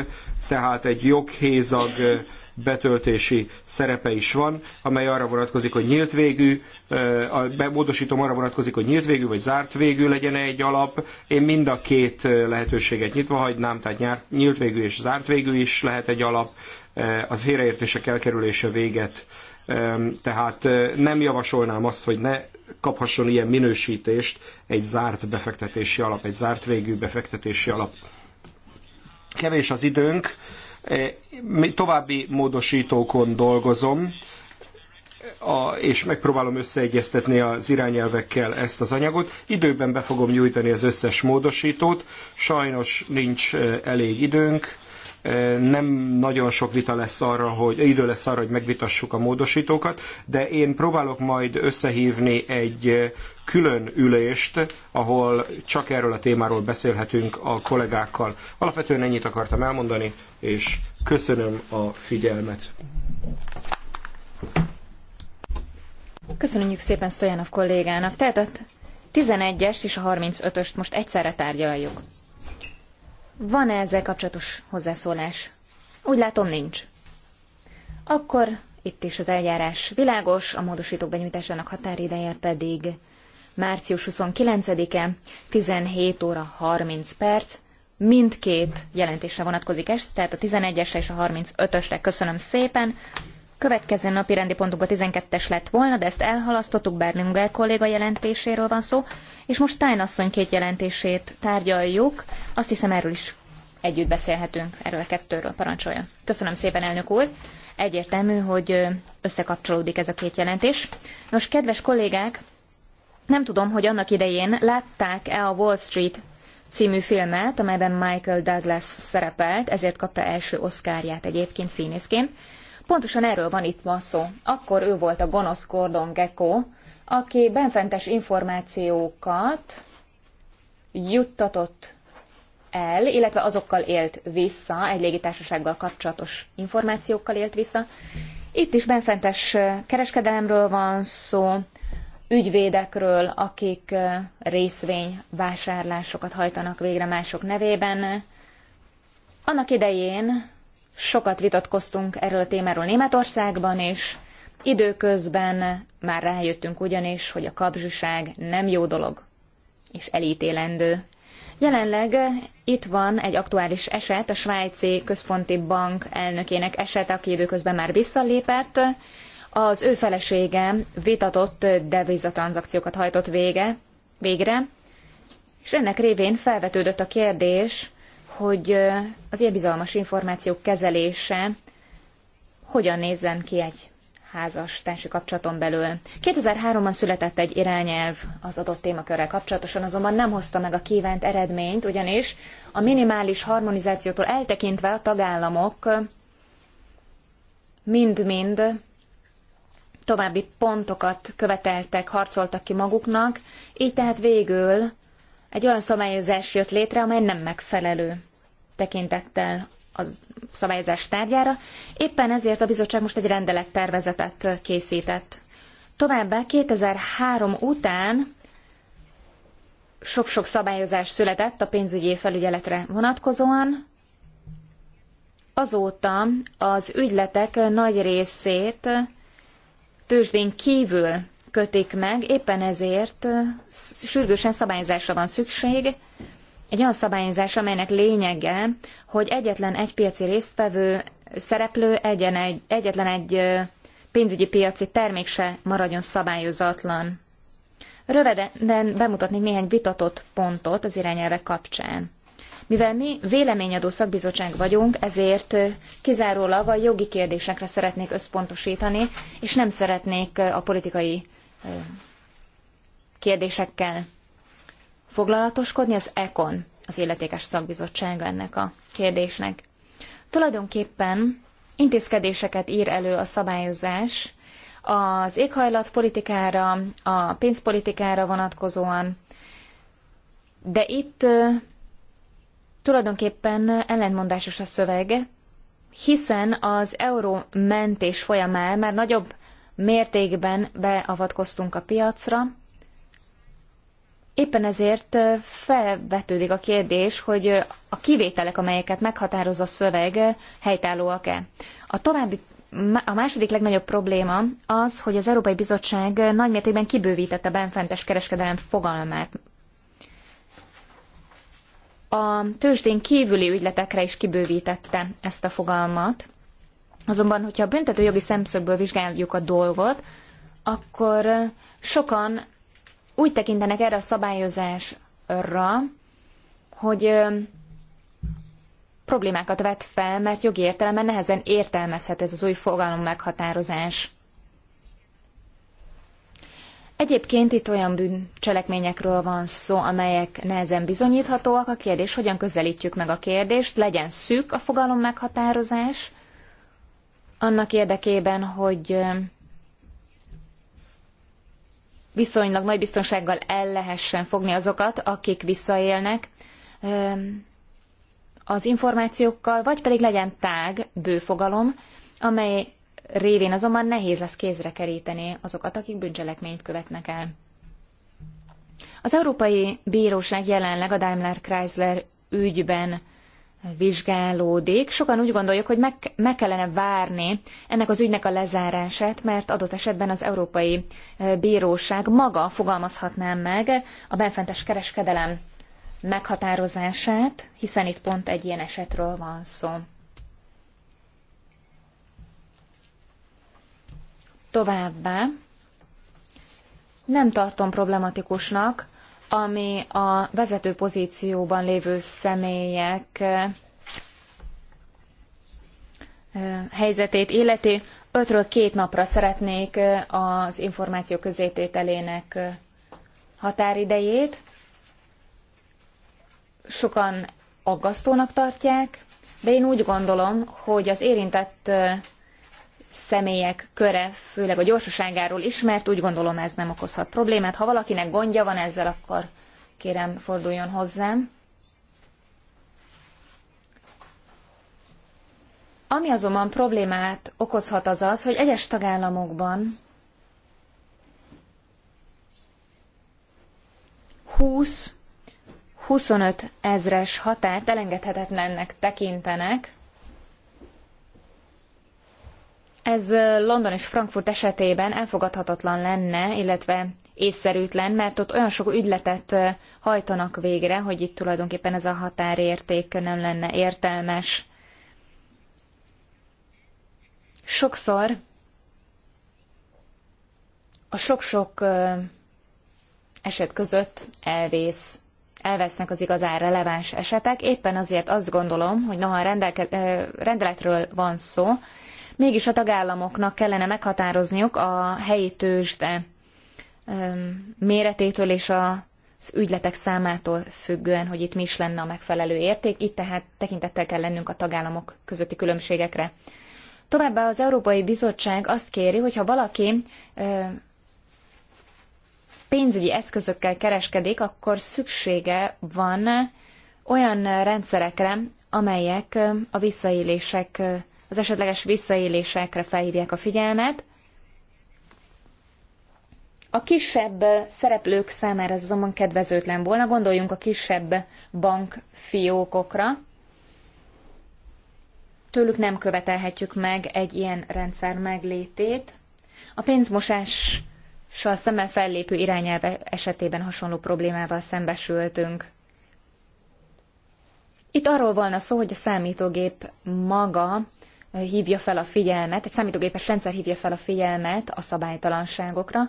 tehát egy joghézag betöltési szerepe is van, amely arra vonatkozik, hogy nyílt végű, a módosítom arra vonatkozik, hogy nyílt végű vagy zárt végű legyen -e egy alap. Én mind a két lehetőséget nyitva hagynám, tehát nyílt végű és zárt végű is lehet egy alap. Az félreértések elkerülése véget tehát nem javasolnám azt, hogy ne kaphasson ilyen minősítést egy zárt befektetési alap, egy zárt végű befektetési alap. Kevés az időnk, e, további módosítókon dolgozom, és megpróbálom összeegyeztetni az irányelvekkel ezt az anyagot. Időben be fogom nyújtani az összes módosítót, sajnos nincs e, elég időnk, nem nagyon sok vita lesz arra, hogy idő lesz arra, hogy megvitassuk a módosítókat, de én próbálok majd összehívni egy külön ülést, ahol csak erről a témáról beszélhetünk a kollégákkal. Alapvetően ennyit akartam elmondani, és köszönöm a figyelmet. Köszönjük szépen Stojanov kollégának. Tehát a 11-es és a 35-öst most egyszerre tárgyaljuk. Van-e ezzel kapcsolatos hozzászólás? Úgy látom, nincs. Akkor itt is az eljárás világos, a módosítók benyújtásának határideje pedig március 29-e, 17 óra 30 perc. Mindkét jelentésre vonatkozik ez, tehát a 11-esre és a 35-ösre. Köszönöm szépen! Következő napi rendi pontunk a 12-es lett volna, de ezt elhalasztottuk, bár Nungel kolléga jelentéséről van szó, és most Tájnasszony két jelentését tárgyaljuk. Azt hiszem erről is együtt beszélhetünk, erről a kettőről parancsolja. Köszönöm szépen, elnök úr! Egyértelmű, hogy összekapcsolódik ez a két jelentés. Nos, kedves kollégák, nem tudom, hogy annak idején látták-e a Wall Street című filmet, amelyben Michael Douglas szerepelt, ezért kapta első oszkárját egyébként színészként. Pontosan erről van itt ma szó. Akkor ő volt a gonosz Gordon Gecko, aki benfentes információkat juttatott el, illetve azokkal élt vissza, egy légitársasággal kapcsolatos információkkal élt vissza. Itt is benfentes kereskedelemről van szó, ügyvédekről, akik részvényvásárlásokat hajtanak végre mások nevében. Annak idején Sokat vitatkoztunk erről a témáról Németországban, és időközben már rájöttünk ugyanis, hogy a kapzsiság nem jó dolog, és elítélendő. Jelenleg itt van egy aktuális eset, a svájci központi bank elnökének eset, aki időközben már visszalépett. Az ő felesége vitatott devizatranszakciókat hajtott vége, végre, és ennek révén felvetődött a kérdés, hogy az ilyen bizalmas információk kezelése hogyan nézzen ki egy házas kapcsolaton belül. 2003-ban született egy irányelv az adott témakörrel kapcsolatosan, azonban nem hozta meg a kívánt eredményt, ugyanis a minimális harmonizációtól eltekintve a tagállamok mind-mind további pontokat követeltek, harcoltak ki maguknak, így tehát végül egy olyan szabályozás jött létre, amely nem megfelelő tekintettel a szabályozás tárgyára. Éppen ezért a bizottság most egy rendelettervezetet készített. Továbbá 2003 után sok-sok szabályozás született a pénzügyi felügyeletre vonatkozóan. Azóta az ügyletek nagy részét tőzsdén kívül kötik meg, éppen ezért sürgősen szabályozásra van szükség, egy olyan szabályozás, amelynek lényege, hogy egyetlen egy piaci résztvevő, szereplő egyen egy, egyetlen egy pénzügyi piaci termék se maradjon szabályozatlan. Röviden bemutatnék néhány vitatott pontot az irányelve kapcsán. Mivel mi véleményadó szakbizottság vagyunk, ezért kizárólag a jogi kérdésekre szeretnék összpontosítani, és nem szeretnék a politikai kérdésekkel foglalatoskodni, az ECON, az Életékes Szakbizottság ennek a kérdésnek. Tulajdonképpen intézkedéseket ír elő a szabályozás az éghajlatpolitikára, a pénzpolitikára vonatkozóan, de itt tulajdonképpen ellentmondásos a szöveg, hiszen az euró mentés folyamán már nagyobb mértékben beavatkoztunk a piacra. Éppen ezért felvetődik a kérdés, hogy a kivételek, amelyeket meghatároz a szöveg, helytállóak-e. A további a második legnagyobb probléma az, hogy az Európai Bizottság nagymértékben kibővítette benfentes kereskedelem fogalmát. A tőzsdén kívüli ügyletekre is kibővítette ezt a fogalmat. Azonban, hogyha a büntetőjogi szemszögből vizsgáljuk a dolgot, akkor sokan úgy tekintenek erre a szabályozásra, hogy problémákat vet fel, mert jogi értelemben nehezen értelmezhető ez az új fogalom meghatározás. Egyébként itt olyan bűncselekményekről van szó, amelyek nehezen bizonyíthatóak. A kérdés, hogyan közelítjük meg a kérdést, legyen szűk a fogalom meghatározás, annak érdekében, hogy viszonylag nagy biztonsággal el lehessen fogni azokat, akik visszaélnek az információkkal, vagy pedig legyen tág, bőfogalom, amely révén azonban nehéz lesz kézre keríteni azokat, akik bűncselekményt követnek el. Az Európai Bíróság jelenleg a Daimler-Chrysler ügyben vizsgálódik. Sokan úgy gondoljuk, hogy meg, meg kellene várni ennek az ügynek a lezárását, mert adott esetben az Európai Bíróság maga fogalmazhatná meg a benfentes kereskedelem meghatározását, hiszen itt pont egy ilyen esetről van szó. Továbbá nem tartom problematikusnak, ami a vezető pozícióban lévő személyek helyzetét illeti. Ötről két napra szeretnék az információ közétételének határidejét. Sokan aggasztónak tartják, de én úgy gondolom, hogy az érintett személyek köre, főleg a gyorsaságáról ismert, úgy gondolom ez nem okozhat problémát. Ha valakinek gondja van ezzel, akkor kérem forduljon hozzám. Ami azonban problémát okozhat az az, hogy egyes tagállamokban 20-25 ezres határt elengedhetetlennek tekintenek, ez London és Frankfurt esetében elfogadhatatlan lenne, illetve észszerűtlen, mert ott olyan sok ügyletet hajtanak végre, hogy itt tulajdonképpen ez a határérték nem lenne értelmes. Sokszor a sok-sok eset között elvész, elvesznek az igazán releváns esetek. Éppen azért azt gondolom, hogy noha rendelke, rendeletről van szó, mégis a tagállamoknak kellene meghatározniuk a helyi tőzsde méretétől és az ügyletek számától függően, hogy itt mi is lenne a megfelelő érték, itt tehát tekintettel kell lennünk a tagállamok közötti különbségekre. Továbbá az Európai Bizottság azt kéri, hogy ha valaki pénzügyi eszközökkel kereskedik, akkor szüksége van olyan rendszerekre, amelyek a visszaélések az esetleges visszaélésekre felhívják a figyelmet. A kisebb szereplők számára ez azonban kedvezőtlen volna, gondoljunk a kisebb bankfiókokra. Tőlük nem követelhetjük meg egy ilyen rendszer meglétét. A pénzmosással szemben fellépő irányelve esetében hasonló problémával szembesültünk. Itt arról volna szó, hogy a számítógép maga hívja fel a figyelmet, egy számítógépes rendszer hívja fel a figyelmet a szabálytalanságokra.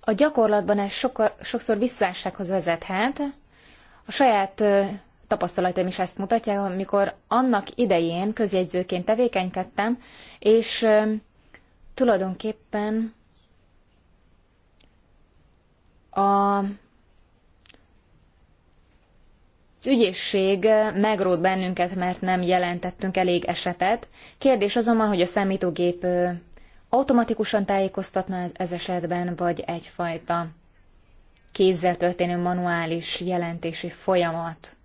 A gyakorlatban ez soka, sokszor visszássághoz vezethet. A saját tapasztalataim is ezt mutatják, amikor annak idején közjegyzőként tevékenykedtem, és tulajdonképpen a az ügyészség eh, megrót bennünket, mert nem jelentettünk elég esetet. Kérdés azonban, hogy a számítógép eh, automatikusan tájékoztatna ez, ez esetben, vagy egyfajta kézzel történő manuális jelentési folyamat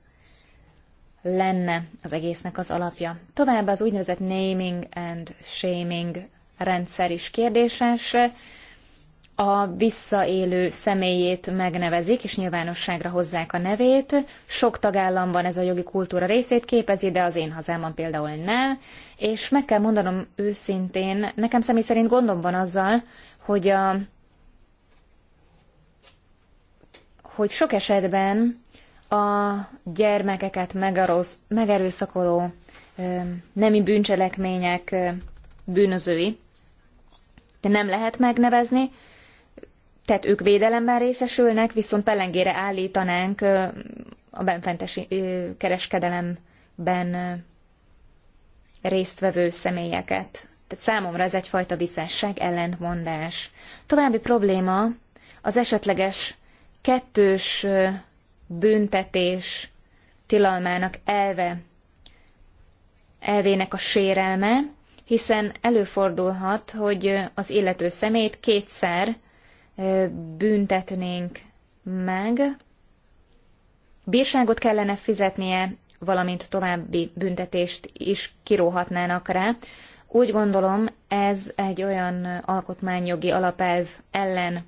lenne az egésznek az alapja. Továbbá az úgynevezett naming and shaming rendszer is kérdéses a visszaélő személyét megnevezik, és nyilvánosságra hozzák a nevét. Sok tagállamban ez a jogi kultúra részét képezi, de az én hazámban például ne. És meg kell mondanom őszintén, nekem személy szerint gondom van azzal, hogy a hogy sok esetben a gyermekeket megarosz, megerőszakoló nemi bűncselekmények bűnözői, de nem lehet megnevezni, tehát ők védelemben részesülnek, viszont pellengére állítanánk a benfentes kereskedelemben résztvevő személyeket. Tehát számomra ez egyfajta visszásság, ellentmondás. További probléma az esetleges kettős büntetés tilalmának elve, elvének a sérelme, hiszen előfordulhat, hogy az illető szemét kétszer büntetnénk meg, bírságot kellene fizetnie, valamint további büntetést is kiróhatnának rá. Úgy gondolom, ez egy olyan alkotmányjogi alapelv ellen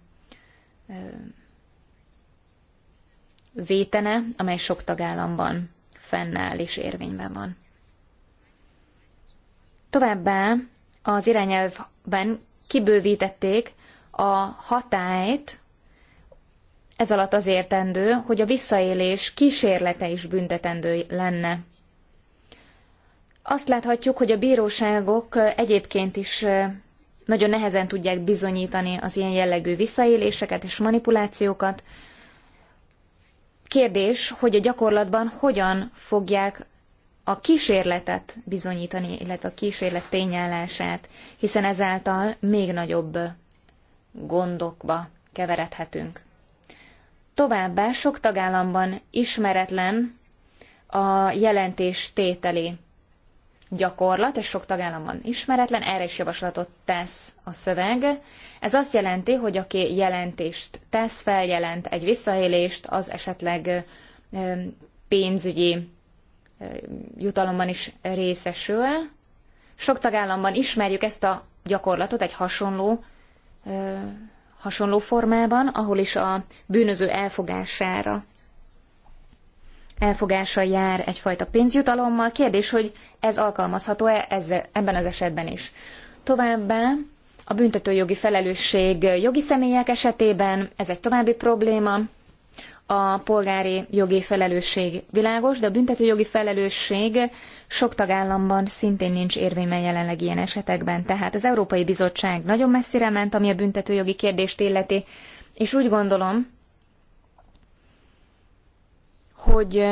vétene, amely sok tagállamban fennáll és érvényben van. Továbbá az irányelvben kibővítették a hatályt, ez alatt az értendő, hogy a visszaélés kísérlete is büntetendő lenne. Azt láthatjuk, hogy a bíróságok egyébként is nagyon nehezen tudják bizonyítani az ilyen jellegű visszaéléseket és manipulációkat. Kérdés, hogy a gyakorlatban hogyan fogják a kísérletet bizonyítani, illetve a kísérlet tényállását, hiszen ezáltal még nagyobb gondokba keveredhetünk. Továbbá sok tagállamban ismeretlen a jelentés tételi gyakorlat, és sok tagállamban ismeretlen, erre is javaslatot tesz a szöveg. Ez azt jelenti, hogy aki jelentést tesz, feljelent egy visszaélést, az esetleg pénzügyi jutalomban is részesül. Sok tagállamban ismerjük ezt a gyakorlatot, egy hasonló hasonló formában, ahol is a bűnöző elfogására elfogása jár egyfajta pénzjutalommal. Kérdés, hogy ez alkalmazható-e ezzel, ebben az esetben is. Továbbá a büntetőjogi felelősség jogi személyek esetében ez egy további probléma. A polgári jogi felelősség világos, de a büntetőjogi felelősség sok tagállamban szintén nincs érvényben jelenleg ilyen esetekben, tehát az Európai Bizottság nagyon messzire ment, ami a büntetőjogi kérdést illeti, és úgy gondolom, hogy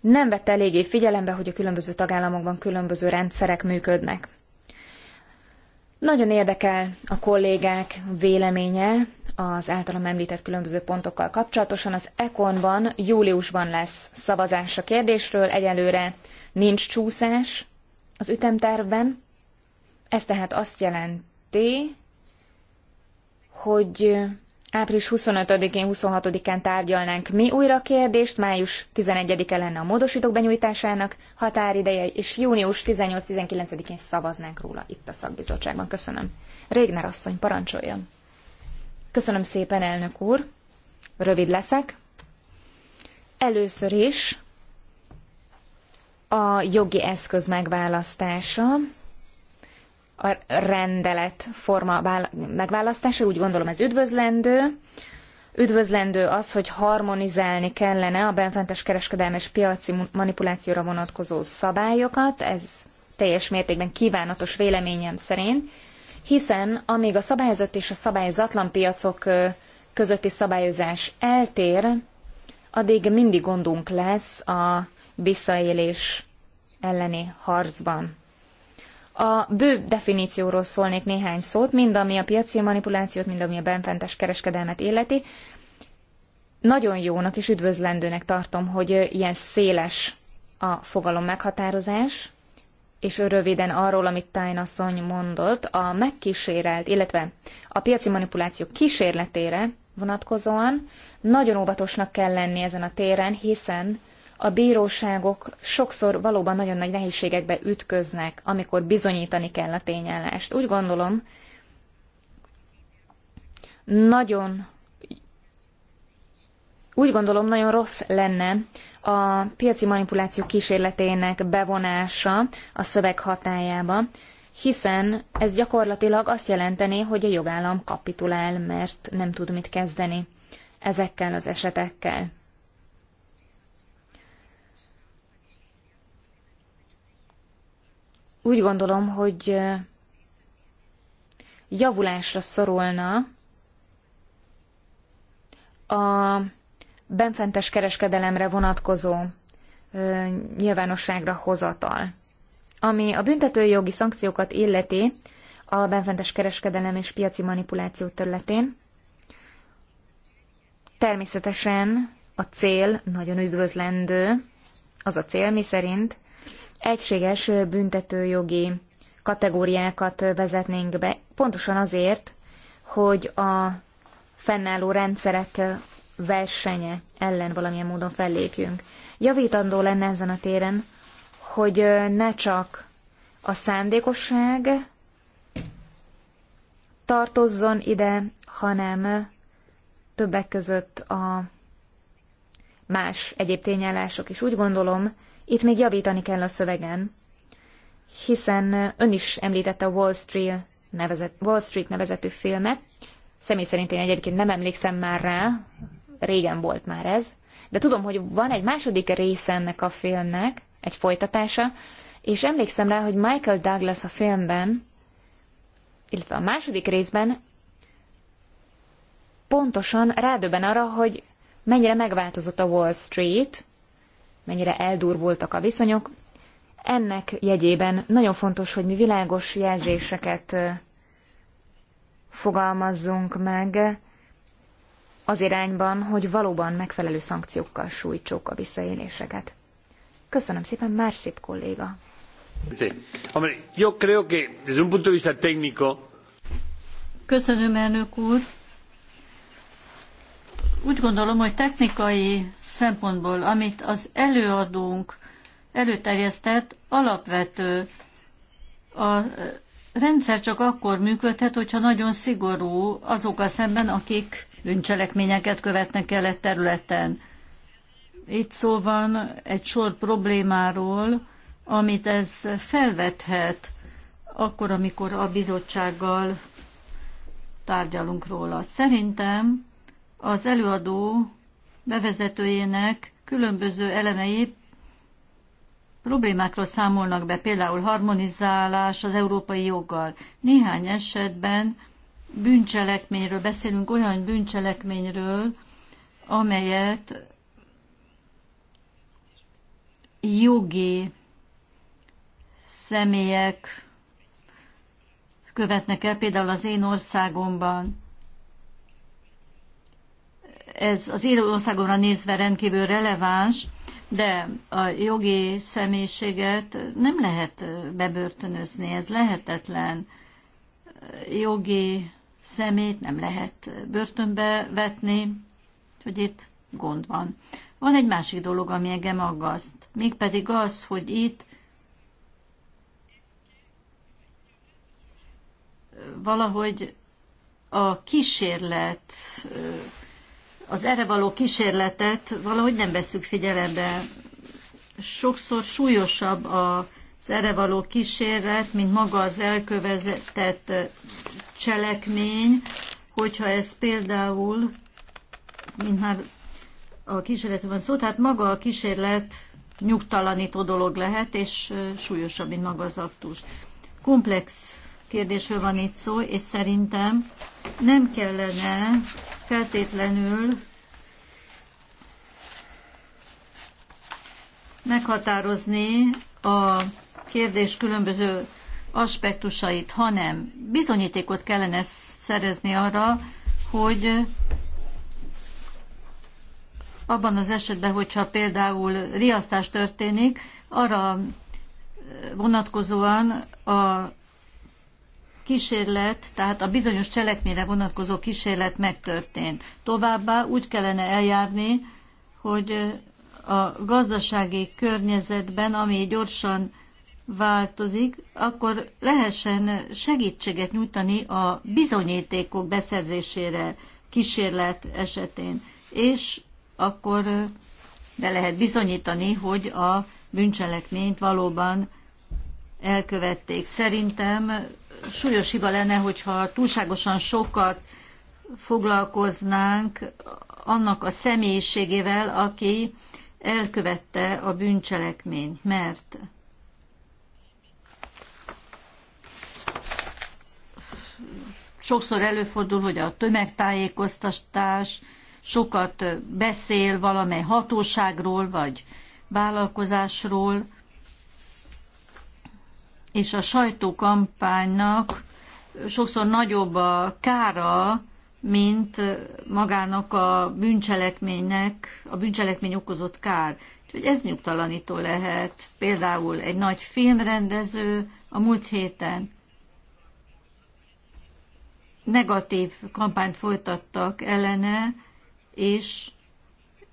nem vette eléggé figyelembe, hogy a különböző tagállamokban különböző rendszerek működnek. Nagyon érdekel a kollégák véleménye az általam említett különböző pontokkal kapcsolatosan. Az Econban júliusban lesz szavazás a kérdésről, egyelőre nincs csúszás az ütemtervben. Ez tehát azt jelenti, hogy április 25-én, 26-án tárgyalnánk mi újra a kérdést, május 11-e lenne a módosítók benyújtásának határideje, és június 18-19-én szavaznánk róla itt a szakbizottságban. Köszönöm. Régner asszony, parancsoljon. Köszönöm szépen, elnök úr. Rövid leszek. Először is a jogi eszköz megválasztása, a rendelet forma megválasztása, úgy gondolom ez üdvözlendő. Üdvözlendő az, hogy harmonizálni kellene a benfentes kereskedelmi és piaci manipulációra vonatkozó szabályokat, ez teljes mértékben kívánatos véleményem szerint, hiszen amíg a szabályozott és a szabályozatlan piacok közötti szabályozás eltér, addig mindig gondunk lesz a visszaélés elleni harcban. A bő definícióról szólnék néhány szót, mind ami a piaci manipulációt, mind ami a benfentes kereskedelmet illeti. Nagyon jónak és üdvözlendőnek tartom, hogy ilyen széles a fogalom meghatározás, és röviden arról, amit Tájn asszony mondott, a megkísérelt, illetve a piaci manipuláció kísérletére vonatkozóan nagyon óvatosnak kell lenni ezen a téren, hiszen a bíróságok sokszor valóban nagyon nagy nehézségekbe ütköznek, amikor bizonyítani kell a tényállást. Úgy gondolom, nagyon úgy gondolom, nagyon rossz lenne a piaci manipuláció kísérletének bevonása a szöveg hatájába, hiszen ez gyakorlatilag azt jelenteni, hogy a jogállam kapitulál, mert nem tud mit kezdeni ezekkel az esetekkel. Úgy gondolom, hogy javulásra szorulna a benfentes kereskedelemre vonatkozó nyilvánosságra hozatal. Ami a büntetőjogi szankciókat illeti a benfentes kereskedelem és piaci manipuláció területén, természetesen a cél nagyon üdvözlendő, az a cél, mi szerint egységes büntetőjogi kategóriákat vezetnénk be, pontosan azért, hogy a fennálló rendszerek versenye ellen valamilyen módon fellépjünk. Javítandó lenne ezen a téren, hogy ne csak a szándékosság tartozzon ide, hanem többek között a más egyéb tényállások is. Úgy gondolom, itt még javítani kell a szövegen, hiszen ön is említette a Wall Street, nevezet, Wall Street nevezetű filmet. Személy szerint én egyébként nem emlékszem már rá, régen volt már ez, de tudom, hogy van egy második része ennek a filmnek, egy folytatása, és emlékszem rá, hogy Michael Douglas a filmben, illetve a második részben pontosan rádöbben arra, hogy mennyire megváltozott a Wall Street, mennyire eldurvultak a viszonyok. Ennek jegyében nagyon fontos, hogy mi világos jelzéseket fogalmazzunk meg az irányban, hogy valóban megfelelő szankciókkal sújtsuk a visszaéléseket. Köszönöm szépen, szép kolléga. Köszönöm, elnök úr. Úgy gondolom, hogy technikai szempontból, amit az előadónk előterjesztett, alapvető. A rendszer csak akkor működhet, hogyha nagyon szigorú azok a szemben, akik bűncselekményeket követnek el egy területen. Itt szó van egy sor problémáról, amit ez felvethet akkor, amikor a bizottsággal tárgyalunk róla. Szerintem az előadó bevezetőjének különböző elemei problémákról számolnak be, például harmonizálás az európai joggal. Néhány esetben bűncselekményről beszélünk, olyan bűncselekményről, amelyet jogi személyek követnek el, például az én országomban ez az élő országomra nézve rendkívül releváns, de a jogi személyiséget nem lehet bebörtönözni, ez lehetetlen. Jogi szemét nem lehet börtönbe vetni, hogy itt gond van. Van egy másik dolog, ami engem aggaszt, mégpedig az, hogy itt valahogy a kísérlet az erre való kísérletet valahogy nem veszük figyelembe. Sokszor súlyosabb az erre való kísérlet, mint maga az elkövetett cselekmény, hogyha ez például, mint már a kísérletben van szó, tehát maga a kísérlet nyugtalanító dolog lehet, és súlyosabb, mint maga az aktus. Komplex kérdésről van itt szó, és szerintem nem kellene feltétlenül meghatározni a kérdés különböző aspektusait, hanem bizonyítékot kellene szerezni arra, hogy abban az esetben, hogyha például riasztás történik, arra vonatkozóan a kísérlet, tehát a bizonyos cselekményre vonatkozó kísérlet megtörtént. Továbbá úgy kellene eljárni, hogy a gazdasági környezetben, ami gyorsan változik, akkor lehessen segítséget nyújtani a bizonyítékok beszerzésére kísérlet esetén, és akkor be lehet bizonyítani, hogy a bűncselekményt valóban elkövették. Szerintem súlyos hiba lenne, hogyha túlságosan sokat foglalkoznánk annak a személyiségével, aki elkövette a bűncselekményt, mert sokszor előfordul, hogy a tömegtájékoztatás sokat beszél valamely hatóságról vagy vállalkozásról, és a sajtókampánynak sokszor nagyobb a kára, mint magának a bűncselekménynek, a bűncselekmény okozott kár. Úgyhogy ez nyugtalanító lehet. Például egy nagy filmrendező a múlt héten negatív kampányt folytattak ellene, és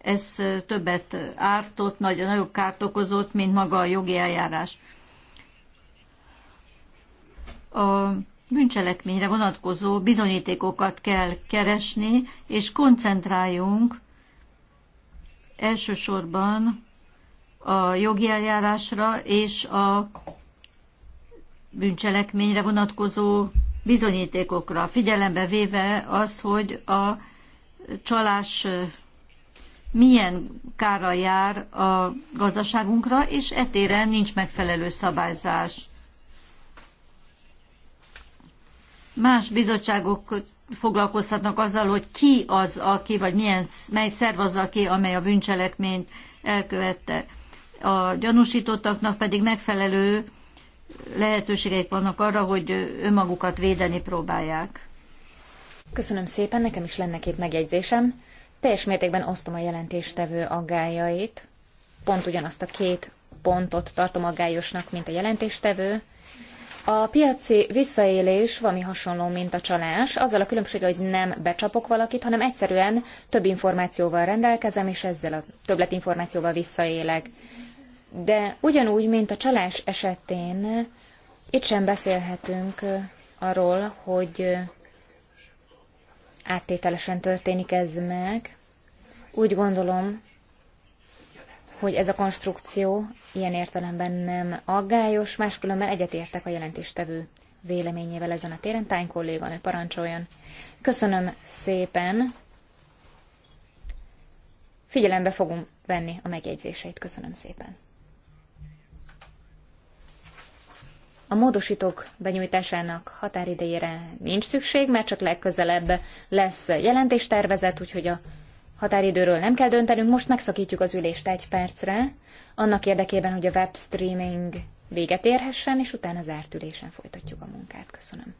ez többet ártott, nagyon nagyobb kárt okozott, mint maga a jogi eljárás a bűncselekményre vonatkozó bizonyítékokat kell keresni, és koncentráljunk elsősorban a jogi eljárásra és a bűncselekményre vonatkozó bizonyítékokra, figyelembe véve az, hogy a csalás milyen kára jár a gazdaságunkra, és etéren nincs megfelelő szabályzás. Más bizottságok foglalkozhatnak azzal, hogy ki az, aki, vagy milyen, mely szerv az, aki, amely a bűncselekményt elkövette. A gyanúsítottaknak pedig megfelelő lehetőségeik vannak arra, hogy önmagukat védeni próbálják. Köszönöm szépen, nekem is lenne két megjegyzésem. Teljes mértékben osztom a jelentéstevő aggájait. Pont ugyanazt a két pontot tartom aggályosnak, mint a jelentéstevő. A piaci visszaélés valami hasonló, mint a csalás, azzal a különbséggel, hogy nem becsapok valakit, hanem egyszerűen több információval rendelkezem, és ezzel a többletinformációval visszaélek. De ugyanúgy, mint a csalás esetén, itt sem beszélhetünk arról, hogy áttételesen történik ez meg. Úgy gondolom, hogy ez a konstrukció ilyen értelemben nem aggályos, máskülönben egyetértek a jelentéstevő véleményével ezen a téren. Tány ne parancsoljon. Köszönöm szépen. Figyelembe fogom venni a megjegyzéseit. Köszönöm szépen. A módosítók benyújtásának határidejére nincs szükség, mert csak legközelebb lesz jelentéstervezet, úgyhogy a határidőről nem kell döntenünk, most megszakítjuk az ülést egy percre, annak érdekében, hogy a webstreaming véget érhessen, és utána zárt ülésen folytatjuk a munkát. Köszönöm.